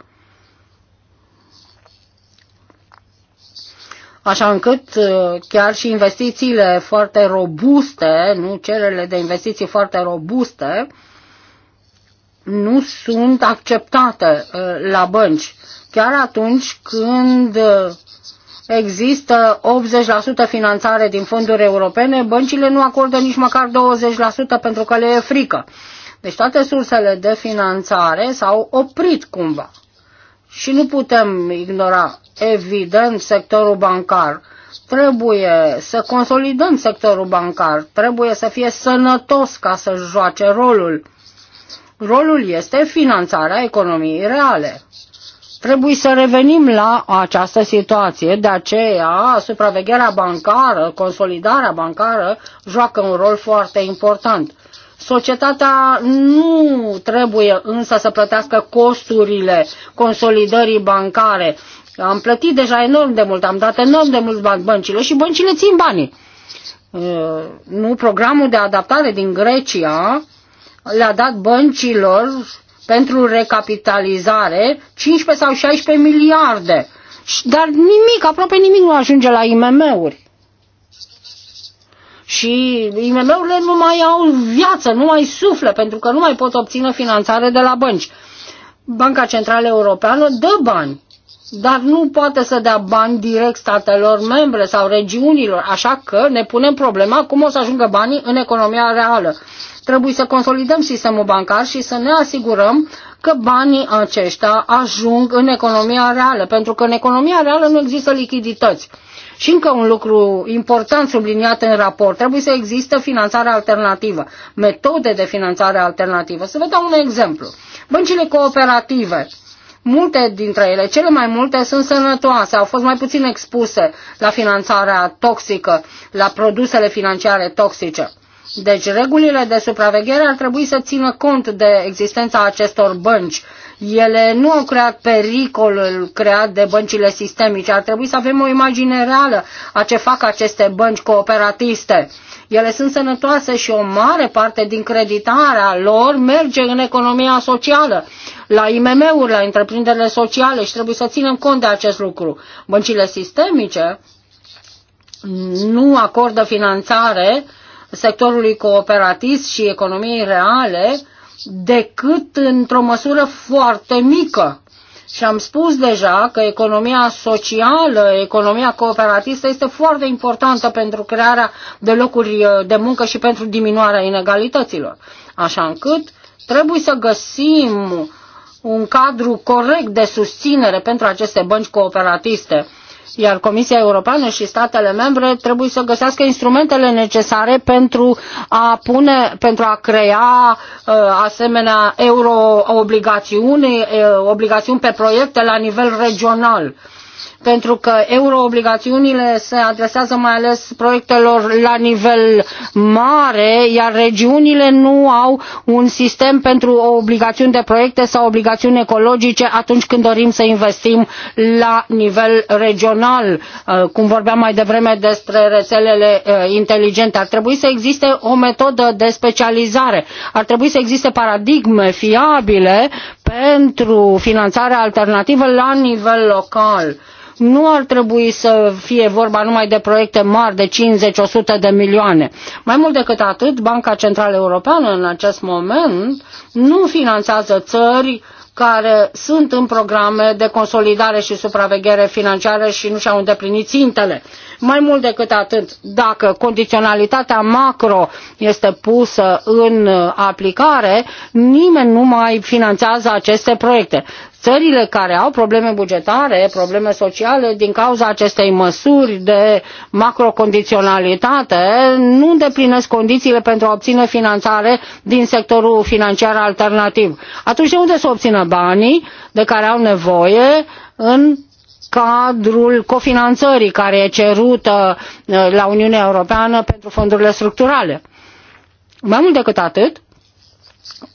S3: Așa încât uh, chiar și investițiile foarte robuste, nu celele de investiții foarte robuste, nu sunt acceptate uh, la bănci, chiar atunci când uh, există 80% finanțare din fonduri europene, băncile nu acordă nici măcar 20% pentru că le e frică. Deci toate sursele de finanțare s-au oprit cumva. Și nu putem ignora, evident, sectorul bancar. Trebuie să consolidăm sectorul bancar, trebuie să fie sănătos ca să joace rolul Rolul este finanțarea economiei reale. Trebuie să revenim la această situație, de aceea supravegherea bancară, consolidarea bancară joacă un rol foarte important. Societatea nu trebuie însă să plătească costurile consolidării bancare. Am plătit deja enorm de mult, am dat enorm de mult bani băncile și băncile țin banii. Ă, nu programul de adaptare din Grecia le-a dat băncilor pentru recapitalizare 15 sau 16 miliarde. Dar nimic, aproape nimic nu ajunge la IMM-uri. Și IMM-urile nu mai au viață, nu mai suflă, pentru că nu mai pot obține finanțare de la bănci. Banca Centrală Europeană dă bani, dar nu poate să dea bani direct statelor membre sau regiunilor, așa că ne punem problema cum o să ajungă banii în economia reală. Trebuie să consolidăm sistemul bancar și să ne asigurăm că banii aceștia ajung în economia reală, pentru că în economia reală nu există lichidități. Și încă un lucru important subliniat în raport, trebuie să existe finanțare alternativă, metode de finanțare alternativă. Să vă dau un exemplu. Băncile cooperative, Multe dintre ele, cele mai multe, sunt sănătoase, au fost mai puțin expuse la finanțarea toxică, la produsele financiare toxice. Deci regulile de supraveghere ar trebui să țină cont de existența acestor bănci. Ele nu au creat pericolul creat de băncile sistemice. Ar trebui să avem o imagine reală a ce fac aceste bănci cooperatiste. Ele sunt sănătoase și o mare parte din creditarea lor merge în economia socială la IMM-uri, la întreprinderile sociale și trebuie să ținem cont de acest lucru. Băncile sistemice nu acordă finanțare sectorului cooperativ și economiei reale decât într-o măsură foarte mică. Și am spus deja că economia socială, economia cooperatistă este foarte importantă pentru crearea de locuri uh, de muncă și pentru diminuarea inegalităților. Așa încât trebuie să găsim un cadru corect de susținere pentru aceste bănci cooperatiste iar Comisia Europeană și statele membre trebuie să găsească instrumentele necesare pentru a pune, pentru a crea uh, asemenea euro-obligațiuni uh, obligațiuni pe proiecte la nivel regional. Uh, pentru că euroobligațiunile se adresează mai ales proiectelor la nivel mare, iar regiunile nu au un sistem pentru obligațiuni de proiecte sau obligațiuni ecologice atunci când dorim să investim la nivel regional. Uh, cum vorbeam mai devreme despre rețelele uh, inteligente, ar trebui să existe o metodă de specializare, ar trebui să existe paradigme fiabile pentru finanțarea alternativă la nivel local nu ar trebui să fie vorba numai de proiecte mari de 50-100 de milioane. Mai mult decât atât, Banca Centrală Europeană în acest moment nu finanțează țări care sunt în programe de consolidare și supraveghere financiară și nu și-au îndeplinit țintele. Mai mult decât atât, dacă condiționalitatea macro este pusă în aplicare, nimeni nu mai finanțează aceste proiecte. Țările care au probleme bugetare, probleme sociale, din cauza acestei măsuri de macrocondiționalitate, nu îndeplinesc condițiile pentru a obține finanțare din sectorul financiar alternativ. Atunci de unde să obțină banii de care au nevoie în cadrul cofinanțării care e cerută uh, la Uniunea Europeană pentru fondurile structurale. Mai mult decât atât,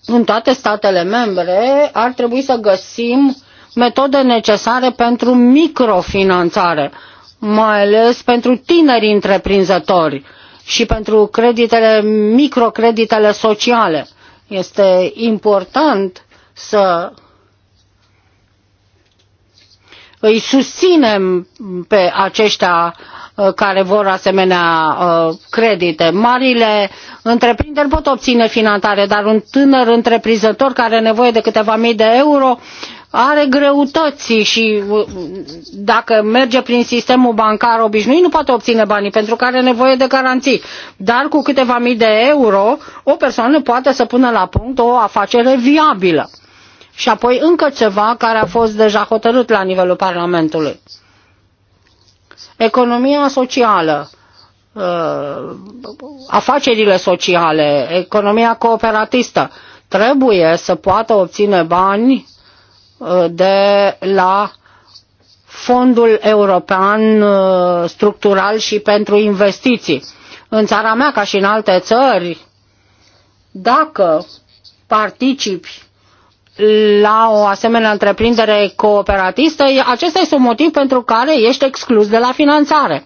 S3: în toate statele membre ar trebui să găsim metode necesare pentru microfinanțare, mai ales pentru tineri întreprinzători și pentru creditele, microcreditele sociale. Este important să îi susținem pe aceștia uh, care vor asemenea uh, credite. Marile întreprinderi pot obține finanțare, dar un tânăr întreprinzător care are nevoie de câteva mii de euro are greutăți și uh, dacă merge prin sistemul bancar obișnuit nu poate obține banii pentru că are nevoie de garanții. Dar cu câteva mii de euro o persoană poate să pună la punct o afacere viabilă și apoi încă ceva care a fost deja hotărât la nivelul Parlamentului. Economia socială, uh, afacerile sociale, economia cooperatistă trebuie să poată obține bani uh, de la Fondul European uh, Structural și pentru Investiții. În țara mea, ca și în alte țări, dacă participi la o asemenea întreprindere cooperatistă, acesta este un motiv pentru care ești exclus de la finanțare.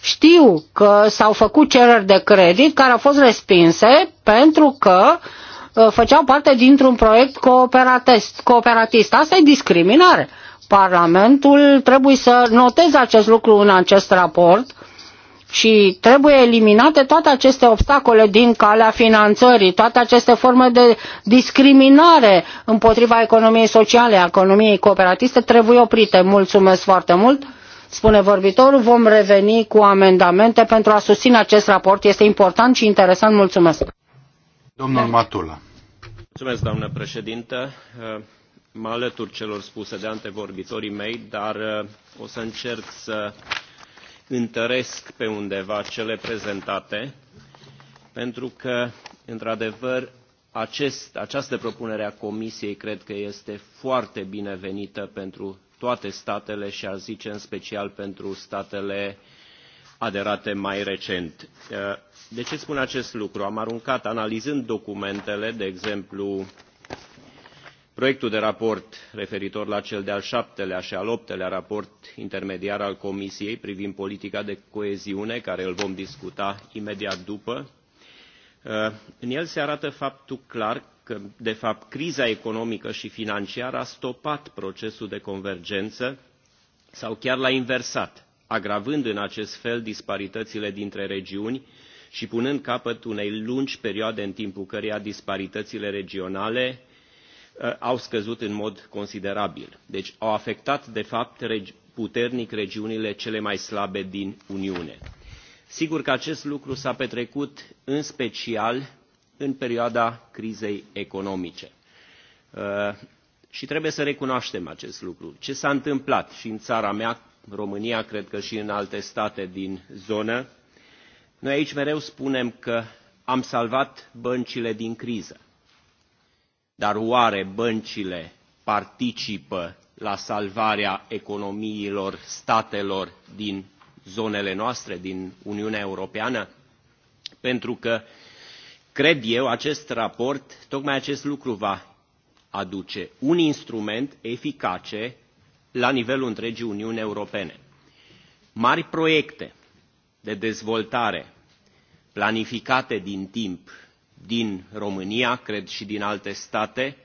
S3: Știu că s-au făcut cereri de credit care au fost respinse pentru că uh, făceau parte dintr-un proiect cooperatist. cooperatist. Asta e discriminare. Parlamentul trebuie să noteze acest lucru în acest raport și trebuie eliminate toate aceste obstacole din calea finanțării, toate aceste forme de discriminare împotriva economiei sociale, a economiei cooperatiste trebuie oprite. Mulțumesc foarte mult! Spune vorbitorul, vom reveni cu amendamente pentru a susține acest raport. Este important și interesant. Mulțumesc!
S4: Domnul Matula. Mulțumesc, doamnă președintă. Mă alătur celor spuse de antevorbitorii mei, dar uh, o să încerc să întăresc pe undeva cele prezentate, pentru că, într-adevăr, acest, această propunere a Comisiei cred că este foarte binevenită pentru toate statele și, ar zice, în special pentru statele aderate mai recent. Eh, de ce spun acest lucru? Am aruncat, analizând documentele, de exemplu, proiectul de raport referitor la cel de al șaptelea și al optelea raport intermediar al comisiei privind politica de coeziune care îl vom discuta imediat după uh, în el se arată faptul clar că de fapt criza economică și financiară a stopat procesul de convergență sau chiar l-a inversat agravând în acest fel disparitățile dintre regiuni și punând capăt unei lungi perioade în timpul căreia disparitățile regionale Uh, au scăzut în mod considerabil. Deci au afectat, de fapt, puternic regiunile cele mai slabe din Uniune. Sigur că acest lucru s-a petrecut în special în perioada crizei economice. Uh, și trebuie să recunoaștem acest lucru. Ce s-a întâmplat și în țara mea, România, cred că și în alte state din zonă, noi aici mereu spunem că am salvat băncile din criză dar oare băncile participă la salvarea economiilor statelor din zonele noastre, din Uniunea Europeană? Pentru că, cred eu, acest raport, tocmai acest lucru va aduce un instrument eficace la nivelul întregii Uniuni Europene. Mari proiecte de dezvoltare planificate din timp, din România, cred și din alte state,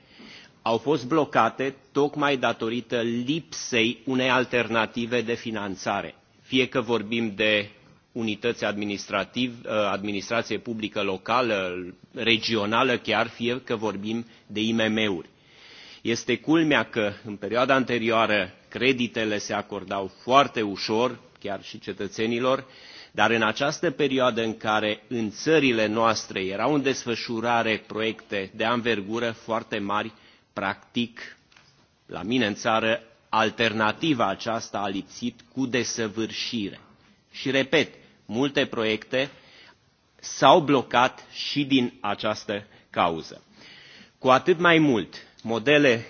S4: au fost blocate tocmai datorită lipsei unei alternative de finanțare. Fie că vorbim de unități administrativ, uh, administrație publică locală, regională chiar, fie că vorbim de IMM-uri. Este culmea că în perioada anterioară creditele se acordau foarte ușor, chiar și cetățenilor, dar în această perioadă în care în țările noastre erau în desfășurare proiecte de anvergură foarte mari, practic, la mine în țară, alternativa aceasta a lipsit cu desăvârșire. Și repet, multe proiecte s-au blocat și din această cauză. Cu atât mai mult, modele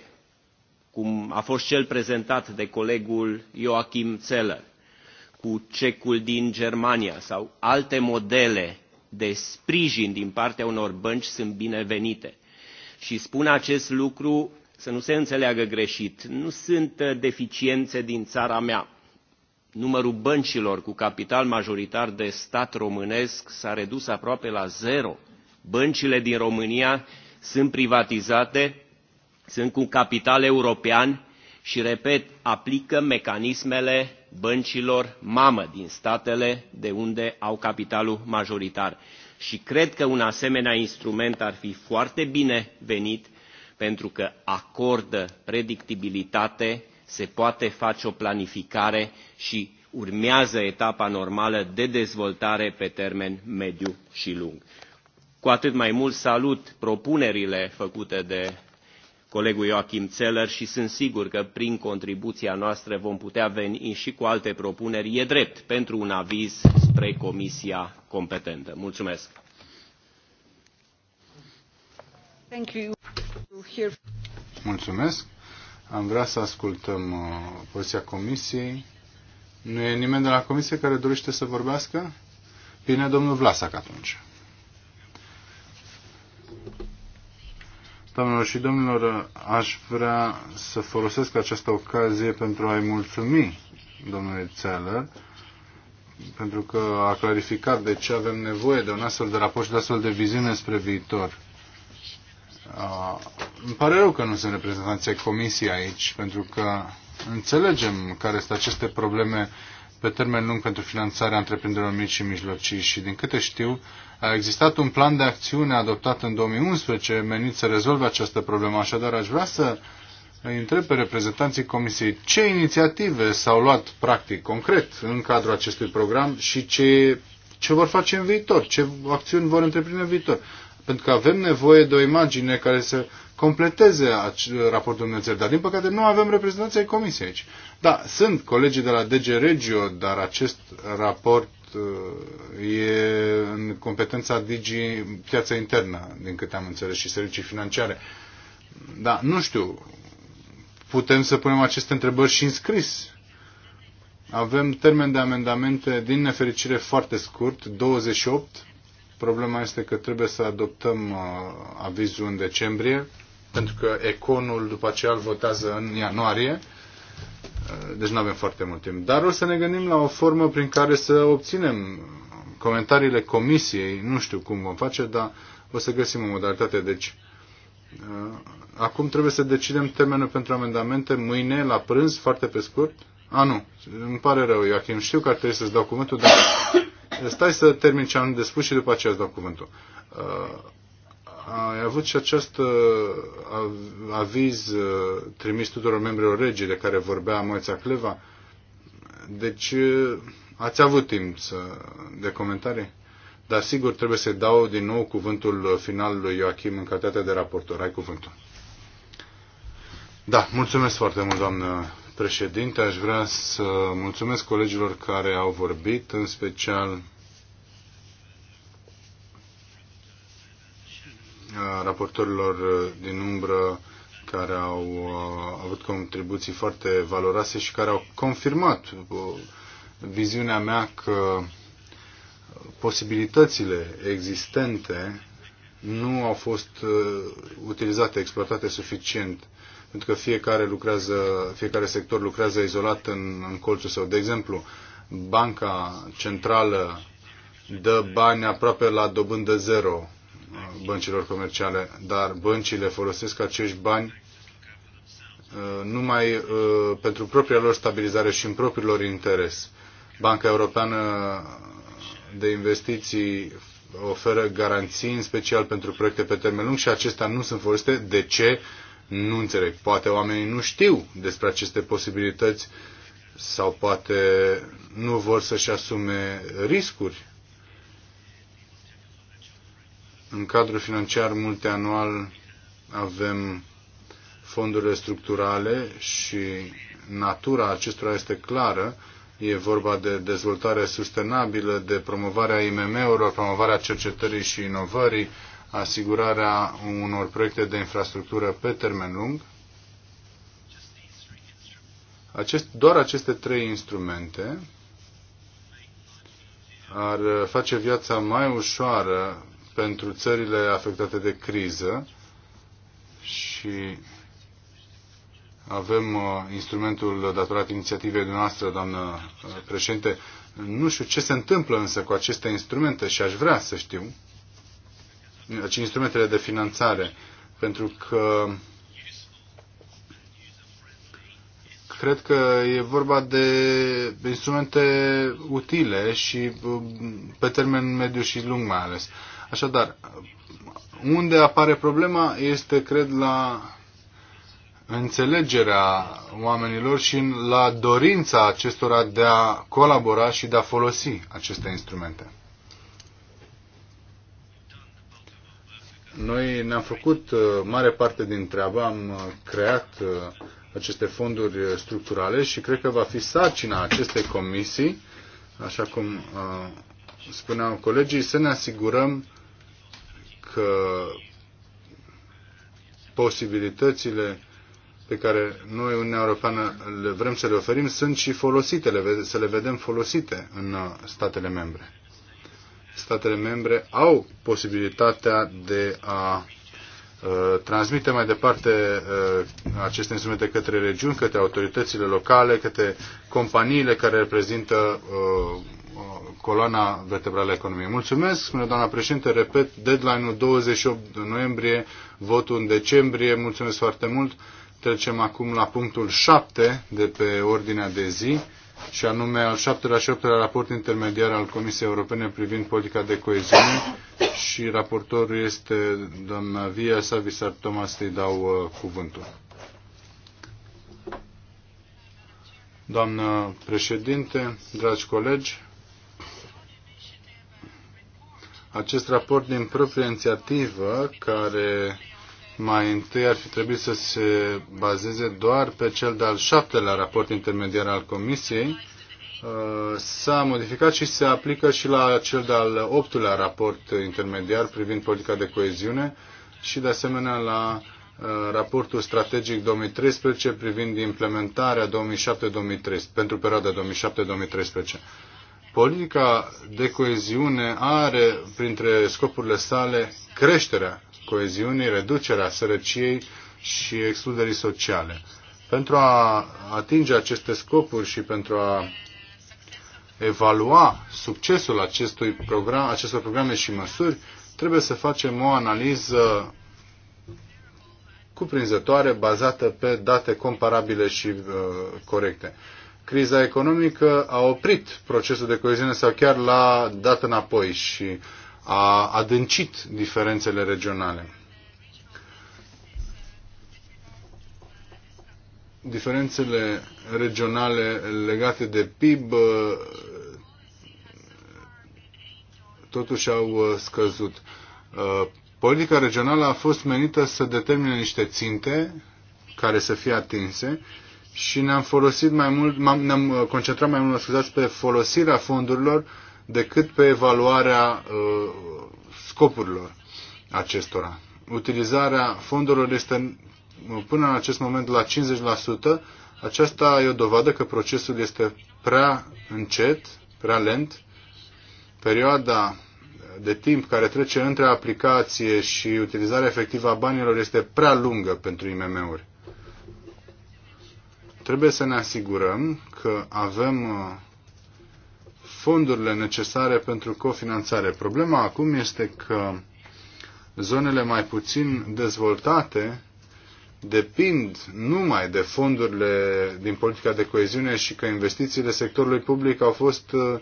S4: cum a fost cel prezentat de colegul Joachim Zeller, cu cecul din Germania sau alte modele de sprijin din partea unor bănci sunt binevenite. Și spun acest lucru să nu se înțeleagă greșit. Nu sunt uh, deficiențe din țara mea. Numărul băncilor cu capital majoritar de stat românesc s-a redus aproape la zero. Băncile din România sunt privatizate, sunt cu capital european și, repet, aplică mecanismele băncilor mamă din statele de unde au capitalul majoritar. Și cred că un asemenea instrument ar fi foarte bine venit pentru că acordă predictibilitate, se poate face o planificare și urmează etapa normală de dezvoltare pe termen mediu și lung. Cu atât mai mult salut propunerile făcute de colegul Joachim Zeller și sunt sigur că prin contribuția noastră vom putea veni și cu alte propuneri. E drept pentru un aviz spre comisia competentă. Mulțumesc!
S2: Thank you.
S1: Mulțumesc! Am vrea să ascultăm uh, poziția comisiei. Nu e nimeni de la comisie care dorește să vorbească? Bine, domnul Vlasac atunci. Doamnelor și domnilor, aș vrea să folosesc această ocazie pentru a-i mulțumi domnului Țeller, pentru că a clarificat de ce avem nevoie de un astfel de raport și de astfel de viziune spre viitor. Uh, îmi pare rău că nu sunt reprezentanții comisiei aici, pentru că înțelegem care sunt aceste probleme uh, pe termen lung pentru finanțarea întreprinderilor mici și mijlocii și, din câte știu, a existat un plan de acțiune adoptat în 2011 menit să rezolve această problemă. Așadar, aș vrea să îi întreb pe reprezentanții Comisiei ce inițiative s-au luat practic, concret, în cadrul acestui program și ce, ce vor face în viitor, ce acțiuni vor întreprinde în viitor pentru că avem nevoie de o imagine care să completeze raportul dumnezeu. Dar, din păcate, nu avem reprezentanța ai comisiei aici. Da, sunt colegii de la DG Regio, dar acest raport uh, e în competența Digi piața internă, din câte am înțeles, și servicii financiare. Da, nu știu, putem să punem aceste întrebări și în scris. Avem termen de amendamente, din nefericire, foarte scurt, 28 Problema este că trebuie să adoptăm uh, avizul în decembrie, pentru că Econul după aceea îl votează în ianuarie, uh, deci nu avem foarte mult timp. Dar o să ne gândim la o formă prin care să obținem comentariile comisiei, nu știu cum vom face, dar o să găsim o modalitate. Deci, uh, acum trebuie să decidem termenul pentru amendamente mâine la prânz, foarte pe scurt. A, nu, îmi pare rău, Joachim, știu că ar trebui să-ți dau cuvântul, dar deci, stai să termin ce am de spus și după aceea îți dau cuvântul. Uh, ai avut și acest uh, aviz uh, trimis tuturor membrilor regii de care vorbea Moița Cleva. Deci uh, ați avut timp să, de comentarii? Dar sigur trebuie să dau din nou cuvântul uh, final lui Joachim în calitate de raportor. Ai cuvântul. Da, mulțumesc foarte mult, doamnă președinte. Aș vrea să mulțumesc colegilor care au vorbit, în special raportorilor din umbră care au uh, avut contribuții foarte valoroase și care au confirmat uh, viziunea mea că posibilitățile existente nu au fost uh, utilizate, exploatate suficient pentru că fiecare, lucrează, fiecare sector lucrează izolat în, în colțul său. De exemplu, banca centrală dă bani aproape la dobândă zero băncilor comerciale, dar băncile folosesc acești bani uh, numai uh, pentru propria lor stabilizare și în propriul lor interes. Banca Europeană de Investiții oferă garanții în special pentru proiecte pe termen lung și acestea nu sunt folosite. De ce? nu înțeleg. Poate oamenii nu știu despre aceste posibilități sau poate nu vor să-și asume riscuri. În cadrul financiar multianual avem fondurile structurale și natura acestora este clară. E vorba de dezvoltare sustenabilă, de promovarea IMM-urilor, promovarea cercetării și inovării, asigurarea unor proiecte de infrastructură pe termen lung. Acest, doar aceste trei instrumente ar face viața mai ușoară pentru țările afectate de criză și avem uh, instrumentul datorat inițiativei noastre, doamnă uh, președinte. Nu știu ce se întâmplă însă cu aceste instrumente și aș vrea să știu ci instrumentele de finanțare, pentru că cred că e vorba de instrumente utile și pe termen mediu și lung mai ales. Așadar, unde apare problema este, cred, la înțelegerea oamenilor și la dorința acestora de a colabora și de a folosi aceste instrumente. Noi ne-am făcut uh, mare parte din treabă, am uh, creat uh, aceste fonduri structurale și cred că va fi sarcina acestei comisii, așa cum spuneau colegii, să ne asigurăm că posibilitățile pe care noi, Uniunea Europeană, le vrem să le oferim, sunt și folosite, să le vedem folosite în statele membre statele membre au posibilitatea de a uh, transmite mai departe uh, aceste instrumente către regiuni, către autoritățile locale, către companiile care reprezintă uh, coloana vertebrală a economiei. Mulțumesc, spune doamna președinte, repet, deadline-ul 28 noiembrie, votul în decembrie, mulțumesc foarte mult. Trecem acum la punctul 7 de pe ordinea de zi și anume al șaptelea și optelea raport intermediar al Comisiei Europene privind politica de coeziune și raportorul este doamna Via Savisar Thomas, îi dau uh, cuvântul. Doamnă președinte, dragi colegi, acest raport din proprie inițiativă care mai întâi ar fi trebuit să se bazeze doar pe cel de-al șaptelea raport intermediar al Comisiei. Uh, s-a modificat și se aplică și la cel de-al optulea raport intermediar privind politica de coeziune și de asemenea la uh, raportul strategic 2013 privind implementarea 2007-2013 pentru perioada 2007-2013. Politica de coeziune are printre scopurile sale creșterea coeziunii, reducerea sărăciei și excluderii sociale. Pentru a atinge aceste scopuri și pentru a evalua succesul acestui program, acestor programe și măsuri, trebuie să facem o analiză cuprinzătoare, bazată pe date comparabile și uh, corecte. Criza economică a oprit procesul de coeziune sau chiar l-a dat înapoi și a adâncit diferențele regionale. Diferențele regionale legate de PIB uh, totuși au uh, scăzut. Uh, politica regională a fost menită să determine niște ținte care să fie atinse și ne-am folosit mai mult, ne-am concentrat mai mult, scuzați, pe folosirea fondurilor uh, decât pe evaluarea uh, scopurilor acestora. Utilizarea fondurilor este uh, până în acest moment la 50%. Aceasta e o dovadă că procesul este prea încet, prea lent. Perioada de timp care trece între aplicație și utilizarea efectivă a banilor este prea lungă pentru IMM-uri. Trebuie să ne asigurăm că avem uh, fondurile necesare pentru cofinanțare. Problema acum este că zonele mai puțin dezvoltate depind numai de fondurile din politica de coeziune și că investițiile sectorului public au fost uh,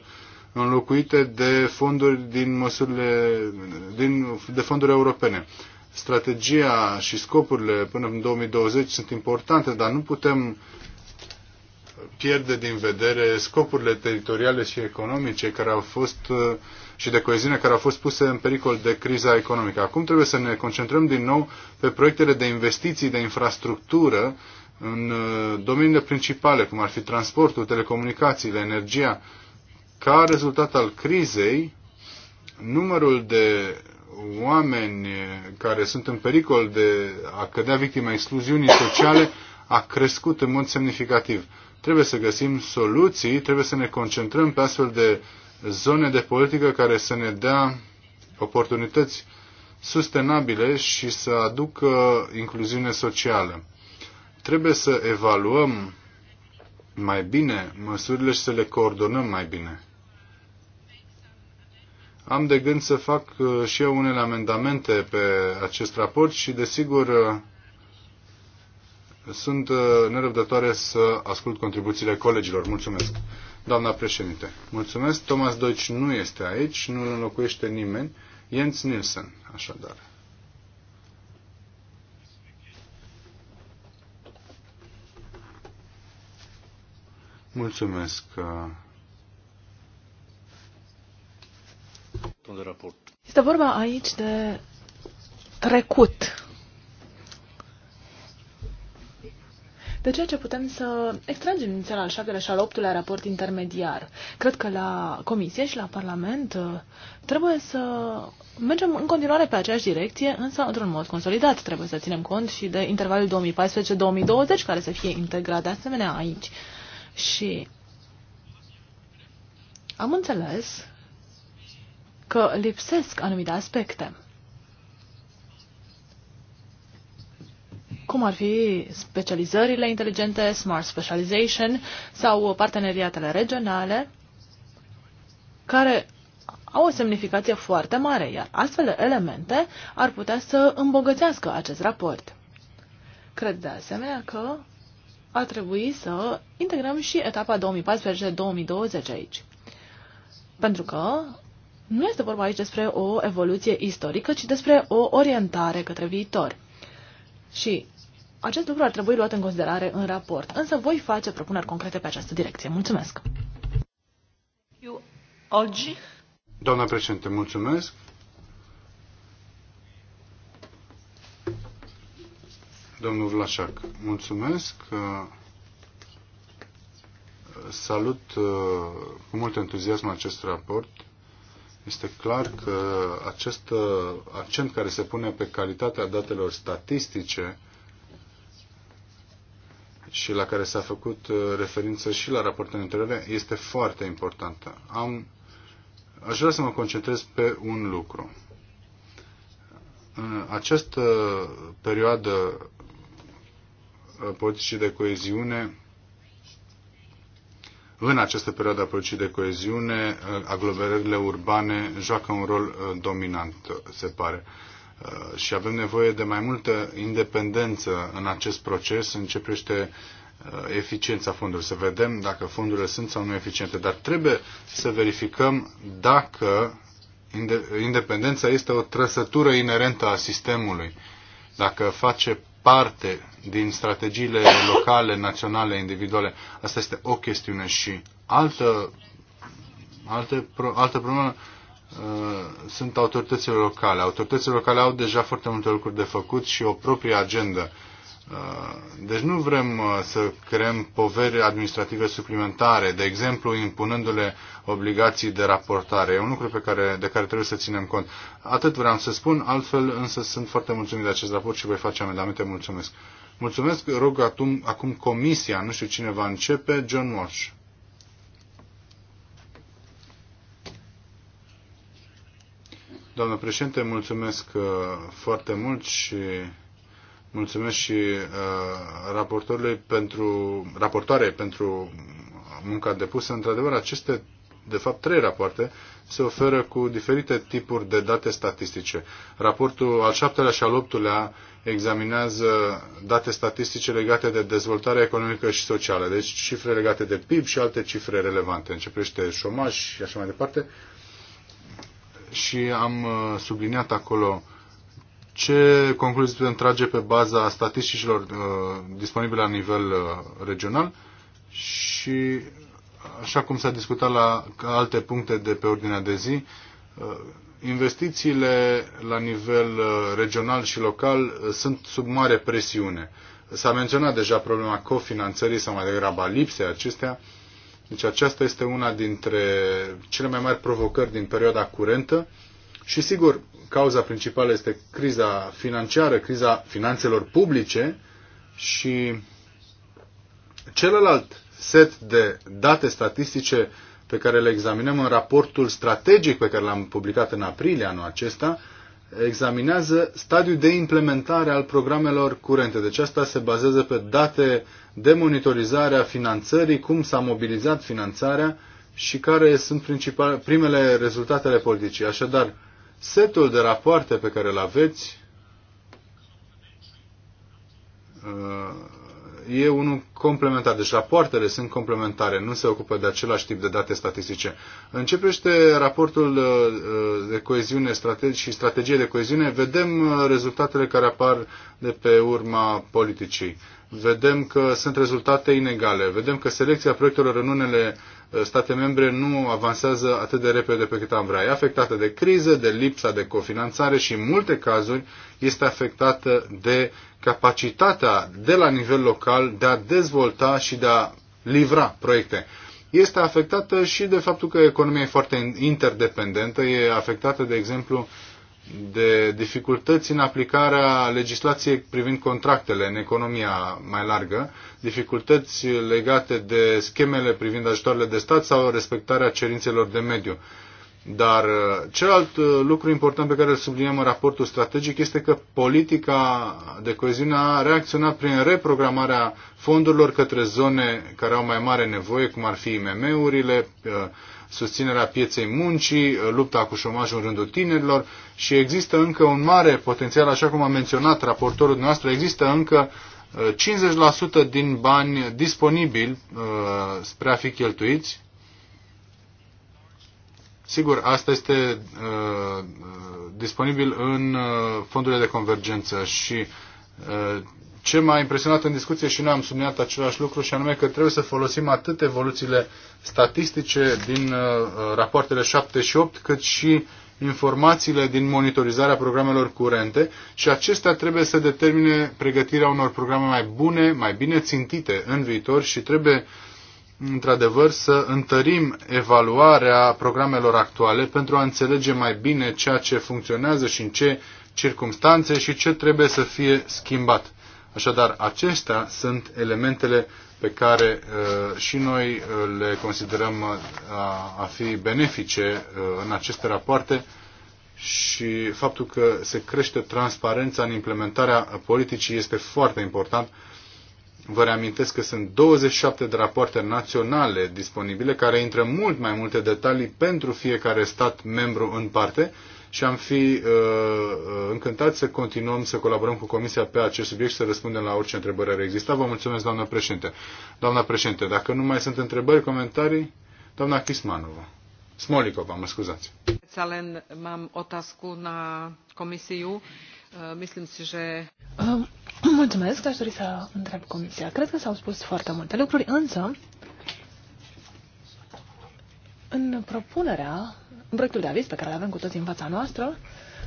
S1: înlocuite de fonduri din măsurile din, de fonduri europene. Strategia și scopurile până în 2020 sunt importante, dar nu putem pierde din vedere scopurile teritoriale și economice care au fost uh, și de coeziune care au fost puse în pericol de criza economică. Acum trebuie să ne concentrăm din nou pe proiectele de investiții, de infrastructură în uh, domeniile principale, cum ar fi transportul, telecomunicațiile, energia. Ca rezultat al crizei, numărul de oameni care sunt în pericol de a cădea victima excluziunii sociale a crescut în mod semnificativ. Trebuie să găsim soluții, trebuie să ne concentrăm pe astfel de zone de politică care să ne dea oportunități sustenabile și să aducă incluziune socială. Trebuie să evaluăm mai bine măsurile și să le coordonăm mai bine. Am de gând să fac uh, și eu unele amendamente pe acest raport și, desigur, uh, sunt uh, nerăbdătoare să ascult contribuțiile colegilor. Mulțumesc. Doamna președinte, mulțumesc. Thomas Deutsch nu este aici, nu îl înlocuiește nimeni. Jens Nielsen, așadar. Mulțumesc.
S2: Este vorba aici de trecut de ceea ce putem să extragem din țara al șaptelea și al optulea raport intermediar. Cred că la Comisie și la Parlament uh, trebuie să mergem în continuare pe aceeași direcție, însă într-un mod consolidat. Trebuie să ținem cont și de intervalul 2014-2020 care să fie integrat de asemenea aici. Și am înțeles că lipsesc anumite aspecte. cum ar fi specializările inteligente, smart specialization sau parteneriatele regionale, care au o semnificație foarte mare, iar astfel de elemente ar putea să îmbogățească acest raport. Cred de asemenea că ar trebui să integrăm și etapa 2014-2020 aici. Pentru că nu este vorba aici despre o evoluție istorică, ci despre o orientare către viitor. Și acest lucru ar trebui luat în considerare în raport, însă voi face propuneri concrete pe această direcție. Mulțumesc!
S1: Doamna președinte, mulțumesc. Domnul Vlașac, mulțumesc. Salut uh, cu mult entuziasm acest raport. Este clar că acest uh, accent care se pune pe calitatea datelor statistice și la care s-a făcut uh, referință și la raportul anterioare este foarte importantă. Am, aș vrea să mă concentrez pe un lucru. În această perioadă uh, politicii de coeziune în această perioadă a politicii de coeziune, uh, aglomerările urbane joacă un rol dominant, se pare. Uh, și avem nevoie de mai multă independență în acest proces, privește uh, eficiența fondurilor, să vedem dacă fondurile sunt sau nu eficiente, dar trebuie să verificăm dacă independența este o trăsătură inerentă a sistemului, dacă face parte din strategiile locale, naționale, individuale. Asta este o chestiune și altă, altă, altă problemă Uh, sunt autoritățile locale. Autoritățile locale au deja foarte multe lucruri de făcut și o proprie agendă. Uh, deci nu vrem uh, să creăm poveri administrative suplimentare, de exemplu impunându-le obligații de raportare. E un lucru pe care, de care trebuie să ținem cont. Atât vreau să spun, altfel însă sunt foarte mulțumit de acest raport și voi face amendamente. Mulțumesc! Mulțumesc, rog atum, acum comisia, nu știu cine va începe, John Walsh. Doamnă președinte, mulțumesc uh, foarte mult și mulțumesc și uh, raportorului pentru, raportoare pentru munca depusă. Într-adevăr, aceste, de fapt, trei rapoarte se oferă cu diferite tipuri de date statistice. Raportul al șaptelea și al optulea examinează date statistice legate de dezvoltarea economică și socială, deci cifre legate de PIB și alte cifre relevante, începește șomaj și așa mai departe și am uh, subliniat acolo ce concluzii putem trage pe baza statisticilor uh, disponibile la nivel uh, regional și, așa cum s-a discutat la alte puncte de pe ordinea de zi, uh, investițiile la nivel uh, regional și local uh, sunt sub mare presiune. S-a menționat deja problema cofinanțării sau mai degrabă lipsei acestea. Uh, deci aceasta este una dintre cele mai mari provocări din perioada curentă și sigur, cauza principală este criza financiară, criza finanțelor publice și celălalt set de date statistice pe care le examinăm în raportul strategic pe care l-am publicat în aprilie anul acesta, examinează stadiul de implementare al programelor curente. Deci asta se bazează pe date de monitorizare a finanțării, cum s-a mobilizat finanțarea și care sunt primele primele rezultatele politicii. Așadar, setul de rapoarte pe care îl aveți uh, e unul complementar. Deci rapoartele sunt complementare, nu se ocupă de același tip de date statistice. Începește raportul uh, uh, de coeziune și strategie de coeziune. Vedem uh, rezultatele care apar de pe urma politicii. Vedem că sunt rezultate inegale. Vedem că selecția proiectelor în unele state membre nu avansează atât de repede pe cât am vrea. E afectată de criză, de lipsa de cofinanțare și în multe cazuri este afectată de capacitatea de la nivel local de a dezvolta și de a livra proiecte. Este afectată și de faptul că economia e foarte interdependentă, e afectată, de exemplu, de dificultăți în aplicarea legislației privind contractele în economia mai largă, dificultăți legate de schemele privind ajutoarele de stat sau respectarea cerințelor de mediu. Dar uh, celălalt uh, lucru important pe care îl subliniem în raportul strategic este că politica de coeziune a reacționat prin reprogramarea fondurilor către zone care au mai mare nevoie, cum ar fi IMM-urile, uh, susținerea pieței muncii, lupta cu șomajul în rândul tinerilor și există încă un mare potențial, așa cum a menționat raportorul noastră, există încă 50% uh, din bani disponibili uh, spre a fi cheltuiți. Sigur, asta este uh, disponibil în fondurile de convergență și ce m-a impresionat în discuție și noi am subliniat același lucru și anume că trebuie să folosim atât evoluțiile statistice din uh, rapoartele 7 și 8, cât și informațiile din monitorizarea programelor curente și acestea trebuie să determine pregătirea unor programe mai bune, mai bine țintite în viitor și trebuie într-adevăr să întărim evaluarea programelor actuale pentru a înțelege mai bine ceea ce funcționează și în ce circumstanțe și ce trebuie să fie schimbat Așadar, acestea sunt elementele pe care uh, și noi uh, le considerăm uh, a, a fi benefice uh, în aceste rapoarte și faptul că se crește transparența în implementarea politicii este foarte important. Vă reamintesc că sunt 27 de rapoarte naționale disponibile care intră mult mai multe detalii pentru fiecare stat membru în parte și am fi uh, uh, încântat să continuăm să colaborăm cu Comisia pe acest subiect și să răspundem la orice întrebări ar exista. Vă mulțumesc, doamnă președinte. Doamna președinte, dacă nu mai sunt întrebări, comentarii, doamna Chismanova. Smolikova, mă scuzați.
S4: Alen, mam otasku na comisiu. Mislim si, že...
S2: Ehm, mulțumesc, aș dori să întreb comisia. Cred că s-au spus foarte multe lucruri, însă în propunerea în proiectul de aviz pe care îl avem cu toții în fața noastră,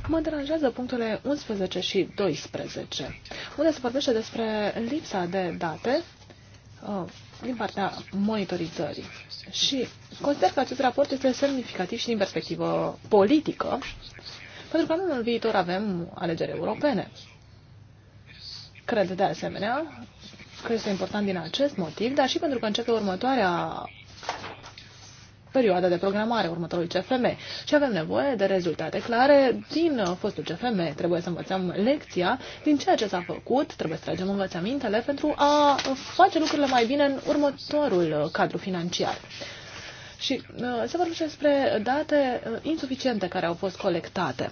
S2: mă deranjează punctele 11 și 12, unde se vorbește despre lipsa de date uh, din partea monitorizării. Și consider că acest raport este semnificativ și din perspectivă politică, pentru că anul viitor avem alegeri europene. Cred de asemenea că este important din acest motiv, dar și pentru că începe următoarea perioada de programare următorului CFM și avem nevoie de rezultate clare din fostul CFM. Trebuie să învățăm lecția din ceea ce s-a făcut, trebuie să tragem învățămintele pentru a face lucrurile mai bine în următorul cadru financiar. Și uh, se vorbește despre date uh, insuficiente care au fost colectate.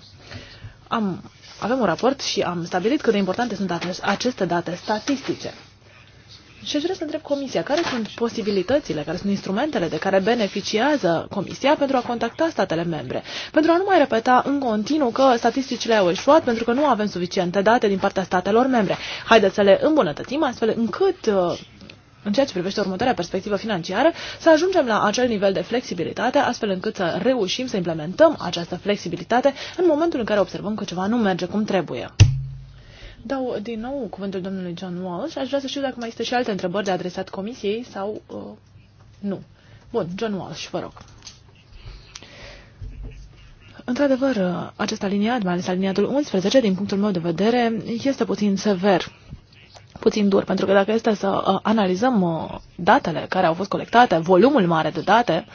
S2: Am, avem un raport și am stabilit cât de importante sunt aceste date statistice. Și aș vrea să întreb Comisia, care sunt posibilitățile, care sunt instrumentele de care beneficiază Comisia pentru a contacta statele membre? Pentru a nu mai repeta în continuu că statisticile au eșuat pentru că nu avem suficiente date din partea statelor membre. Haideți să le îmbunătățim astfel încât uh, în ceea ce privește următoarea perspectivă financiară, să ajungem la acel nivel de flexibilitate, astfel încât să reușim să implementăm această flexibilitate în momentul în care observăm că ceva nu merge cum trebuie. Dau din nou cuvântul domnului John Walsh. Aș vrea să știu dacă mai este și alte întrebări de adresat comisiei sau uh, nu. Bun, John Walsh, vă rog. Într-adevăr, acest aliniat, mai ales aliniatul 11, din punctul meu de vedere, este puțin sever, puțin dur, pentru că dacă este să uh, analizăm uh, datele care au fost colectate, volumul mare de date,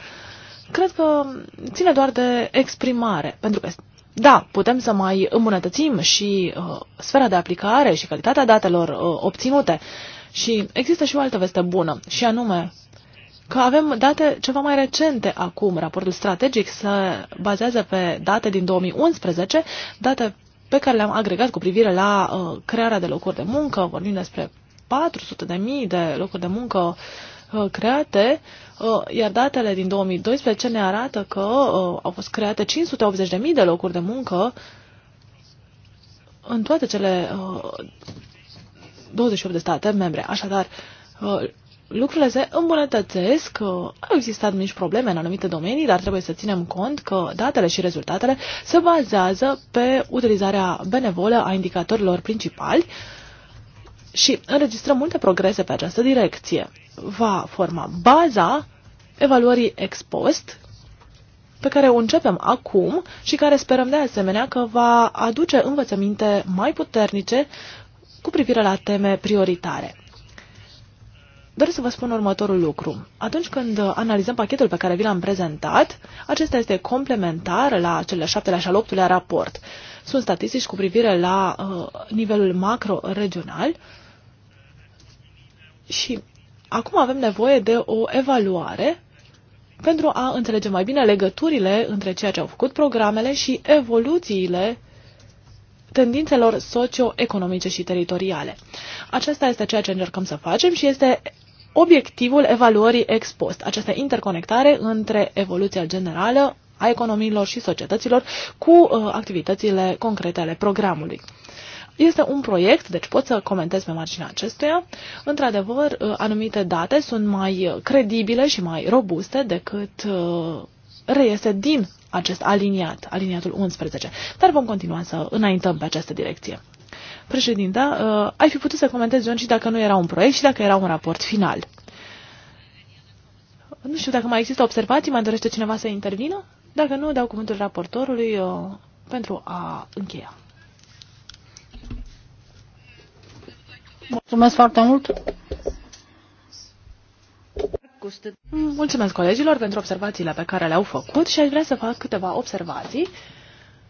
S2: cred că ține doar de exprimare, pentru că da, putem să mai îmbunătățim și uh, sfera de aplicare și calitatea datelor uh, obținute. Și există și o altă veste bună, și anume că avem date ceva mai recente acum. Raportul strategic se bazează pe date din 2011, date pe care le-am agregat cu privire la uh, crearea de locuri de muncă. Vorbim despre 400.000 de locuri de muncă Uh, create, uh, iar datele din 2012 ne arată că uh, au fost create 580.000 de locuri de muncă în toate cele 28 de state membre. Așadar, lucrurile se îmbunătățesc, au existat mici probleme în anumite domenii, dar trebuie să ținem cont că datele și rezultatele se bazează pe utilizarea benevolă a indicatorilor principali și înregistrăm multe progrese pe această direcție. Va forma baza evaluării ex post pe care o începem acum și care sperăm de asemenea că va aduce învățăminte mai puternice cu privire la teme prioritare. Doresc să vă spun următorul lucru. Atunci când analizăm pachetul pe care vi l-am prezentat, acesta este complementar la cele șaptelea și al optulea raport. Sunt statistici cu privire la uh, nivelul macro-regional și acum avem nevoie de o evaluare pentru a înțelege mai bine legăturile între ceea ce au făcut programele și evoluțiile tendințelor socioeconomice și teritoriale. Aceasta este ceea ce încercăm să facem și este obiectivul evaluării ex post, această interconectare între evoluția generală a economiilor și societăților cu uh, activitățile concrete ale programului. Este un proiect, deci pot să comentez pe marginea acestuia. Într-adevăr, uh, anumite date sunt mai uh, credibile și mai robuste decât uh, reiese din acest aliniat, aliniatul 11. Dar vom continua să înaintăm pe această direcție. Președinta, ai fi putut să comentezi, John, și dacă nu era un proiect și dacă era un raport final. Nu știu dacă mai există observații, mai dorește cineva să intervină? Dacă nu, dau cuvântul raportorului pentru a încheia.
S3: Mulțumesc foarte mult!
S2: Mulțumesc colegilor pentru observațiile pe care le-au făcut și aș vrea să fac câteva observații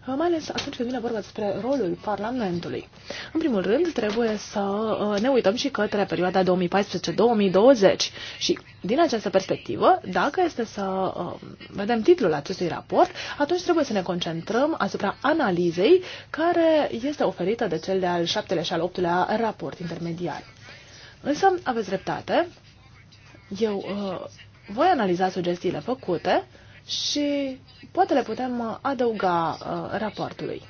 S2: Uh, mai ales atunci când vine vorba despre rolul Parlamentului. În primul rând, trebuie să uh, ne uităm și către perioada 2014-2020 și din această perspectivă, dacă este să uh, vedem titlul acestui raport, atunci trebuie să ne concentrăm asupra analizei care este oferită de cel de-al șaptele și al optulea raport intermediar. Însă, aveți dreptate, eu uh, voi analiza sugestiile făcute și poate le putem uh, adăuga uh, raportului.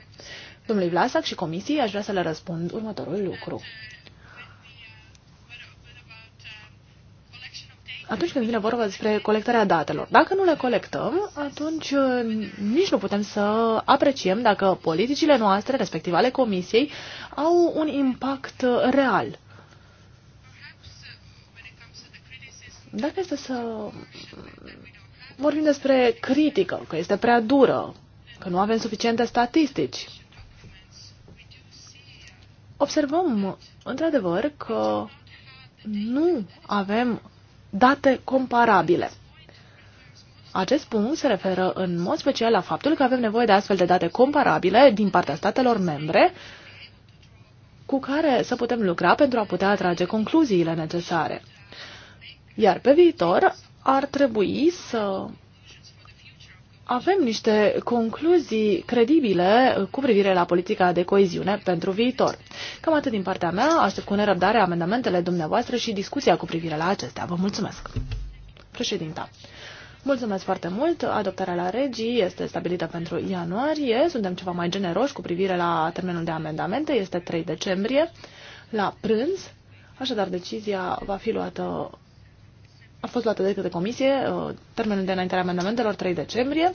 S2: Domnului Vlasac și comisiei aș vrea să le răspund următorul lucru. Atunci când vine vorba despre colectarea datelor, dacă nu le colectăm, atunci uh, nici nu putem să apreciem dacă politicile noastre, respectiv ale comisiei, au un impact real. Dacă este să vorbim despre critică, că este prea dură, că nu avem suficiente statistici. Observăm, într-adevăr, că nu avem date comparabile. Acest punct se referă în mod special la faptul că avem nevoie de astfel de date comparabile din partea statelor membre cu care să putem lucra pentru a putea atrage concluziile necesare. Iar pe viitor ar trebui să avem niște concluzii credibile cu privire la politica de coeziune pentru viitor. Cam atât din partea mea, aștept cu nerăbdare amendamentele dumneavoastră și discuția cu privire la acestea. Vă mulțumesc! Președinta. Mulțumesc foarte mult. Adoptarea la regii este stabilită pentru ianuarie. Suntem ceva mai generoși cu privire la termenul de amendamente. Este 3 decembrie la prânz. Așadar, decizia va fi luată a fost luată de către comisie uh, termenul de înaintare a amendamentelor 3 decembrie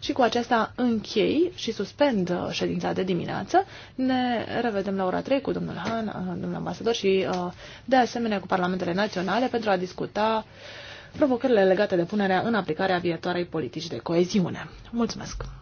S2: și cu aceasta închei și suspend uh, ședința de dimineață. Ne revedem la ora 3 cu domnul Han, uh, domnul ambasador și de asemenea cu parlamentele naționale pentru a discuta provocările legate de punerea în aplicare a viitoarei politici de coeziune. Mulțumesc!